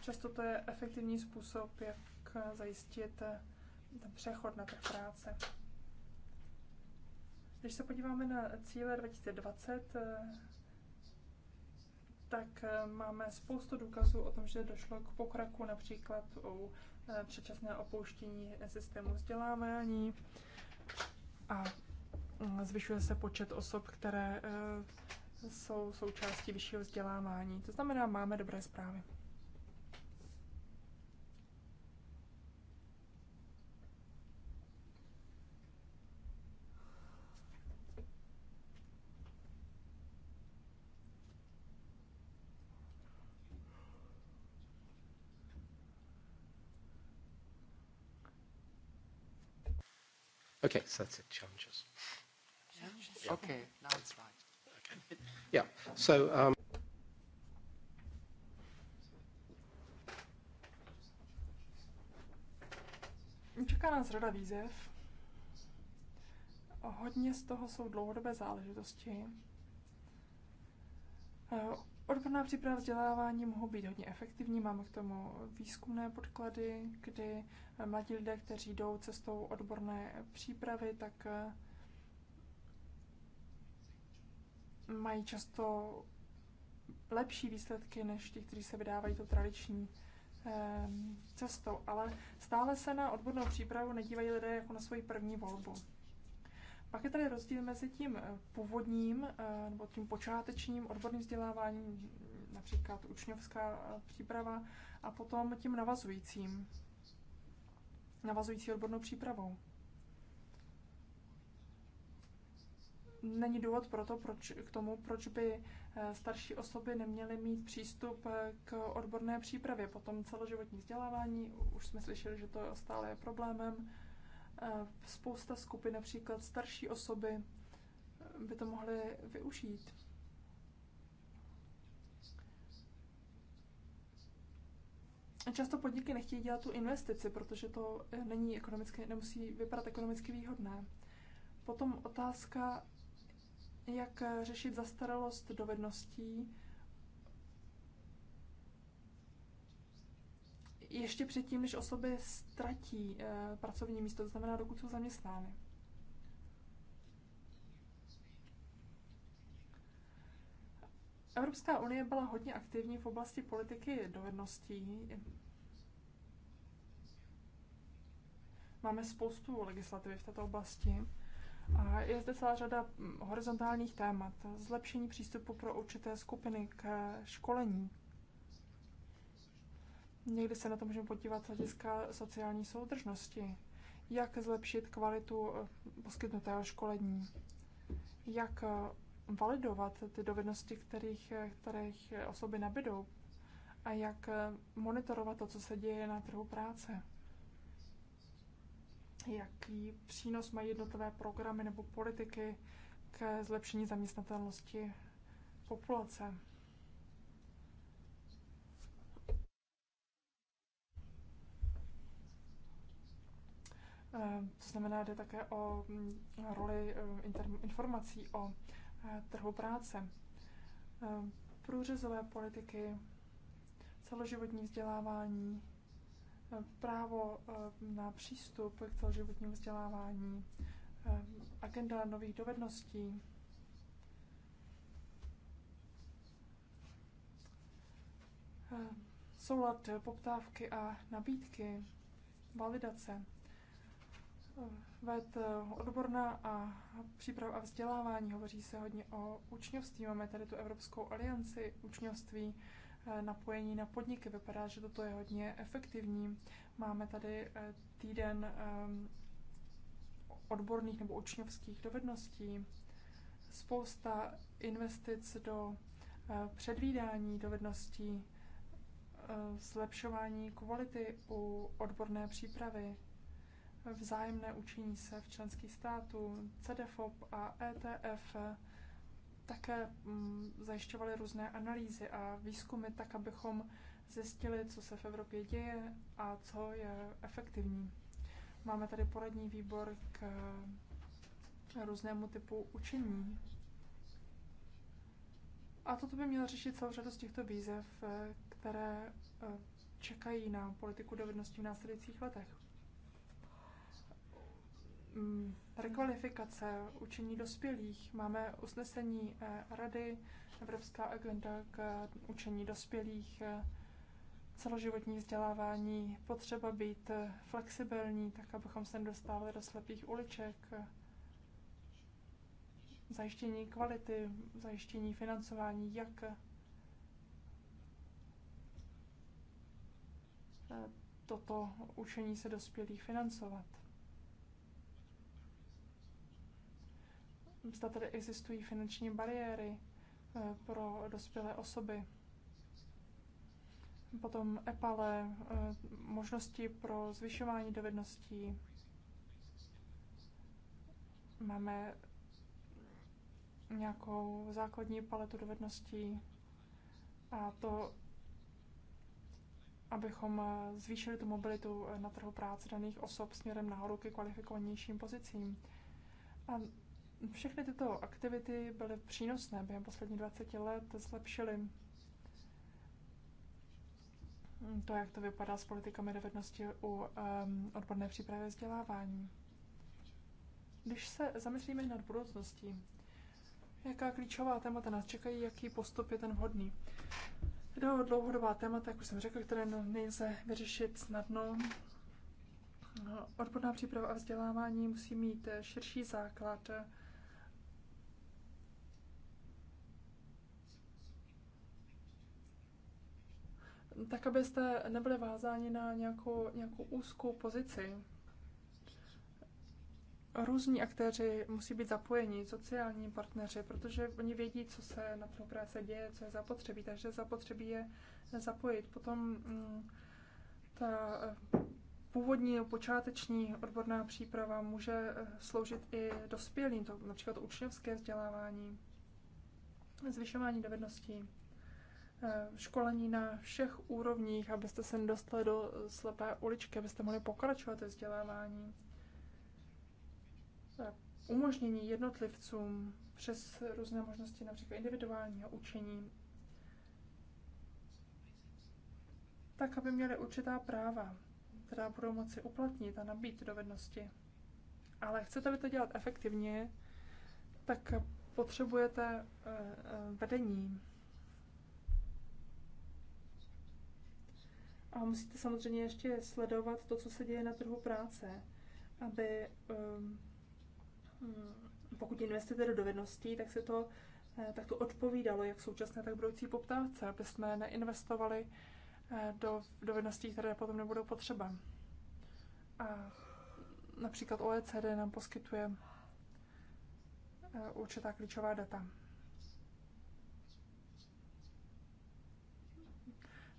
Často to je efektivní způsob, jak zajistit ten přechod na trh práce. Když se podíváme na cíle 2020, tak eh, máme spoustu důkazů o tom, že došlo k pokraku například u eh, předčasné opouštění systému vzdělávání a mm, zvyšuje se počet osob, které eh, jsou součástí vyššího vzdělávání. To znamená, máme dobré zprávy. Okay, so that's it, challenges. Yeah. Okay, now it's right. Okay. Yeah, so... Um, Čeká nás řada výzev. Hodně z toho jsou dlouhodobé záležitosti. Odborná příprava vzdělávání mohou být hodně efektivní. Máme k tomu výzkumné podklady, kdy eh, mladí lidé, kteří jdou cestou odborné přípravy, tak eh, mají často lepší výsledky než ti, kteří se vydávají tou tradiční eh, cestou. Ale stále se na odbornou přípravu nedívají lidé jako na svoji první volbu. Pak je tady rozdíl mezi tím eh, původním eh, nebo tím počátečním odborným vzděláváním, například učňovská eh, příprava, a potom tím navazujícím, navazující odbornou přípravou. Není důvod pro to, proč, k tomu, proč by starší osoby neměly mít přístup k odborné přípravě. Potom celoživotní vzdělávání, už jsme slyšeli, že to stále je problémem spousta skupin, například starší osoby, by to mohly využít. Často podniky nechtějí dělat tu investici, protože to není ekonomicky, nemusí vypadat ekonomicky výhodné. Potom otázka, jak řešit zastaralost dovedností, ještě předtím, než osoby ztratí eh, pracovní místo, to znamená, dokud jsou zaměstnány. Evropská unie byla hodně aktivní v oblasti politiky dovedností. Máme spoustu legislativy v této oblasti. A je zde celá řada hm, horizontálních témat. Zlepšení přístupu pro určité skupiny k školení, Někdy se na to můžeme podívat z hlediska sociální soudržnosti. Jak zlepšit kvalitu eh, poskytnutého školení? Jak eh, validovat ty dovednosti, kterých, eh, kterých osoby nabydou? A jak monitorovat to, co se děje na trhu práce? Jaký přínos mají jednotlivé programy nebo politiky k zlepšení zaměstnatelnosti populace? Eh, to znamená, jde také o mm, roli eh, informací o eh, trhu práce. Průřezové politiky, celoživotní vzdělávání, právo na přístup k celoživotnímu vzdělávání, agenda nových dovedností, soulad poptávky a nabídky, validace ved eh, odborná a příprava a vzdělávání. Hovoří se hodně o učňovství. Máme tady tu Evropskou alianci učňovství, eh, napojení na podniky. Vypadá, že toto je hodně efektivní. Máme tady eh, týden odborných nebo učňovských dovedností. Spousta investic do předvídání dovedností, zlepšování kvality u odborné přípravy, vzájemné učení se v členských států, CDFOP a ETF také mm, zajišťovaly různé analýzy a výzkumy tak, abychom zjistili, co se v Evropě děje a co je efektivní. Máme tady poradní výbor k různému typu učení. A toto by mělo řešit celou řadu z těchto výzev, které eh, čekají na politiku dovedností v následujících letech. Mm. rekvalifikace učení dospělých. Máme usnesení eh, Rady Evropská agenda k eh, učení dospělých, eh, celoživotní vzdělávání, potřeba být flexibilní, tak abychom se nedostávali do slepých uliček, zajištění kvality, zajištění financování, jak toto učení se dospělých financovat. zda tady existují finanční bariéry eh, pro dospělé osoby. Potom EPALE, e, eh, možnosti pro zvyšování dovedností. Máme nějakou základní paletu dovedností a to, abychom eh, zvýšili tu mobilitu na trhu práce daných osob směrem nahoru ke kvalifikovanějším pozicím. A všechny tyto aktivity byly přínosné během posledních 20 let, zlepšily to, jak to vypadá s politikami dovednosti u um, odborné přípravy vzdělávání. Když se zamyslíme nad budoucností, jaká klíčová témata nás čekají, jaký postup je ten vhodný. Jde o dlouhodobá témata, jak už jsem řekla, které no, nejde vyřešit snadno. Odborná příprava a vzdělávání musí mít širší základ tak abyste nebyli vázáni na nějakou, nějakou úzkou pozici. Různí aktéři musí být zapojeni, sociální partneři, protože oni vědí, co se na trhu práce děje, co je zapotřebí, takže zapotřebí je zapojit. Potom mm, ta eh, původní počáteční odborná příprava může eh, sloužit i dospělým, to například učňovské vzdělávání, zvyšování dovedností. Eh, školení na všech úrovních, abyste se dostali do slepé uličky, abyste mohli pokračovat ve vzdělávání. Eh, umožnění jednotlivcům přes různé možnosti, například individuálního učení, tak, aby měli určitá práva, která budou moci uplatnit a nabít dovednosti. Ale chcete aby to dělat efektivně, tak potřebujete eh, vedení, A musíte samozřejmě ještě sledovat to, co se děje na trhu práce, aby um, mm, pokud investujete do dovedností, tak se to eh, tak to odpovídalo jak současné, tak budoucí poptávce, aby jsme neinvestovali eh, do dovedností, které potom nebudou potřeba. A například OECD nám poskytuje eh, určitá klíčová data.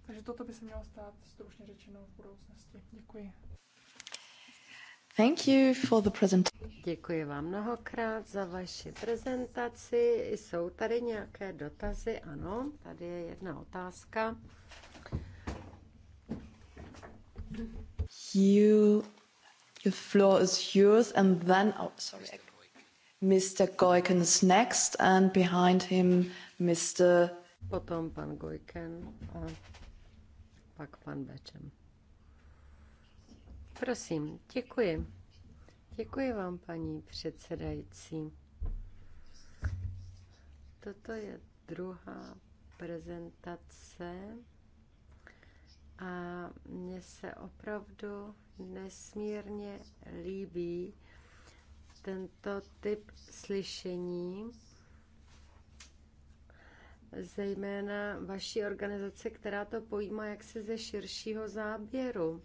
Takže toto by se mělo stát stručně řečeno v budoucnosti. Děkuji. Thank you for the presentation. Děkuji vám mnohokrát za vaši prezentaci. Jsou tady nějaké dotazy? Ano, tady je jedna otázka. You, the floor is yours and then, oh, sorry, Mr. Goiken is next and behind him Mr. Potom pan Goiken a pak pan Bečem. Prosím, děkuji. Děkuji vám, paní předsedající. Toto je druhá prezentace a mně se opravdu nesmírně líbí tento typ slyšení zejména vaší organizace, která to pojímá jaksi ze širšího záběru.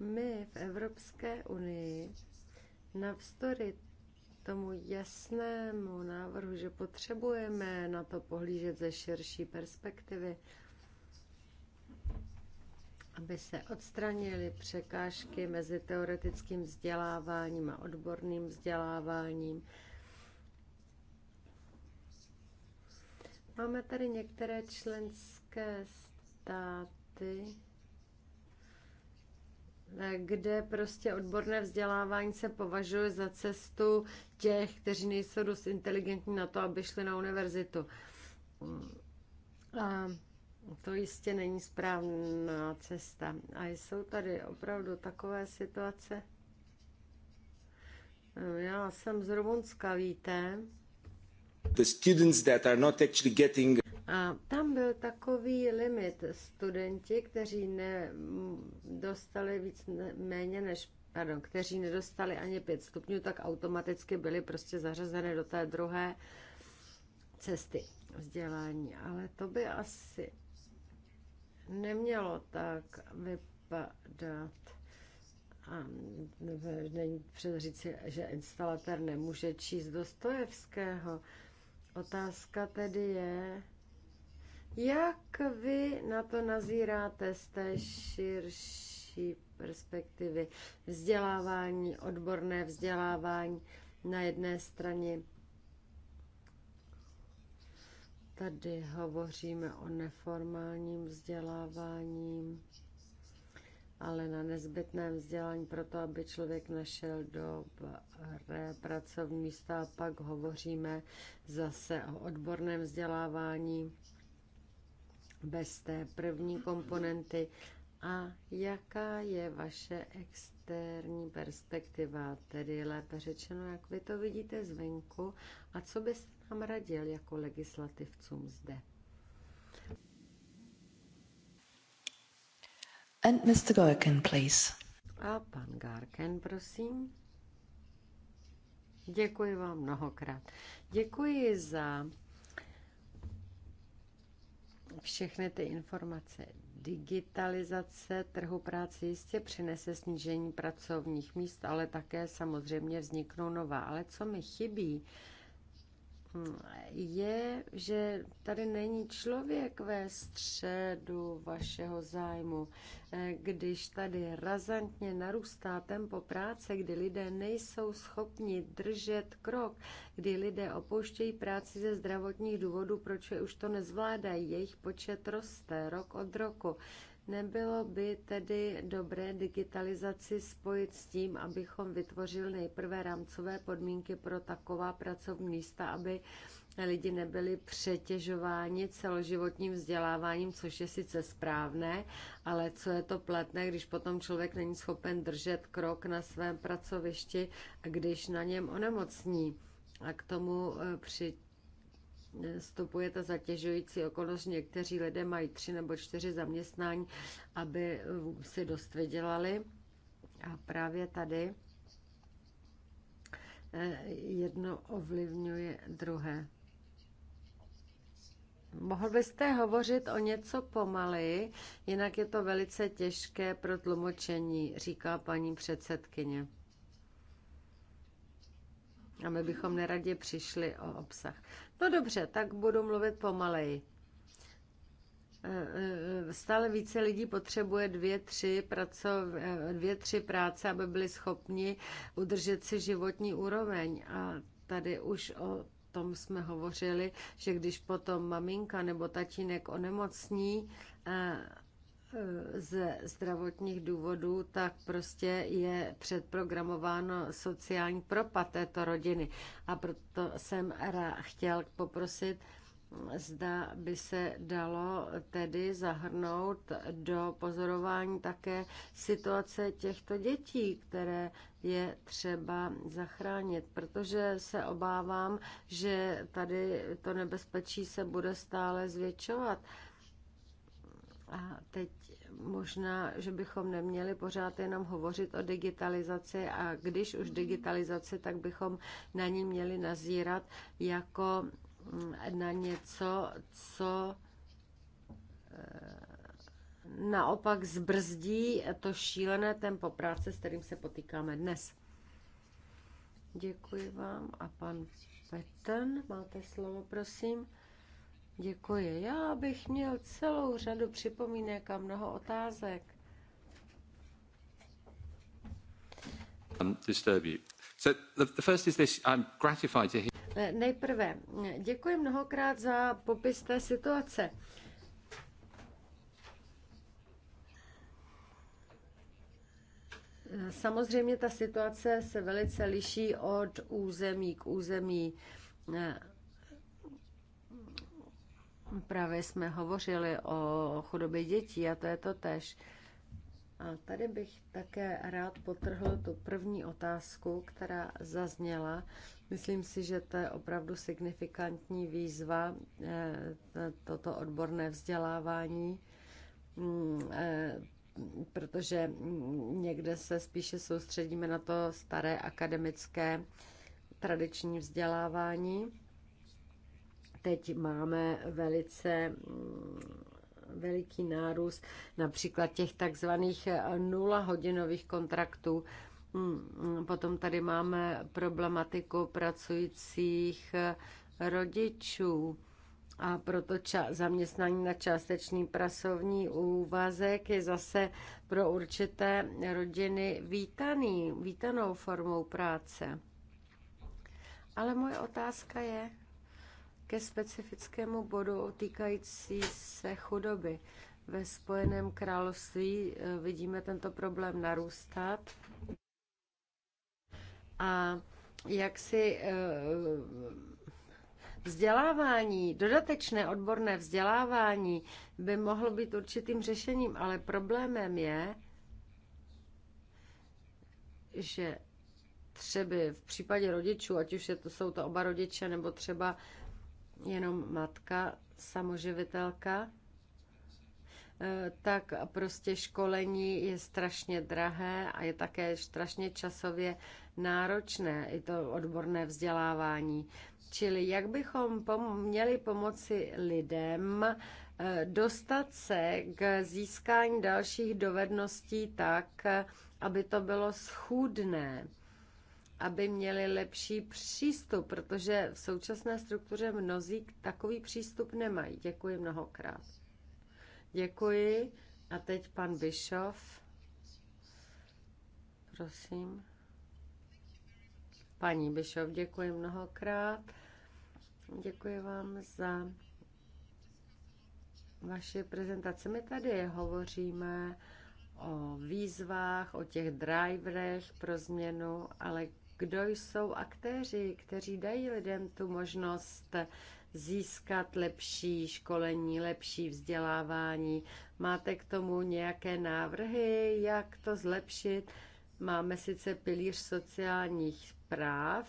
My v Evropské unii navzdory tomu jasnému návrhu, že potřebujeme na to pohlížet ze širší perspektivy, aby se odstranily překážky mezi teoretickým vzděláváním a odborným vzděláváním, Máme tady některé členské státy, eh, kde prostě odborné vzdělávání se považuje za cestu těch, kteří nejsou dost inteligentní na to, aby šli na univerzitu. A to jistě není správná cesta. A jsou tady opravdu takové situace. Eh, já jsem z Rumunska, víte, the students that are not actually getting a tam byl takový limit. Studenti, kteří dostali víc méně než pardon, kteří nedostali ani pět stupňů, tak automaticky byli prostě zařazeny do té druhé cesty vzdělání. Ale to by asi nemělo tak vypadat. A není před říci, že instalatér nemůže číst Dostojevského. Otázka tedy je, jak vy na to nazíráte z té širší perspektivy vzdělávání, odborné vzdělávání na jedné straně? Tady hovoříme o neformálním vzdělávání ale na nezbytném vzdělání pro to, aby člověk našel dobré pracovní místa. A pak hovoříme zase o odborném vzdělávání bez té první komponenty. A jaká je vaše externí perspektiva, tedy lépe řečeno, jak vy to vidíte zvenku a co byste nám radil jako legislativcům zde? And Mr. please. A pan Garken, prosím. Děkuji vám mnohokrát. Děkuji za všechny ty informace. Digitalizace trhu práce jistě přinese snížení pracovních míst, ale také samozřejmě vzniknou nová. Ale co mi chybí, je, že tady není člověk ve středu vašeho zájmu. Eh, když tady razantně narůstá tempo práce, kdy lidé nejsou schopni držet krok, kdy lidé opouštějí práci ze zdravotních důvodů, proč je už to nezvládají, jejich počet roste rok od roku. Nebylo by tedy dobré digitalizaci spojit s tím, abychom vytvořili nejprve rámcové podmínky pro taková pracovní místa, aby lidi nebyli přetěžováni celoživotním vzděláváním, což je sice správné, ale co je to platné, když potom člověk není schopen držet krok na svém pracovišti, když na něm onemocní. A k tomu eh, při vstupuje ta zatěžující okolnost, někteří lidé mají tři nebo čtyři zaměstnání, aby si dost vydělali. A právě tady eh, jedno ovlivňuje druhé. Mohl byste hovořit o něco pomaleji, jinak je to velice těžké pro tlumočení, říká paní předsedkyně. A my bychom neradě přišli o obsah. No dobře, tak budu mluvit pomaleji. E, e, stále více lidí potřebuje dvě tři, pracov, e, dvě, tři práce, aby byli schopni udržet si životní úroveň. A tady už o tom jsme hovořili, že když potom maminka nebo tatínek onemocní, ze zdravotních důvodů, tak prostě je předprogramováno sociální propad této rodiny. A proto jsem chtěl poprosit, zda by se dalo tedy zahrnout do pozorování také situace těchto dětí, které je třeba zachránit, protože se obávám, že tady to nebezpečí se bude stále zvětšovat. A teď možná, že bychom neměli pořád jenom hovořit o digitalizaci a když už mhm. digitalizaci, tak bychom na ní měli nazírat jako mm, na něco, co eh, naopak zbrzdí to šílené tempo práce, s kterým se potýkáme dnes. Děkuji vám a pan Petr, máte slovo, prosím. Děkuji. Já bych měl celou řadu připomínek a mnoho otázek. Um, disturb you. So the, the first is this. I'm gratified to hear. Nejprve děkuji mnohokrát za popis té situace. Samozřejmě ta situace se velice liší od území k území. Právě jsme hovořili o chudobě dětí a to je to tež. A tady bych také rád potrhl tu první otázku, která zazněla. Myslím si, že to je opravdu signifikantní výzva, eh, toto odborné vzdělávání, mm, eh, protože někde se spíše soustředíme na to staré akademické tradiční vzdělávání teď máme velice mm, veliký nárůst například těch takzvaných eh, nulahodinových kontraktů. Hmm, potom tady máme problematiku pracujících eh, rodičů a proto ča- zaměstnání na částečný pracovní úvazek je zase pro určité rodiny vítaný, vítanou formou práce. Ale moje otázka je, ke specifickému bodu týkající se chudoby. Ve Spojeném království e, vidíme tento problém narůstat. A jak si e, vzdělávání, dodatečné odborné vzdělávání by mohlo být určitým řešením, ale problémem je, že třeba v případě rodičů, ať už je to, jsou to oba rodiče, nebo třeba jenom matka, samoživitelka, eh, tak prostě školení je strašně drahé a je také strašně časově náročné, i to odborné vzdělávání. Čili jak bychom pom- měli pomoci lidem eh, dostat se k získání dalších dovedností tak, aby to bylo schůdné aby měli lepší přístup, protože v současné struktuře mnozí takový přístup nemají. Děkuji mnohokrát. Děkuji. A teď pan Bischoff. Prosím. Paní Bischoff, děkuji mnohokrát. Děkuji vám za vaše prezentace, My tady hovoříme o výzvách, o těch driverech pro změnu, ale kdo jsou aktéři, kteří dají lidem tu možnost získat lepší školení, lepší vzdělávání. Máte k tomu nějaké návrhy, jak to zlepšit? Máme sice pilíř sociálních práv,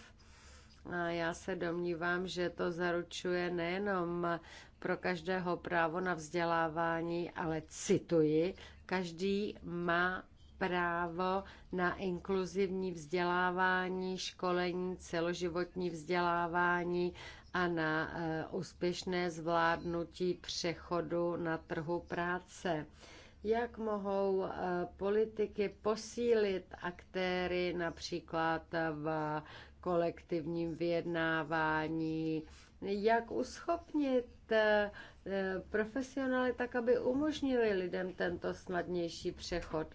a já se domnívám, že to zaručuje nejenom pro každého právo na vzdělávání, ale cituji, každý má právo na inkluzivní vzdělávání, školení, celoživotní vzdělávání a na eh, úspěšné zvládnutí přechodu na trhu práce. Jak mohou eh, politiky posílit aktéry například v kolektivním vyjednávání, jak uschopnit eh, profesionály tak, aby umožnili lidem tento snadnější přechod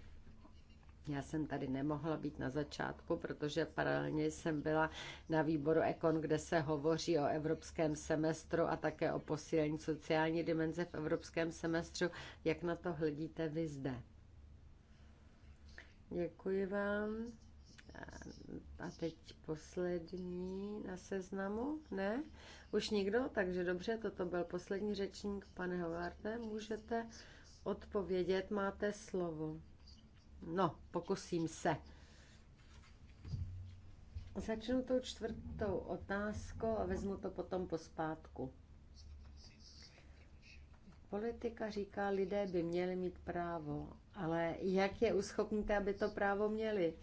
já jsem tady nemohla být na začátku, protože paralelně jsem byla na výboru Ekon, kde se hovoří o evropském semestru a také o posílení sociální dimenze v evropském semestru. Jak na to hledíte vy zde? Děkuji vám. A teď poslední na seznamu, ne? Už nikdo, takže dobře, toto byl poslední řečník. Pane Hovarte, můžete odpovědět, máte slovo. No, pokusím se. Začnu tou čtvrtou otázkou a vezmu to potom pospátku. Politika říká, lidé by měli mít právo, ale jak je uschopníte, aby to právo měli,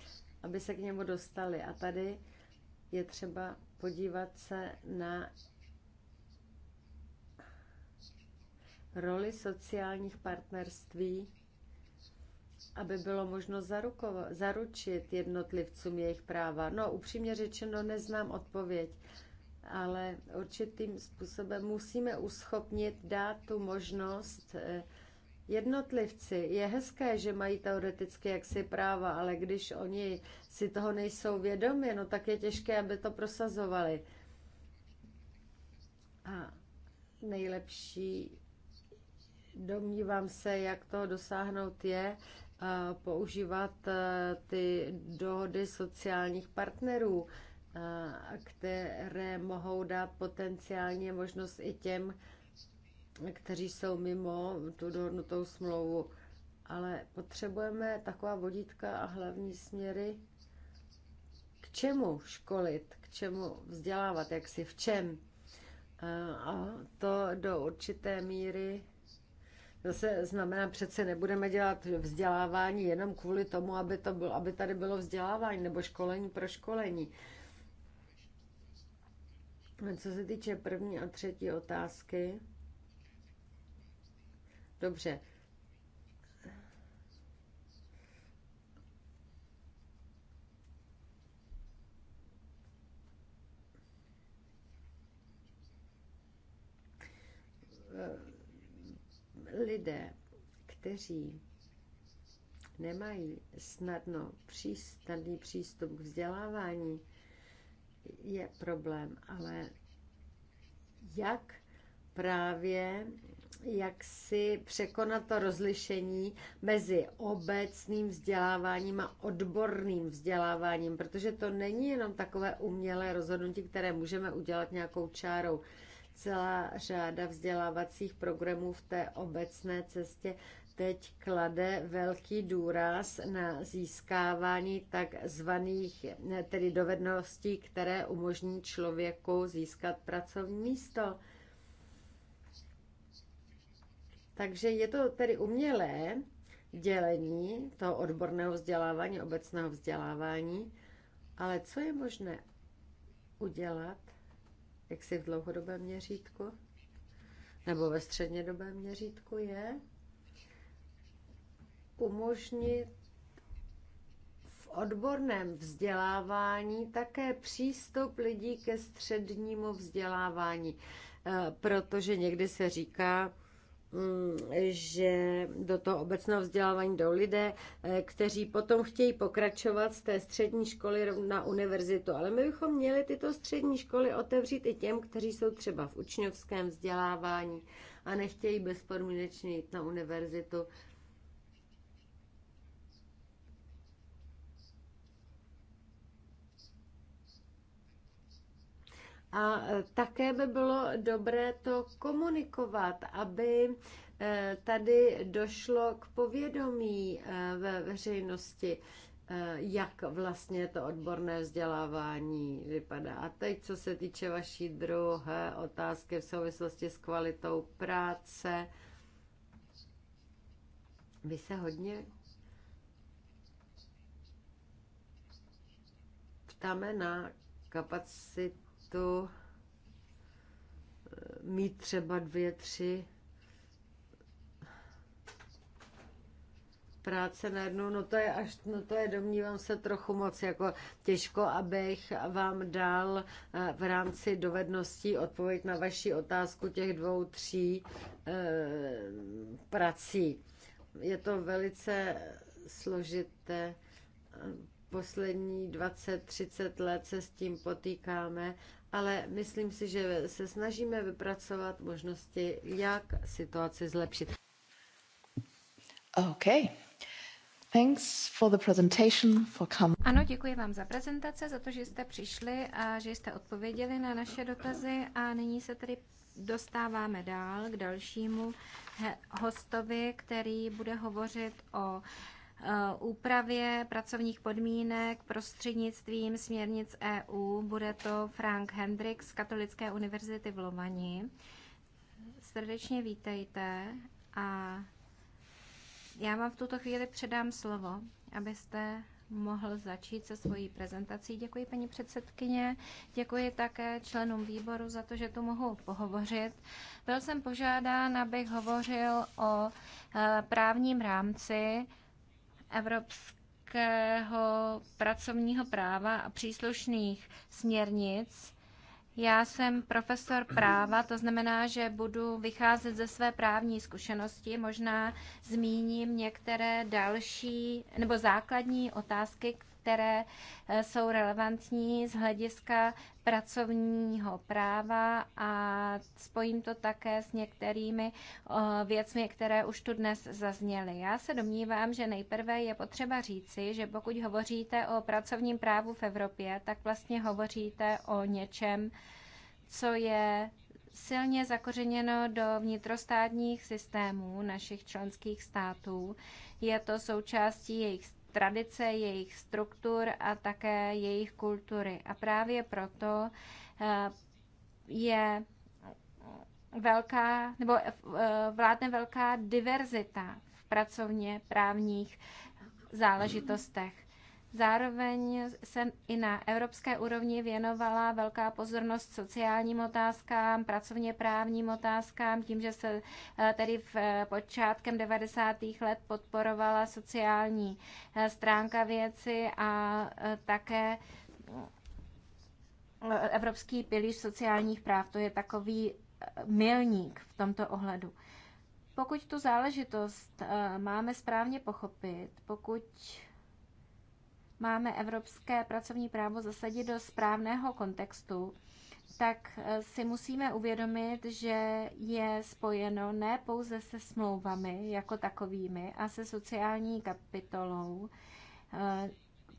aby se k němu dostali? A tady je třeba podívat se na roli sociálních partnerství aby bylo možno zaručit jednotlivcům jejich práva. No, upřímně řečeno, neznám odpověď, ale určitým způsobem musíme uschopnit dát tu možnost eh, jednotlivci. Je hezké, že mají teoreticky jaksi práva, ale když oni si toho nejsou vědomi, no tak je těžké, aby to prosazovali. A nejlepší domnívám se, jak toho dosáhnout je, používat e, ty dohody sociálních partnerů, e, které mohou dát potenciálně možnost i těm, kteří jsou mimo tu dohodnutou smlouvu. Ale potřebujeme taková vodítka a hlavní směry, k čemu školit, k čemu vzdělávat, jak si v čem. E, a to do určité míry Zase znamená, přece nebudeme dělat vzdělávání jenom kvůli tomu, aby, to bylo, aby tady bylo vzdělávání nebo školení pro školení. Co se týče první a třetí otázky, dobře, lidé, kteří nemají snadno přístup, snadný přístup k vzdělávání, je problém, ale jak právě jak si překonat to rozlišení mezi obecným vzděláváním a odborným vzděláváním, protože to není jenom takové umělé rozhodnutí, které můžeme udělat nějakou čárou celá řada vzdělávacích programů v té obecné cestě teď klade velký důraz na získávání takzvaných tedy dovedností, které umožní člověku získat pracovní místo. Takže je to tedy umělé dělení toho odborného vzdělávání, obecného vzdělávání, ale co je možné udělat, jak si v dlouhodobém měřítku nebo ve střednědobém měřítku je umožnit v odborném vzdělávání také přístup lidí ke střednímu vzdělávání, eh, protože někdy se říká, že do toho obecného vzdělávání jdou lidé, eh, kteří potom chtějí pokračovat z té střední školy na univerzitu. Ale my bychom měli tyto střední školy otevřít i těm, kteří jsou třeba v učňovském vzdělávání a nechtějí bezpodmínečně jít na univerzitu, A e, také by bylo dobré to komunikovat, aby e, tady došlo k povědomí e, ve veřejnosti, jak vlastně to odborné vzdělávání vypadá. A teď, co se týče vaší druhé otázky v souvislosti s kvalitou práce, vy se hodně ptáme na kapacitu tu eh, mít třeba dvě, tři práce najednou, no to je až, no to je domnívám se trochu moc, jako těžko, abych vám dal eh, v rámci dovedností odpověď na vaši otázku těch dvou, tří eh, prací. Je to velice složité. Poslední 20-30 let se s tím potýkáme ale myslím si, že se snažíme vypracovat možnosti, jak situaci zlepšit. OK. Thanks for the presentation, for come. Ano, děkuji vám za prezentace, za to, že jste přišli a že jste odpověděli na naše dotazy a nyní se tedy dostáváme dál k dalšímu hostovi, který bude hovořit o Eh, úpravě pracovních podmínek prostřednictvím směrnic EU. Bude to Frank Hendrix z Katolické univerzity v Lovani. Srdečně vítejte a já vám v tuto chvíli předám slovo, abyste mohl začít se svojí prezentací. Děkuji paní předsedkyně, děkuji také členům výboru za to, že tu mohu pohovořit. Byl jsem požádán, abych hovořil o eh, právním rámci evropského pracovního práva a příslušných směrnic. Já jsem profesor práva, to znamená, že budu vycházet ze své právní zkušenosti. Možná zmíním některé další nebo základní otázky, které eh, jsou relevantní z hlediska pracovního práva a spojím to také s některými eh, věcmi, které už tu dnes zazněly. Já se domnívám, že nejprve je potřeba říci, že pokud hovoříte o pracovním právu v Evropě, tak vlastně hovoříte o něčem, co je silně zakořeněno do vnitrostátních systémů našich členských států. Je to součástí jejich tradice, jejich struktur a také jejich kultury. A právě proto eh, je velká, nebo eh, vládne velká diverzita v pracovně právních záležitostech. Zároveň se i na evropské úrovni věnovala velká pozornost sociálním otázkám, pracovně právním otázkám, tím, že se eh, tedy v eh, počátkem 90. let podporovala sociální eh, stránka věci a také Evropský pilíř sociálních práv. To je takový milník v tomto ohledu. Pokud tu záležitost máme správně pochopit, pokud máme evropské pracovní právo zasadit do správného kontextu, tak eh, si musíme uvědomit, že je spojeno ne pouze se smlouvami jako takovými a se sociální kapitolou, eh,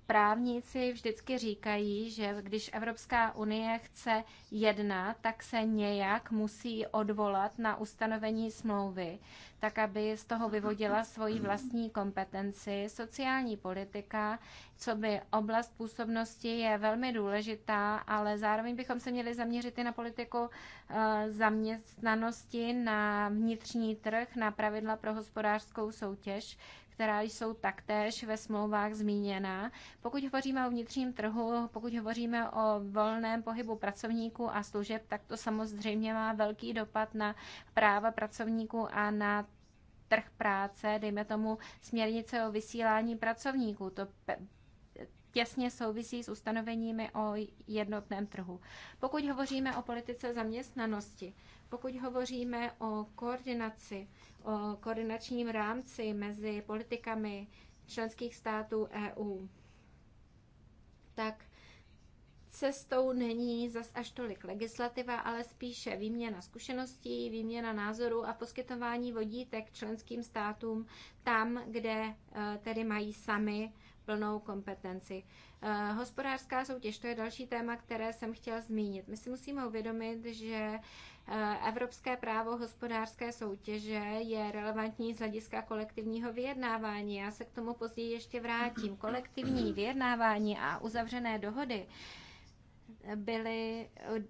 právníci vždycky říkají, že když Evropská unie chce jednat, tak se nějak musí odvolat na ustanovení smlouvy, tak aby z toho vyvodila svoji vlastní kompetenci. Sociální politika, co by oblast působnosti, je velmi důležitá, ale zároveň bychom se měli zaměřit i na politiku eh, zaměstnanosti, na vnitřní trh, na pravidla pro hospodářskou soutěž, která jsou taktéž ve smlouvách zmíněna. Pokud hovoříme o vnitřním trhu, pokud hovoříme o volném pohybu pracovníků a služeb, tak to samozřejmě má velký dopad na práva pracovníků a na trh práce, dejme tomu směrnice o vysílání pracovníků. To těsně souvisí s ustanoveními o jednotném trhu. Pokud hovoříme o politice zaměstnanosti, pokud hovoříme o koordinaci, o koordinačním rámci mezi politikami členských států EU, tak cestou není zas až tolik legislativa, ale spíše výměna zkušeností, výměna názorů a poskytování vodítek členským státům tam, kde eh, tedy mají sami plnou kompetenci. Eh, hospodářská soutěž, to je další téma, které jsem chtěla zmínit. My si musíme uvědomit, že Eh, Evropské právo hospodářské soutěže je relevantní z hlediska kolektivního vyjednávání. Já se k tomu později ještě vrátím. Kolektivní vyjednávání a uzavřené dohody byly eh,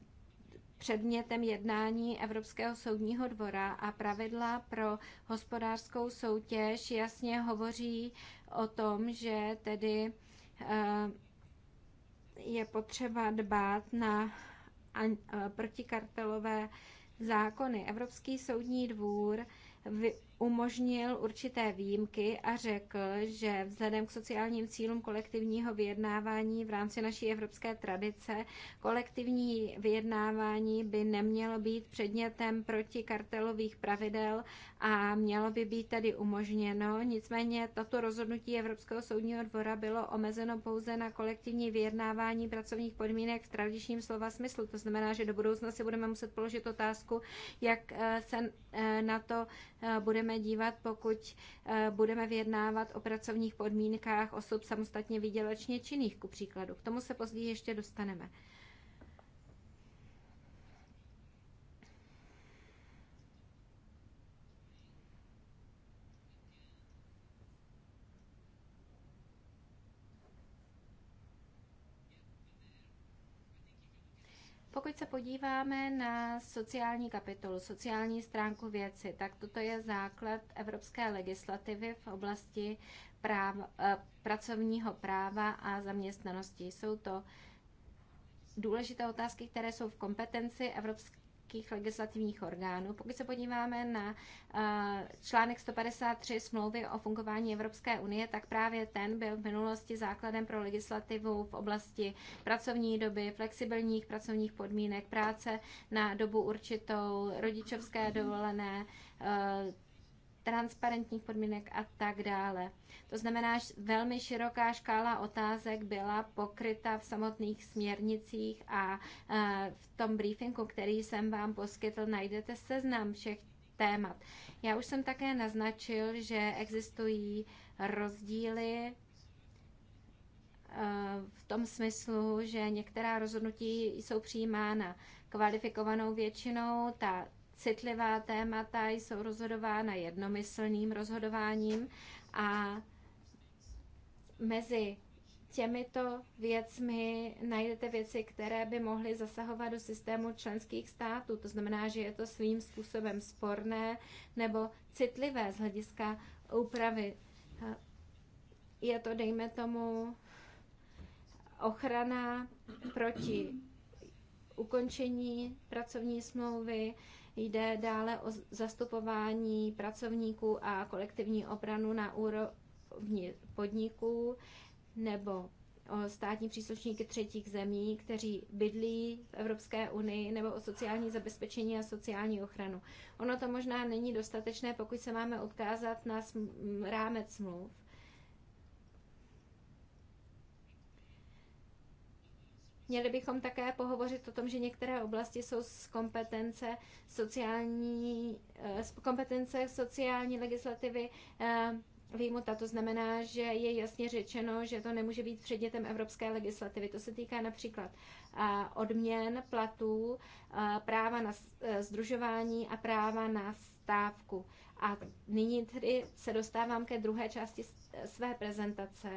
předmětem jednání Evropského soudního dvora a pravidla pro hospodářskou soutěž jasně hovoří o tom, že tedy eh, je potřeba dbát na protikartelové zákony. Evropský soudní dvůr umožnil určité výjimky a řekl, že vzhledem k sociálním cílům kolektivního vyjednávání v rámci naší evropské tradice kolektivní vyjednávání by nemělo být předmětem protikartelových pravidel a mělo by být tedy umožněno. Nicméně toto rozhodnutí Evropského soudního dvora bylo omezeno pouze na kolektivní vyjednávání pracovních podmínek v tradičním slova smyslu. To znamená, že do budoucna si budeme muset položit otázku, jak eh, se eh, na to eh, budeme budeme dívat, pokud eh, budeme vyjednávat o pracovních podmínkách osob samostatně výdělečně činných, ku příkladu. K tomu se později ještě dostaneme. Pokud se podíváme na sociální kapitolu, sociální stránku věci, tak toto je základ evropské legislativy v oblasti práv, eh, pracovního práva a zaměstnanosti. Jsou to důležité otázky, které jsou v kompetenci Evropské evropských legislativních orgánů. Pokud se podíváme na eh, článek 153 smlouvy o fungování Evropské unie, tak právě ten byl v minulosti základem pro legislativu v oblasti pracovní doby, flexibilních pracovních podmínek, práce na dobu určitou, rodičovské dovolené, eh, transparentních podmínek a tak dále. To znamená, že velmi široká škála otázek byla pokryta v samotných směrnicích a e, v tom briefingu, který jsem vám poskytl, najdete seznam všech témat. Já už jsem také naznačil, že existují rozdíly e, v tom smyslu, že některá rozhodnutí jsou přijímána kvalifikovanou většinou, ta citlivá témata jsou rozhodována jednomyslným rozhodováním a mezi těmito věcmi najdete věci, které by mohly zasahovat do systému členských států. To znamená, že je to svým způsobem sporné nebo citlivé z hlediska úpravy. Je to, dejme tomu, ochrana proti ukončení pracovní smlouvy Jde dále o zastupování pracovníků a kolektivní obranu na úrovni podniků nebo o státní příslušníky třetích zemí, kteří bydlí v Evropské unii, nebo o sociální zabezpečení a sociální ochranu. Ono to možná není dostatečné, pokud se máme odkázat na rámec smluv, Měli bychom také pohovořit o tom, že některé oblasti jsou z kompetence sociální, eh, z kompetence sociální legislativy eh, výjimuta. To znamená, že je jasně řečeno, že to nemůže být předmětem evropské legislativy. To se týká například eh, odměn, platů, práva na združování a práva na stávku. A nyní tedy se dostávám ke druhé části své prezentace.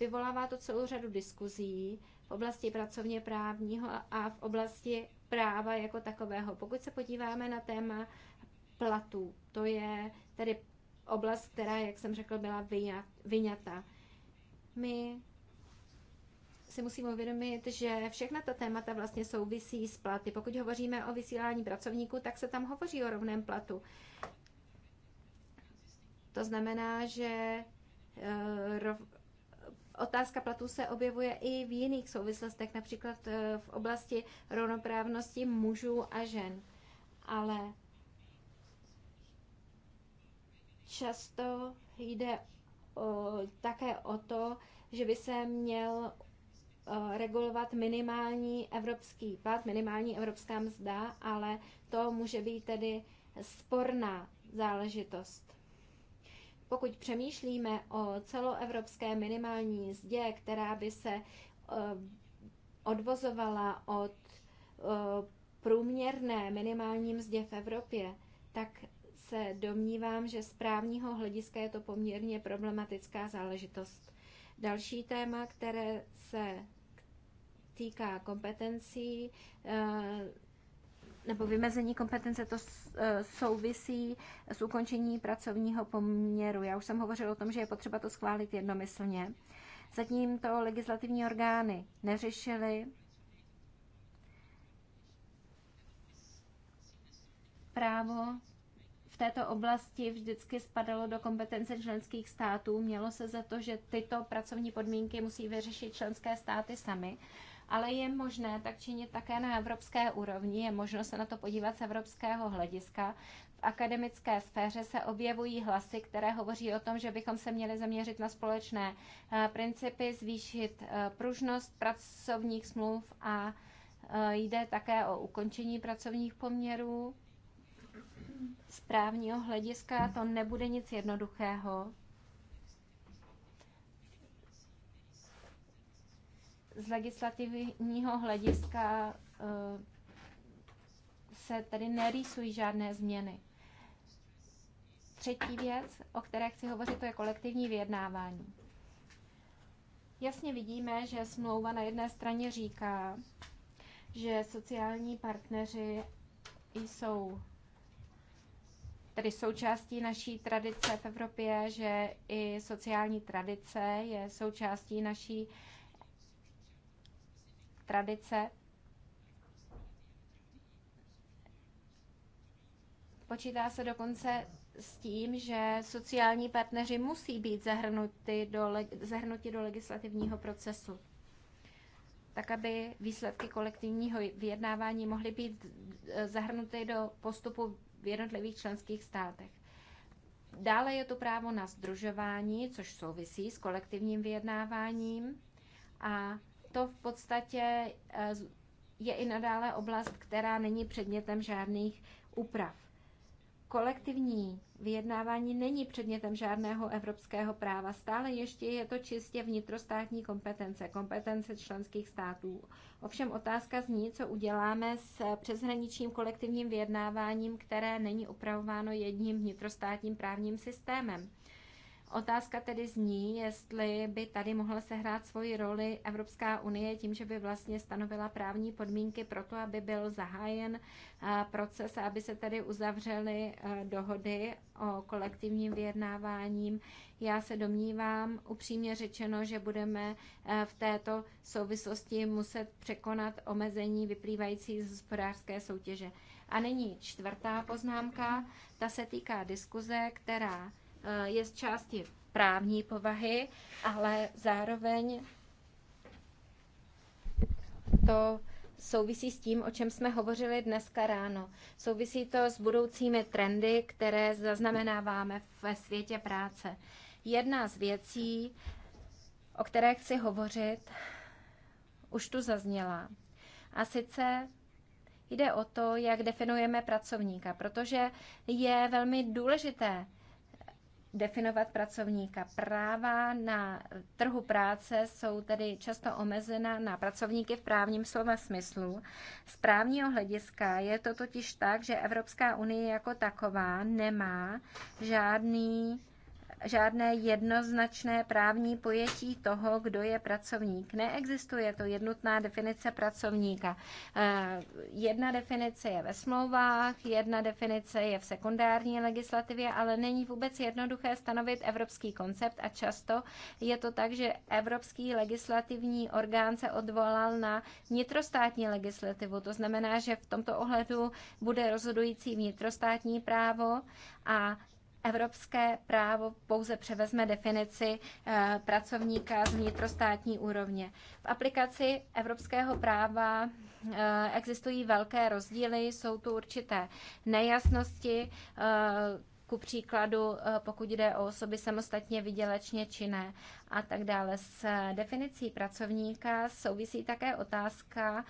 Vyvolává to celou řadu diskuzí v oblasti pracovně právního a v oblasti práva jako takového. Pokud se podíváme na téma platů, to je tedy oblast, která, jak jsem řekl, byla vyňata. My si musíme uvědomit, že všechna ta témata vlastně souvisí s platy. Pokud hovoříme o vysílání pracovníků, tak se tam hovoří o rovném platu. To znamená, že eh, Otázka platů se objevuje i v jiných souvislostech, například eh, v oblasti rovnoprávnosti mužů a žen. Ale často jde o, také o to, že by se měl eh, regulovat minimální evropský plat, minimální evropská mzda, ale to může být tedy sporná záležitost. Pokud přemýšlíme o celoevropské minimální mzdě, která by se eh, odvozovala od eh, průměrné minimální mzdě v Evropě, tak se domnívám, že z právního hlediska je to poměrně problematická záležitost. Další téma, které se týká kompetencí, eh, nebo vymezení kompetence to e, souvisí s ukončení pracovního poměru. Já už jsem hovořila o tom, že je potřeba to schválit jednomyslně. Zatím to legislativní orgány neřešily. Právo v této oblasti vždycky spadalo do kompetence členských států. Mělo se za to, že tyto pracovní podmínky musí vyřešit členské státy sami ale je možné tak činit také na evropské úrovni, je možno se na to podívat z evropského hlediska. V akademické sféře se objevují hlasy, které hovoří o tom, že bychom se měli zaměřit na společné eh, principy, zvýšit eh, pružnost pracovních smluv a eh, jde také o ukončení pracovních poměrů. Z právního hlediska to nebude nic jednoduchého. z legislativního hlediska eh, se tady nerýsují žádné změny. Třetí věc, o které chci hovořit, to je kolektivní vyjednávání. Jasně vidíme, že smlouva na jedné straně říká, že sociální partneři jsou tedy součástí naší tradice v Evropě, že i sociální tradice je součástí naší tradice. Počítá se dokonce s tím, že sociální partneři musí být zahrnuti do, zahrnuti do legislativního procesu, tak aby výsledky kolektivního vyjednávání mohly být eh, zahrnuty do postupu v jednotlivých členských státech. Dále je to právo na združování, což souvisí s kolektivním vyjednáváním a to v podstatě eh, je i nadále oblast, která není předmětem žádných úprav. Kolektivní vyjednávání není předmětem žádného evropského práva. Stále ještě je to čistě vnitrostátní kompetence, kompetence členských států. Ovšem otázka zní, co uděláme s přeshraničním kolektivním vyjednáváním, které není upravováno jedním vnitrostátním právním systémem. Otázka tedy zní, jestli by tady mohla sehrát svoji roli Evropská unie tím, že by vlastně stanovila právní podmínky pro to, aby byl zahájen eh, proces a aby se tady uzavřely eh, dohody o kolektivním vyjednáváním. Já se domnívám, upřímně řečeno, že budeme eh, v této souvislosti muset překonat omezení vyplývající z hospodářské soutěže. A nyní čtvrtá poznámka, ta se týká diskuze, která Eh, je z části právní povahy, ale zároveň to souvisí s tím, o čem jsme hovořili dneska ráno. Souvisí to s budoucími trendy, které zaznamenáváme ve světě práce. Jedna z věcí, o které chci hovořit, už tu zazněla. A sice jde o to, jak definujeme pracovníka, protože je velmi důležité definovat pracovníka. Práva na trhu práce jsou tedy často omezena na pracovníky v právním slova smyslu. Z právního hlediska je to totiž tak, že Evropská unie jako taková nemá žádný žádné jednoznačné právní pojetí toho, kdo je pracovník. Neexistuje to jednotná definice pracovníka. Eh, jedna definice je ve smlouvách, jedna definice je v sekundární legislativě, ale není vůbec jednoduché stanovit evropský koncept a často je to tak, že evropský legislativní orgán se odvolal na vnitrostátní legislativu. To znamená, že v tomto ohledu bude rozhodující vnitrostátní právo a Evropské právo pouze převezme definici eh, pracovníka z vnitrostátní úrovně. V aplikaci evropského práva eh, existují velké rozdíly, jsou tu určité nejasnosti, eh, ku příkladu, pokud jde o osoby samostatně vydělečně činné a tak dále. S definicí pracovníka souvisí také otázka,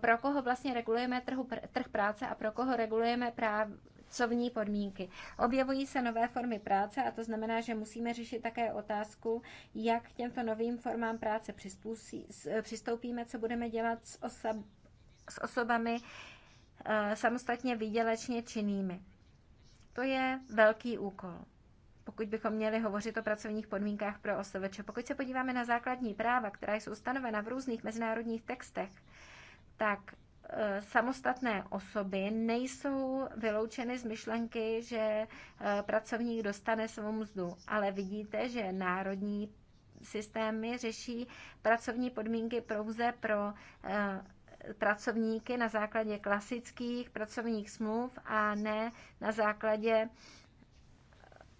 pro koho vlastně regulujeme trhu, trh práce a pro koho regulujeme práv, pracovní podmínky. Objevují se nové formy práce a to znamená, že musíme řešit také otázku, jak k těmto novým formám práce přistoupíme, co budeme dělat s, osob, s osobami eh, samostatně výdělečně činnými. To je velký úkol pokud bychom měli hovořit o pracovních podmínkách pro osoveče. Pokud se podíváme na základní práva, která jsou stanovena v různých mezinárodních textech, tak Eh, samostatné osoby nejsou vyloučeny z myšlenky, že eh, pracovník dostane svou mzdu, ale vidíte, že národní systémy řeší pracovní podmínky pouze pro eh, pracovníky na základě klasických pracovních smluv a ne na základě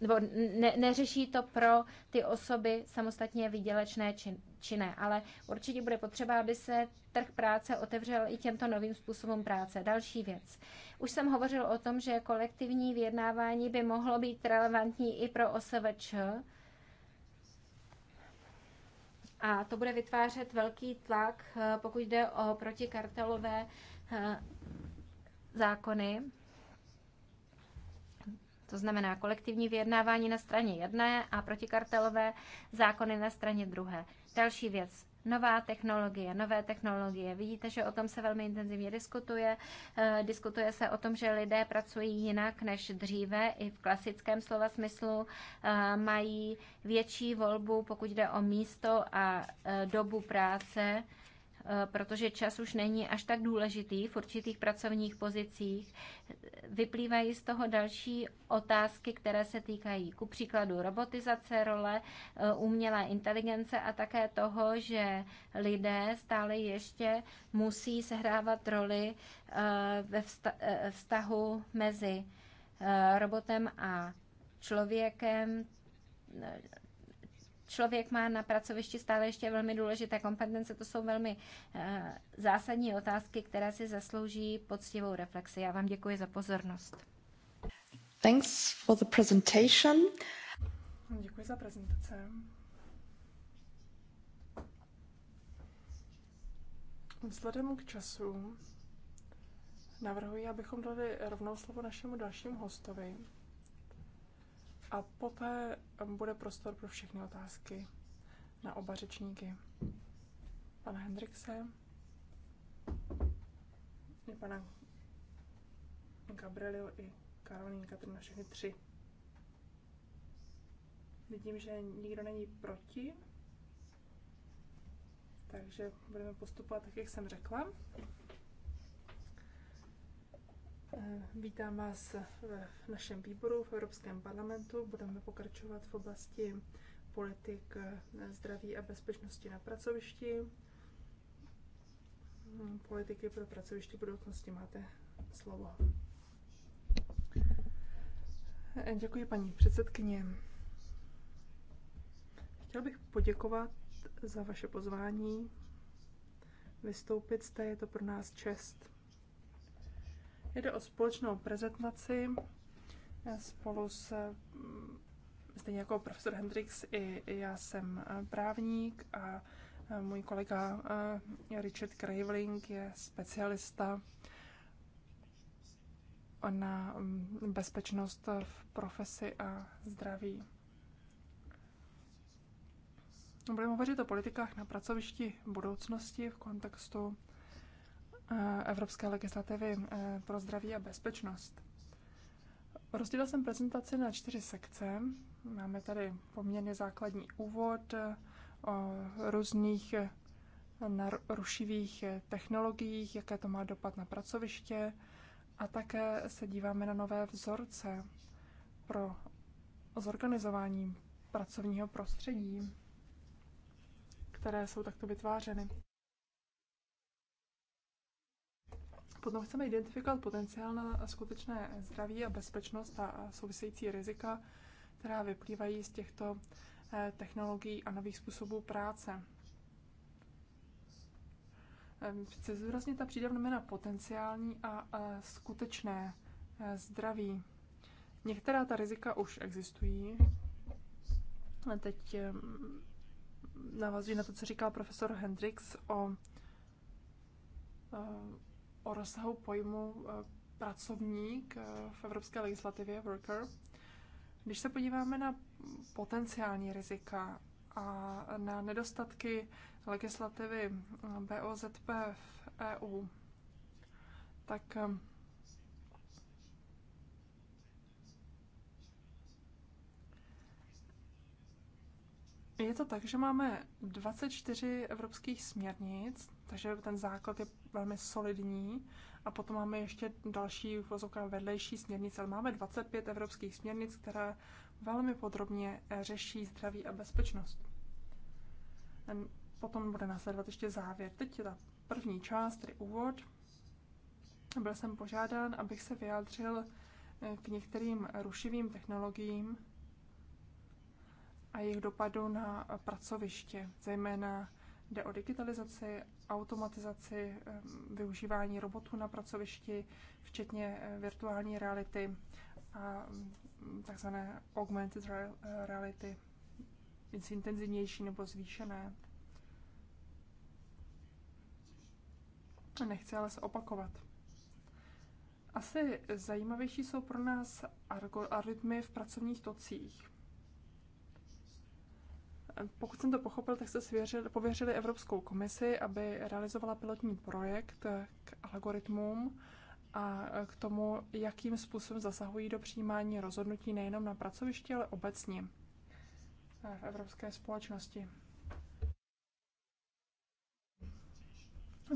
nebo ne, neřeší to pro ty osoby samostatně výdělečné čin, činné, ale určitě bude potřeba, aby se trh práce otevřel i těmto novým způsobům práce. Další věc. Už jsem hovořil o tom, že kolektivní vyjednávání by mohlo být relevantní i pro OSVČ, a to bude vytvářet velký tlak, eh, pokud jde o protikartelové eh, zákony. To znamená kolektivní vyjednávání na straně jedné a protikartelové zákony na straně druhé. Další věc. Nová technologie, nové technologie. Vidíte, že o tom se velmi intenzivně diskutuje. Eh, diskutuje se o tom, že lidé pracují jinak než dříve, i v klasickém slova smyslu. Eh, mají větší volbu, pokud jde o místo a eh, dobu práce. Eh, protože čas už není až tak důležitý v určitých pracovních pozicích. Vyplývají z toho další otázky, které se týkají ku příkladu robotizace role, eh, umělé inteligence a také toho, že lidé stále ještě musí sehrávat roli eh, ve vztahu mezi robotem a člověkem, člověk má na pracovišti stále ještě velmi důležité kompetence. To jsou velmi eh, zásadní otázky, které si zaslouží poctivou reflexi. Já vám děkuji za pozornost. Thanks for the presentation. Děkuji za prezentaci. Vzhledem k času navrhuji, abychom dali rovnou slovo našemu dalšímu hostovi, a poté bude prostor pro všechny otázky na oba řečníky. Pana Hendrikse, pana Gabrielio i Karolín na všechny tři. Vidím, že nikdo není proti, takže budeme postupovat tak, jak jsem řekla. Eh, vítám vás v našem výboru v Evropském parlamentu. Budeme pokračovat v oblasti politik eh, zdraví a bezpečnosti na pracovišti. Hmm, politiky pro pracoviště budoucnosti máte slovo. Eh, děkuji, paní předsedkyně. Chtěl bych poděkovat za vaše pozvání vystoupit zde. Je to pro nás čest. Jde o společnou prezentaci eh, spolu s mm, stejně jako profesor Hendrix, i já jsem eh, právník a eh, můj kolega Richard Craveling je specialista na mm, bezpečnost v profesi a zdraví. Budeme hovořit o politikách na pracovišti budoucnosti v kontextu Eh, evropské legislativy eh, pro zdraví a bezpečnost. Rozdělil jsem prezentaci na čtyři sekce. Máme tady poměrně základní úvod eh, o různých narušivých technologiích, jaké to má dopad na pracoviště a také se díváme na nové vzorce pro zorganizování pracovního prostředí, které jsou takto vytvářeny. potom chceme identifikovat potenciál na skutečné zdraví a bezpečnost a související rizika, která vyplývají z těchto eh, technologií a nových způsobů práce. Ehm, chci zúraznit ta přídavnomina potenciální a skutečné eh, zdraví. Některá ta rizika už existují. Teď ehm, navazuji na to, co říkal profesor Hendrix o eh, o rozsahu pojmu eh, pracovník eh, v evropské legislativě, worker. Když se podíváme na potenciální rizika a na nedostatky legislativy eh, BOZP v EU, tak Je to tak, že máme 24 evropských směrnic takže ten základ je velmi solidní. A potom máme ještě další vozovka vedlejší směrnice. Ale máme 25 evropských směrnic, které velmi podrobně řeší zdraví a bezpečnost. Potom bude následovat ještě závěr. Teď je ta první část, tedy úvod. Byl jsem požádán, abych se vyjádřil eh, k některým rušivým technologiím a jejich dopadu na pracoviště, zejména Jde o digitalizaci, automatizaci, využívání robotů na pracovišti, včetně eh, virtuální reality a mm, takzvané augmented eh, reality, intenzivnější nebo zvýšené. Nechci ale se opakovat. Asi zajímavější jsou pro nás algoritmy v pracovních tocích pokud jsem to pochopil, tak jste svěřili, pověřili Evropskou komisi, aby realizovala pilotní projekt k algoritmům a k tomu, jakým způsobem zasahují do přijímání rozhodnutí nejenom na pracovišti, ale obecně v evropské společnosti.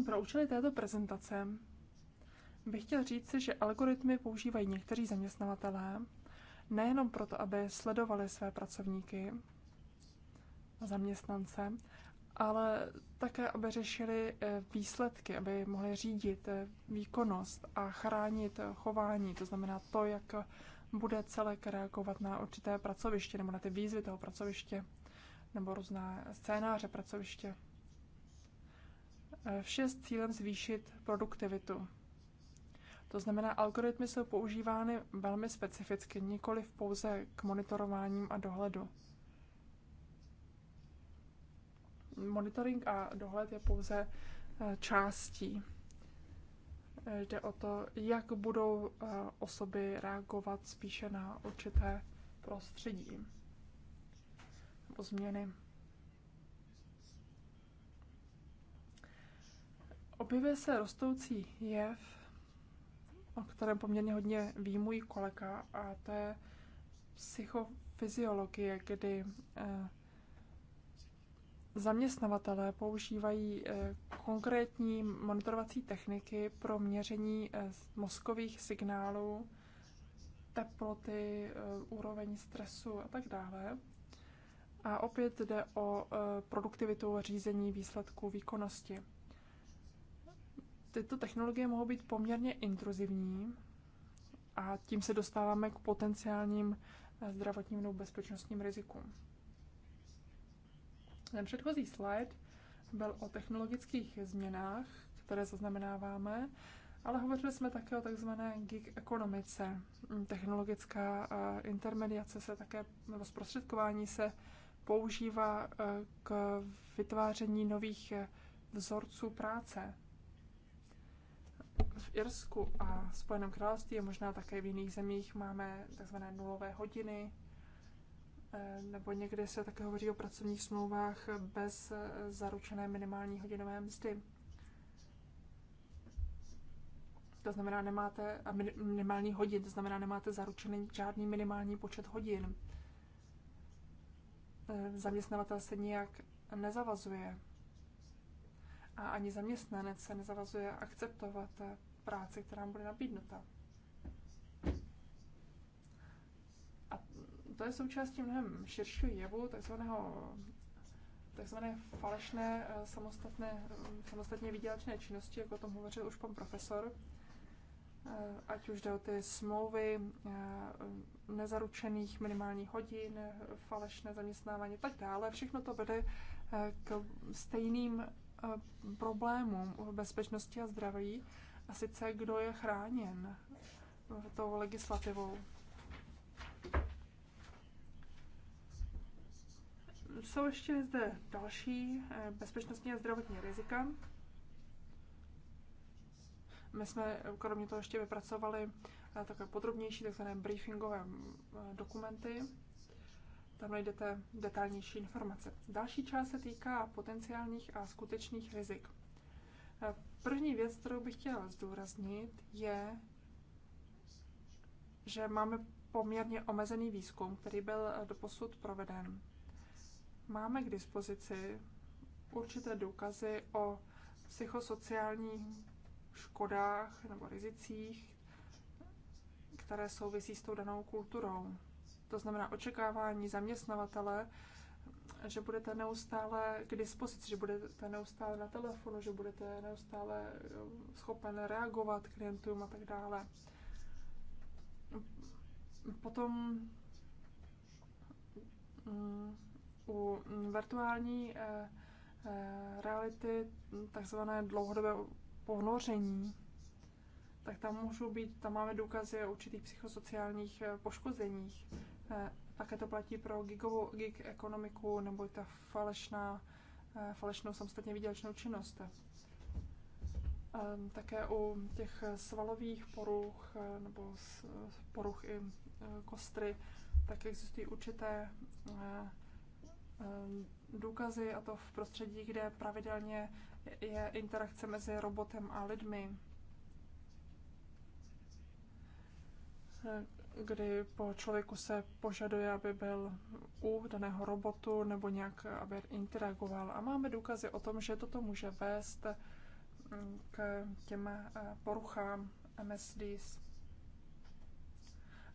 Pro účely této prezentace bych chtěl říct, že algoritmy používají někteří zaměstnavatelé nejenom proto, aby sledovali své pracovníky, zaměstnance, ale také, aby řešili eh, výsledky, aby mohli řídit eh, výkonnost a chránit eh, chování, to znamená to, jak bude celek reagovat na určité pracoviště nebo na ty výzvy toho pracoviště nebo různé scénáře pracoviště. Vše s cílem zvýšit produktivitu. To znamená, algoritmy jsou používány velmi specificky, nikoli pouze k monitorováním a dohledu. monitoring a dohled je pouze eh, částí. Eh, jde o to, jak budou eh, osoby reagovat spíše na určité prostředí nebo změny. Objevuje se rostoucí jev, o kterém poměrně hodně ví můj kolega, a to je psychofyziologie, kdy eh, Zaměstnavatelé používají eh, konkrétní monitorovací techniky pro měření eh, mozkových signálů, teploty, eh, úroveň stresu a tak dále. A opět jde o produktivitu řízení výsledků výkonnosti. Tyto technologie mohou být poměrně intruzivní a tím se dostáváme k potenciálním zdravotním nebo bezpečnostním rizikům. Ten předchozí slide byl o technologických změnách, které zaznamenáváme, ale hovořili jsme také o takzvané gig ekonomice. Technologická eh, intermediace se také, nebo zprostředkování se používá eh, k vytváření nových eh, vzorců práce. V Irsku a Spojeném království a možná také v jiných zemích máme tzv. nulové hodiny, Eh, nebo někde se také hovoří o pracovních smlouvách bez eh, zaručené minimální hodinové mzdy. To znamená, nemáte a minimální hodin, to znamená, nemáte zaručený žádný minimální počet hodin. Eh, zaměstnavatel se nijak nezavazuje a ani zaměstnanec se nezavazuje akceptovat práci, která mu bude nabídnuta. to je součástí mnohem širšího jevu, takzvaného takzvané falešné eh, samostatné, mm, samostatně výdělečné činnosti, jako o tom hovořil už pan profesor, eh, ať už jde o ty smlouvy eh, mm, nezaručených minimálních hodin, falešné zaměstnávání a tak dále. Všechno to vede k stejným problémům bezpečnosti a zdraví, a sice kdo je chráněn tou legislativou. jsou ještě zde další eh, bezpečnostní a zdravotní rizika. My jsme eh, kromě toho ještě vypracovali eh, takové podrobnější takzvané briefingové mm, dokumenty. Tam najdete detailnější informace. Další část se týká potenciálních a skutečných rizik. První věc, kterou bych chtěla zdůraznit, je, že máme poměrně omezený výzkum, který byl doposud proveden. Máme k dispozici určité důkazy o psychosociálních škodách nebo rizicích, které souvisí s tou danou kulturou. To znamená očekávání zaměstnavatele, že budete neustále k dispozici, že budete neustále na telefonu, že budete neustále um, schopen reagovat klientům a tak dále. Potom mm, u virtuální eh, eh, reality takzvané dlouhodobé ponoření, tak tam můžou být, tam máme důkazy o určitých psychosociálních eh, poškozeních. Také to platí pro gigovou, gig ekonomiku nebo ta falešná, falešnou samostatně výdělečnou činnost. Také u těch svalových poruch nebo poruch i kostry, tak existují určité Ehm, důkazy, a to v prostředí, kde pravidelně je interakce mezi robotem a lidmi. Ehm, kdy po člověku se požaduje, aby byl u daného robotu nebo nějak, aby interagoval. A máme důkazy o tom, že toto může vést mm, k těm eh, poruchám MSDs.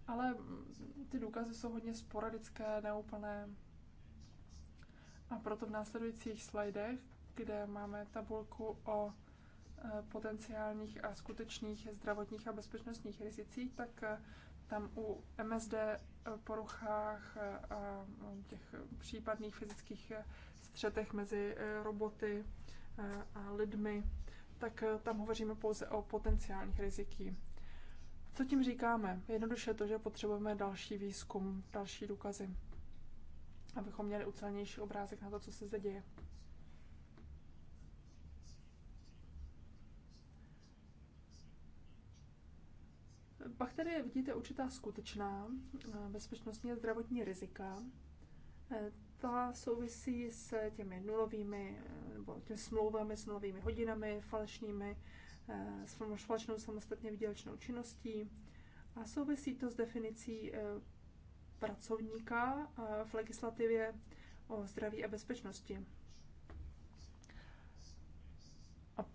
Ale mm, ty důkazy jsou hodně sporadické, neúplné. A proto v následujících slajdech, kde máme tabulku o e, potenciálních a skutečných zdravotních a bezpečnostních rizicích, tak e, tam u MSD e, poruchách a no, těch případných fyzických střetech mezi roboty a lidmi, tak tam hovoříme pouze o potenciálních rizicích. Co tím říkáme? Jednoduše to, že potřebujeme další výzkum, další důkazy abychom měli ucelnější obrázek na to, co se zde děje. Bakterie vidíte určitá skutečná eh, bezpečnostní a zdravotní rizika. Eh, ta souvisí s těmi nulovými, eh, nebo těmi smlouvami s nulovými hodinami, falešnými, s falešnou samostatně výdělečnou činností. A souvisí to s definicí pracovníka eh, v legislativě o zdraví a bezpečnosti. A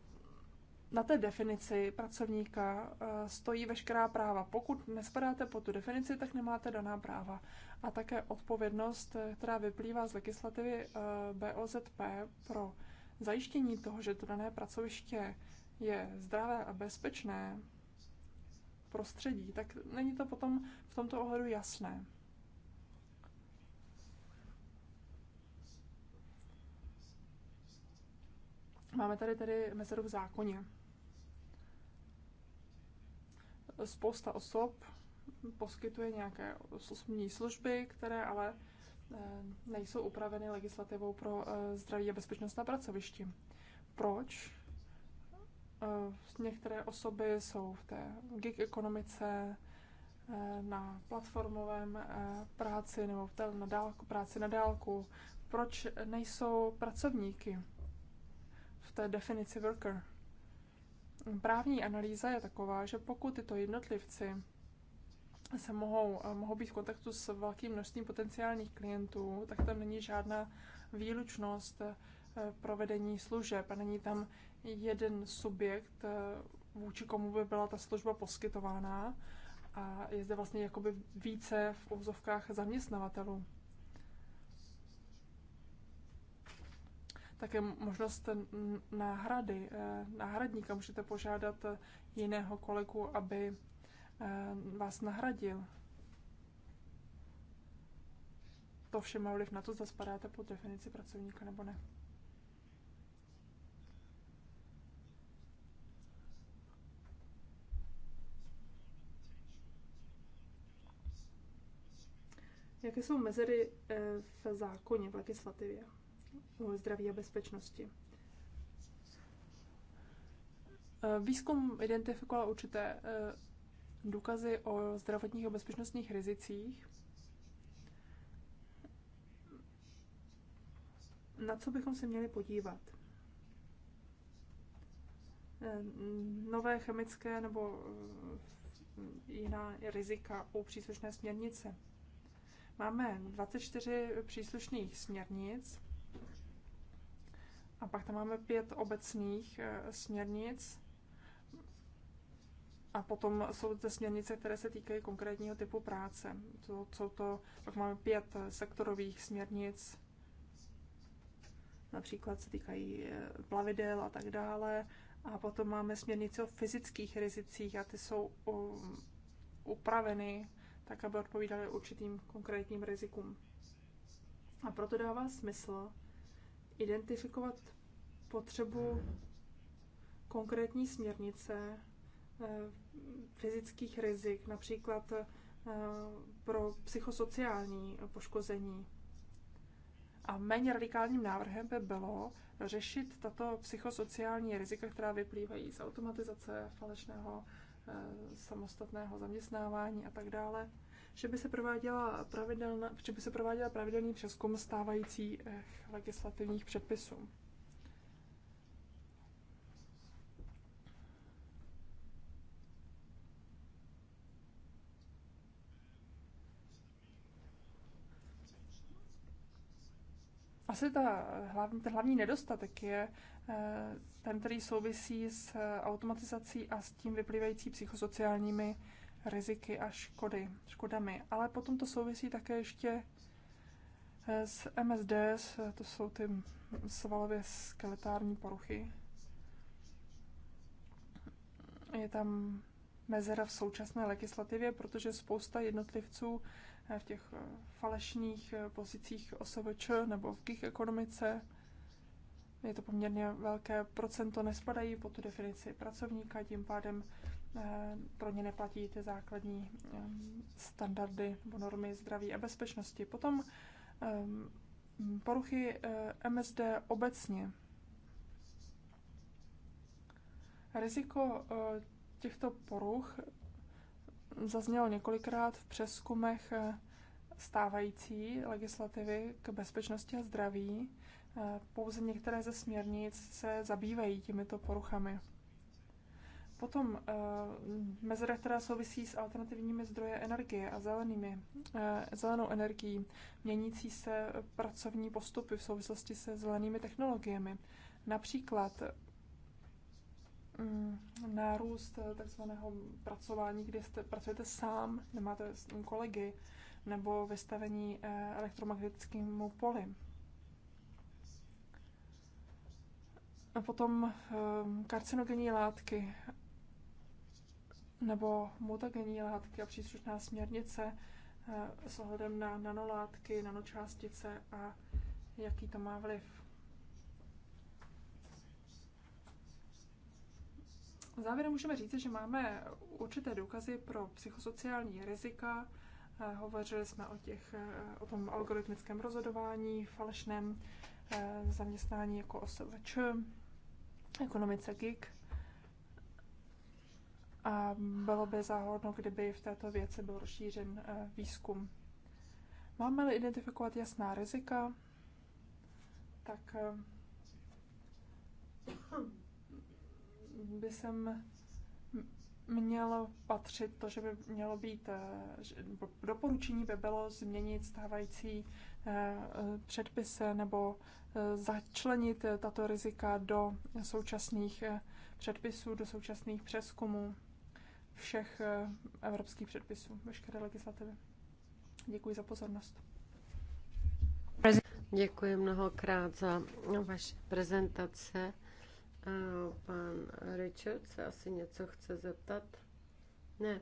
na té definici pracovníka eh, stojí veškerá práva. Pokud nespadáte pod tu definici, tak nemáte daná práva. A také odpovědnost, eh, která vyplývá z legislativy BOZP pro zajištění toho, že to dané pracoviště je zdravé a bezpečné prostředí, tak není to potom v tomto ohledu jasné. Máme tady tedy mezeru v zákoně. Spousta osob poskytuje nějaké smluvní služby, které ale eh, nejsou upraveny legislativou pro eh, zdraví a bezpečnost na pracovišti. Proč? Eh, některé osoby jsou v té gig ekonomice, na platformovém práci nebo na dálku, práci na dálku. Proč nejsou pracovníky? v té definici worker. Právní analýza je taková, že pokud tyto jednotlivci se mohou, mohou být v kontaktu s velkým množstvím potenciálních klientů, tak tam není žádná výlučnost eh, provedení služeb a není tam jeden subjekt, eh, vůči komu by byla ta služba poskytována a je zde vlastně jakoby více v úzovkách zaměstnavatelů. také možnost náhrady, eh, náhradníka. Můžete požádat eh, jiného kolegu, aby eh, vás nahradil. To vše má vliv na to, zda spadáte pod definici pracovníka nebo ne. Jaké jsou mezery v zákoně, v legislativě? zdraví a bezpečnosti. Eh, výzkum identifikoval určité eh, důkazy o zdravotních a bezpečnostních rizicích. Na co bychom se měli podívat? Eh, nové chemické nebo jiná rizika u příslušné směrnice. Máme 24 příslušných směrnic a pak tam máme pět obecných eh, směrnic. A potom jsou zde směrnice, které se týkají konkrétního typu práce. To, co to, pak máme pět eh, sektorových směrnic, například se týkají eh, plavidel a tak dále. A potom máme směrnice o fyzických rizicích a ty jsou um, upraveny tak, aby odpovídaly určitým konkrétním rizikům. A proto dává smysl, identifikovat potřebu konkrétní směrnice eh, fyzických rizik, například eh, pro psychosociální poškození. A méně radikálním návrhem by bylo řešit tato psychosociální rizika, která vyplývají z automatizace, falešného eh, samostatného zaměstnávání a tak dále že by se prováděla, pravidelná, že by se prováděla pravidelný přeskum stávajících legislativních předpisů. Asi ta hlavní, ten hlavní nedostatek je eh, ten, který souvisí s eh, automatizací a s tím vyplývající psychosociálními riziky a škody, škodami. Ale potom to souvisí také ještě eh, s MSD, to jsou ty svalově skeletární poruchy. Je tam mezera v současné legislativě, protože spousta jednotlivců eh, v těch eh, falešných pozicích OSVČ nebo v kých ekonomice je to poměrně velké procento, nespadají pod tu definici pracovníka, tím pádem Eh, pro ně neplatí ty základní standardy nebo normy zdraví a bezpečnosti. Potom poruchy eh, MSD obecně. Riziko eh, těchto poruch zaznělo několikrát v přeskumech stávající legislativy k bezpečnosti a zdraví. Pouze některé ze směrnic se zabývají těmito poruchami. Potom eh, mezera, která souvisí s alternativními zdroje energie a zelenými, eh, zelenou energií, měnící se pracovní postupy v souvislosti se zelenými technologiemi. Například mm, nárůst eh, takzvaného pracování, kde jste, pracujete sám, nemáte kolegy, nebo vystavení elektromagnetickému poli. A potom karcinogenní látky nebo mutagenní látky a příslušná směrnice eh, s ohledem na nanolátky, nanočástice a jaký to má vliv. Závěrem můžeme říct, že máme určité důkazy pro psychosociální rizika. Eh, hovořili jsme o, těch, eh, o tom algoritmickém rozhodování, falešném zaměstnání jako OSVČ, ekonomice GIG a bylo by záhodno, kdyby v této věci byl rozšířen eh, výzkum. Máme-li identifikovat jasná rizika, tak eh, by sem mělo patřit to, že by mělo být, eh, doporučení by bylo změnit stávající předpis nebo začlenit tato rizika do současných předpisů, do současných přeskumů všech eh, evropských předpisů, veškeré legislativy. Děkuji za pozornost. Děkuji mnohokrát za vaše prezentace. Pan Richard se asi něco chce zeptat? Ne,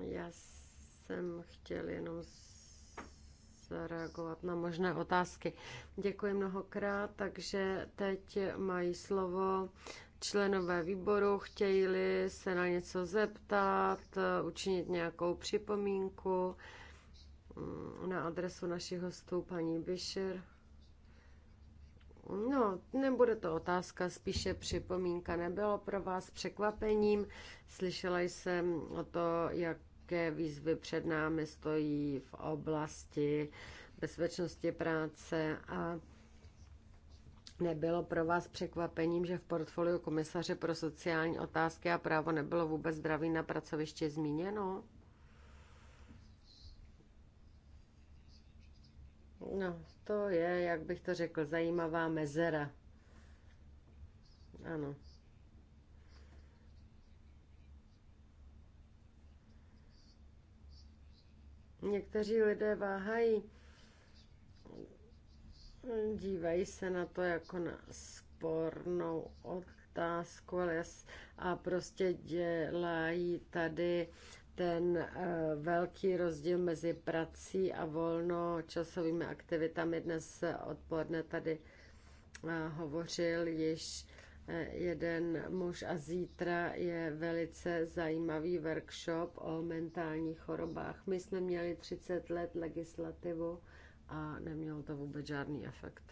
já jsem chtěl jenom zareagovat na možné otázky. Děkuji mnohokrát, takže teď mají slovo členové výboru chtějí se na něco zeptat, učinit nějakou připomínku mm, na adresu našich hostů paní Bišer. No, nebude to otázka, spíše připomínka. Nebylo pro vás překvapením. Slyšela jsem o to, jaké výzvy před námi stojí v oblasti bezpečnosti práce a Nebylo pro vás překvapením, že v portfoliu komisaře pro sociální otázky a právo nebylo vůbec zdraví na pracovišti zmíněno? No, to je, jak bych to řekl, zajímavá mezera. Ano. Někteří lidé váhají Dívají se na to jako na spornou otázku a prostě dělají tady ten eh, velký rozdíl mezi prací a volnočasovými aktivitami. Dnes odpoledne tady eh, hovořil již eh, jeden muž a zítra je velice zajímavý workshop o mentálních chorobách. My jsme měli 30 let legislativu, a nemělo to vůbec žádný efekt.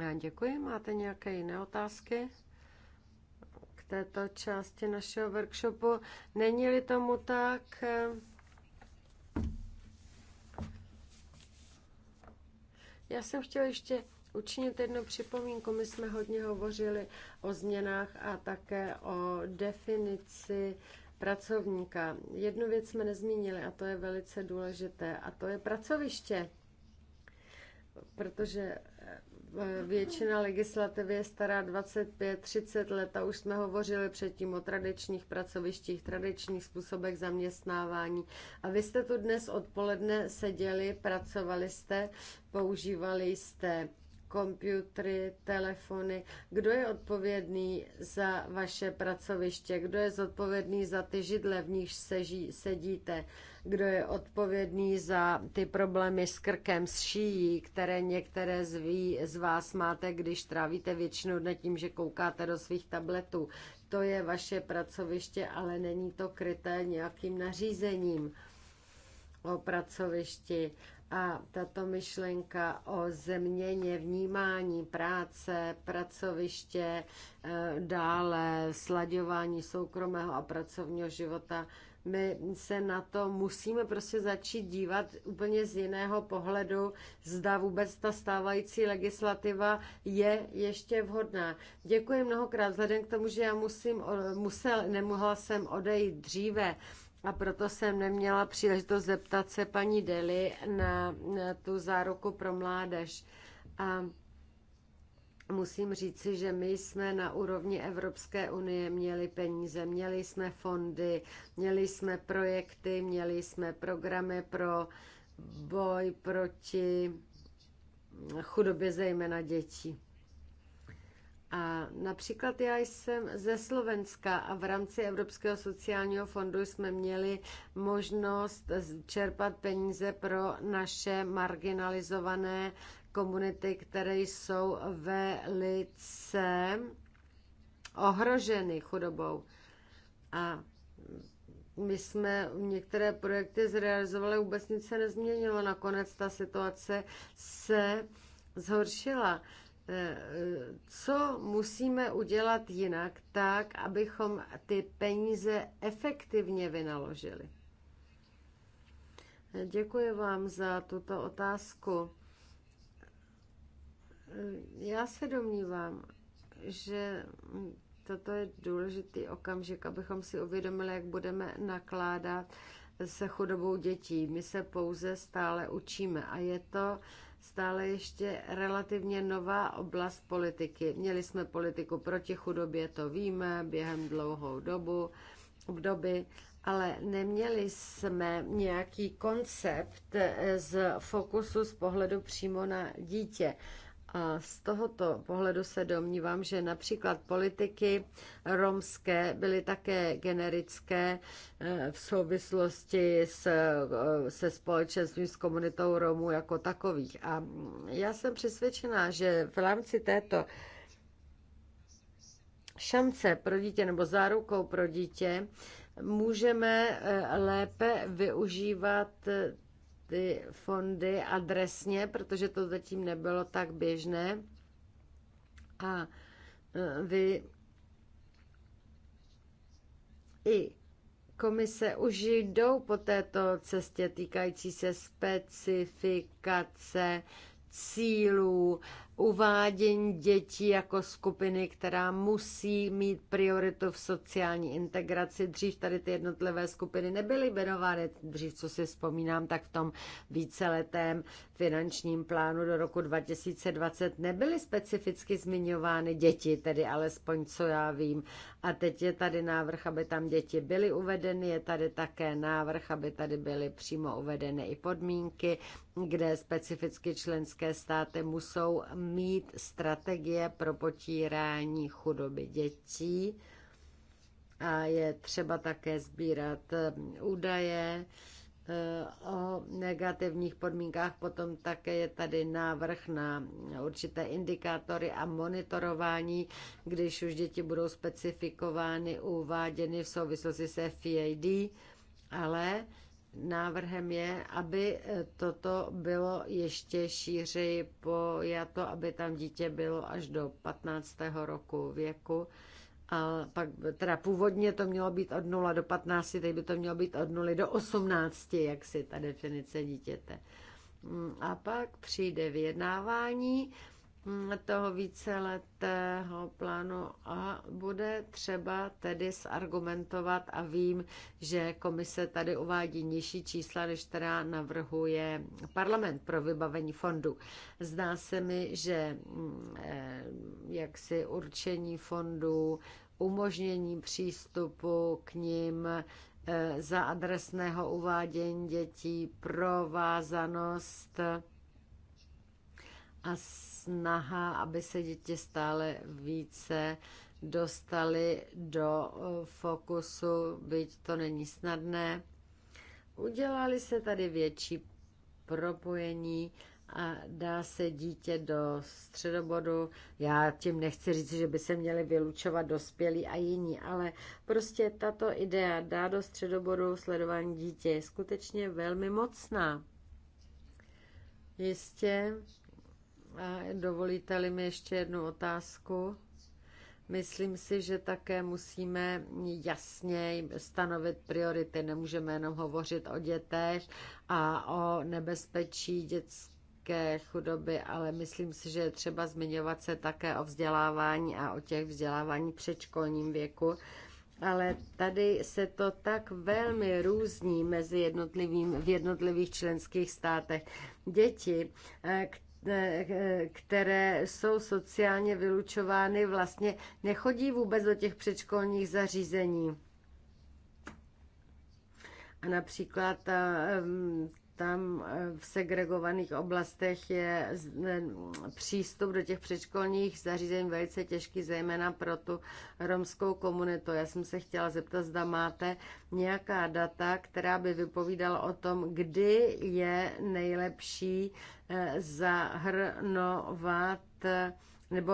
Já děkuji. Máte nějaké jiné otázky k této části našeho workshopu? Není-li tomu tak, já jsem chtěla ještě učinit jednu připomínku. My jsme hodně hovořili o změnách a také o definici pracovníka. Jednu věc jsme nezmínili a to je velice důležité a to je pracoviště. Protože eh, většina legislativy je stará 25-30 let a už jsme hovořili předtím o tradičních pracovištích, tradičních způsobech zaměstnávání. A vy jste tu dnes odpoledne seděli, pracovali jste, používali jste komputery, telefony, kdo je odpovědný za vaše pracoviště, kdo je zodpovědný za ty židle, v níž seží, sedíte, kdo je odpovědný za ty problémy s krkem, s šíjí, které některé z, ví, z vás máte, když trávíte většinu dne tím, že koukáte do svých tabletů. To je vaše pracoviště, ale není to kryté nějakým nařízením o pracovišti a tato myšlenka o změně vnímání práce, pracoviště, e, dále sladěvání soukromého a pracovního života, my se na to musíme prostě začít dívat úplně z jiného pohledu, zda vůbec ta stávající legislativa je ještě vhodná. Děkuji mnohokrát, vzhledem k tomu, že já musím, musel, nemohla jsem odejít dříve, a proto jsem neměla příležitost zeptat se paní Deli na, na tu záruku pro mládež. A musím říci, že my jsme na úrovni Evropské unie měli peníze, měli jsme fondy, měli jsme projekty, měli jsme programy pro boj proti chudobě zejména dětí. A například já jsem ze Slovenska a v rámci Evropského sociálního fondu jsme měli možnost čerpat peníze pro naše marginalizované komunity, které jsou velice ohroženy chudobou. A my jsme některé projekty zrealizovali, vůbec nic se nezměnilo. Nakonec ta situace se zhoršila. Eh, co musíme udělat jinak tak, abychom ty peníze efektivně vynaložili. Děkuji vám za tuto otázku. Eh, já se domnívám, že toto je důležitý okamžik, abychom si uvědomili, jak budeme nakládat se chudobou dětí. My se pouze stále učíme a je to stále ještě relativně nová oblast politiky. Měli jsme politiku proti chudobě, to víme, během dlouhou dobu, ale neměli jsme nějaký koncept z fokusu z pohledu přímo na dítě z tohoto pohledu se domnívám, že například politiky romské byly také generické eh, v souvislosti s, eh, se společenstvím s komunitou Romů jako takových. A já jsem přesvědčená, že v rámci této šance pro dítě nebo zárukou pro dítě můžeme eh, lépe využívat ty fondy adresně, protože to zatím nebylo tak běžné. A e, vy i komise už jdou po této cestě týkající se specifikace cílů, uvádění dětí jako skupiny, která musí mít prioritu v sociální integraci. Dřív tady ty jednotlivé skupiny nebyly jmenovány, dřív, co si vzpomínám, tak v tom víceletém finančním plánu do roku 2020 nebyly specificky zmiňovány děti, tedy alespoň co já vím. A teď je tady návrh, aby tam děti byly uvedeny, je tady také návrh, aby tady byly přímo uvedeny i podmínky, kde specificky členské státy musou mít strategie pro potírání chudoby dětí a je třeba také sbírat eh, údaje eh, o negativních podmínkách. Potom také je tady návrh na určité indikátory a monitorování, když už děti budou specifikovány, uváděny v souvislosti se FID, ale návrhem je, aby eh, toto bylo ještě šířeji pojato, aby tam dítě bylo až do 15. roku věku. A pak, teda původně to mělo být od 0 do 15, teď by to mělo být od 0 do 18, jak si ta definice dítěte. Mm, a pak přijde vyjednávání toho víceletého plánu a bude třeba tedy zargumentovat a vím, že komise tady uvádí nižší čísla, než která navrhuje parlament pro vybavení fondu. Zdá se mi, že mm, eh, jaksi určení fondů, umožnění přístupu k ním eh, za adresného uvádění dětí, provázanost a snaha, aby se děti stále více dostali do eh, fokusu, byť to není snadné. Udělali se tady větší propojení a dá se dítě do středobodu. Já tím nechci říct, že by se měli vylučovat dospělí a jiní, ale prostě tato idea dá do středobodu sledování dítě je skutečně velmi mocná. Jistě Dovolíte-li mi ještě jednu otázku? Myslím si, že také musíme jasně stanovit priority. Nemůžeme jenom hovořit o dětech a o nebezpečí dětské chudoby, ale myslím si, že je třeba zmiňovat se také o vzdělávání a o těch vzdělávání předškolním věku. Ale tady se to tak velmi různí mezi jednotlivým, v jednotlivých členských státech. Děti, které eh, E, které jsou sociálně vylučovány, vlastně nechodí vůbec do těch předškolních zařízení. A například e, tam eh, v segregovaných oblastech je přístup do těch předškolních zařízení velice těžký, zejména pro tu romskou komunitu. Já jsem se chtěla zeptat, zda máte nějaká data, která by vypovídala o tom, kdy je nejlepší eh, zahrnovat eh, nebo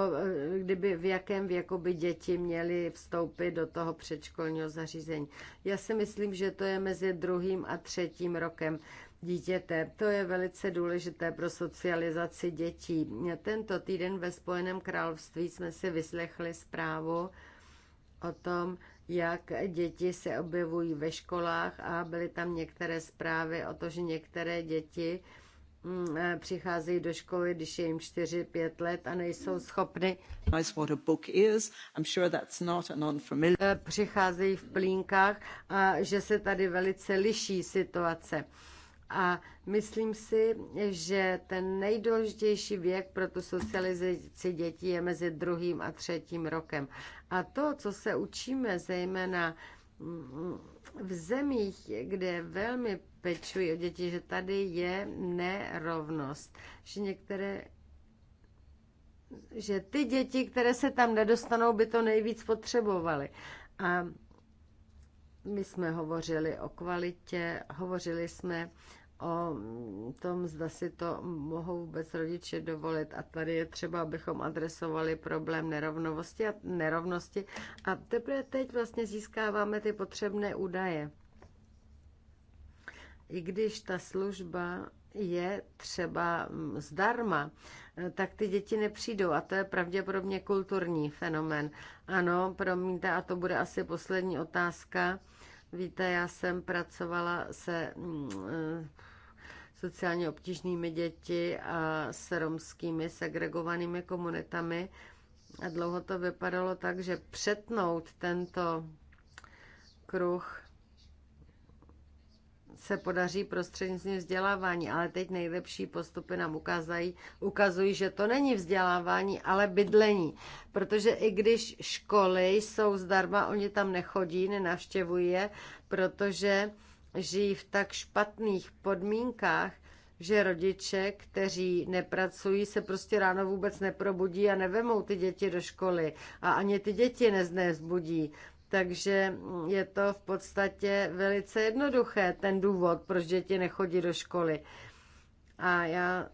kdyby v jakém věku by děti měly vstoupit do toho předškolního zařízení. Já si myslím, že to je mezi druhým a třetím rokem dítěte. To je velice důležité pro socializaci dětí. Tento týden ve Spojeném království jsme si vyslechli zprávu o tom, jak děti se objevují ve školách a byly tam některé zprávy o to, že některé děti mm, eh, přicházejí do školy, když je jim 4-5 let a nejsou schopny. Eh, přicházejí v plínkách a že se tady velice liší situace. A myslím si, že ten nejdůležitější věk pro tu socializaci dětí je mezi druhým a třetím rokem. A to, co se učíme, zejména v zemích, kde velmi pečují o děti, že tady je nerovnost, že některé že ty děti, které se tam nedostanou, by to nejvíc potřebovaly. A my jsme hovořili o kvalitě, hovořili jsme o tom, zda si to mohou vůbec rodiče dovolit. A tady je třeba, abychom adresovali problém nerovnosti a nerovnosti. A teprve teď vlastně získáváme ty potřebné údaje. I když ta služba je třeba mm, zdarma, tak ty děti nepřijdou a to je pravděpodobně kulturní fenomén. Ano, promiňte, a to bude asi poslední otázka. Víte, já jsem pracovala se mm, eh, sociálně obtížnými děti a s romskými segregovanými komunitami. A dlouho to vypadalo tak, že přetnout tento kruh se podaří prostřednictvím vzdělávání, ale teď nejlepší postupy nám ukazují, ukazují, že to není vzdělávání, ale bydlení. Protože i když školy jsou zdarma, oni tam nechodí, nenavštěvují je, protože žijí v tak špatných podmínkách, že rodiče, kteří nepracují, se prostě ráno vůbec neprobudí a nevemou ty děti do školy a ani ty děti neznesbudí. Takže je to v podstatě velice jednoduché, ten důvod, proč děti nechodí do školy. A já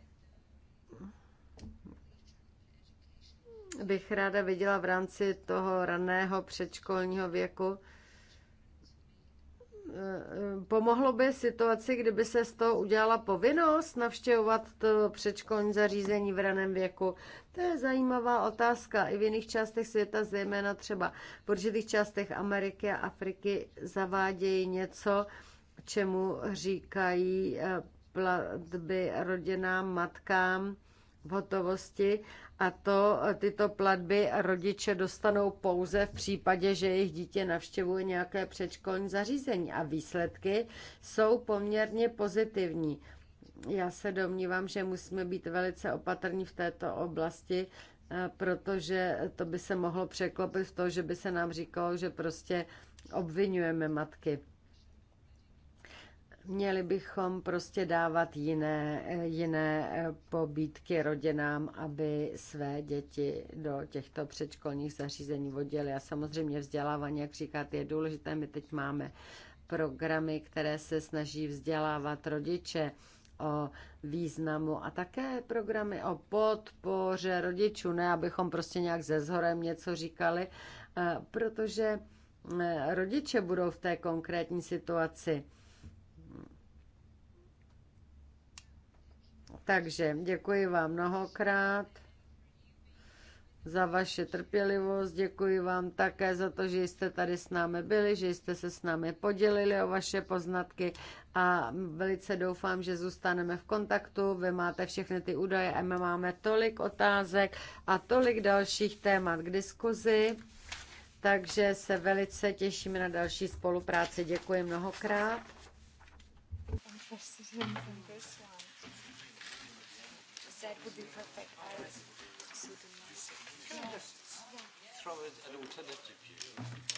bych ráda viděla v rámci toho raného předškolního věku, Pomohlo by situaci, kdyby se z toho udělala povinnost navštěvovat to předškolní zařízení v raném věku? To je zajímavá otázka. I v jiných částech světa, zejména třeba v určitých částech Ameriky a Afriky, zavádějí něco, čemu říkají eh, platby rodinám, matkám v hotovosti a to e, tyto platby rodiče dostanou pouze v případě, že jejich dítě navštěvuje nějaké předškolní zařízení a výsledky jsou poměrně pozitivní. Já se domnívám, že musíme být velice opatrní v této oblasti, e, protože to by se mohlo překlopit v to, že by se nám říkalo, že prostě obvinujeme matky. Měli bychom prostě dávat jiné, jiné eh, pobídky rodinám, aby své děti do těchto předškolních zařízení vodili. A samozřejmě vzdělávání, jak říkáte, je důležité. My teď máme programy, které se snaží vzdělávat rodiče o významu a také programy o podpoře rodičů, ne abychom prostě nějak ze zhorem něco říkali, eh, protože eh, rodiče budou v té konkrétní situaci Takže děkuji vám mnohokrát za vaše trpělivost, děkuji vám také za to, že jste tady s námi byli, že jste se s námi podělili o vaše poznatky a velice doufám, že zůstaneme v kontaktu. Vy máte všechny ty údaje a my máme tolik otázek a tolik dalších témat k diskuzi, takže se velice těšíme na další spolupráci. Děkuji mnohokrát. Thank you would be perfect. Yes. Yeah. Just throw an alternative view.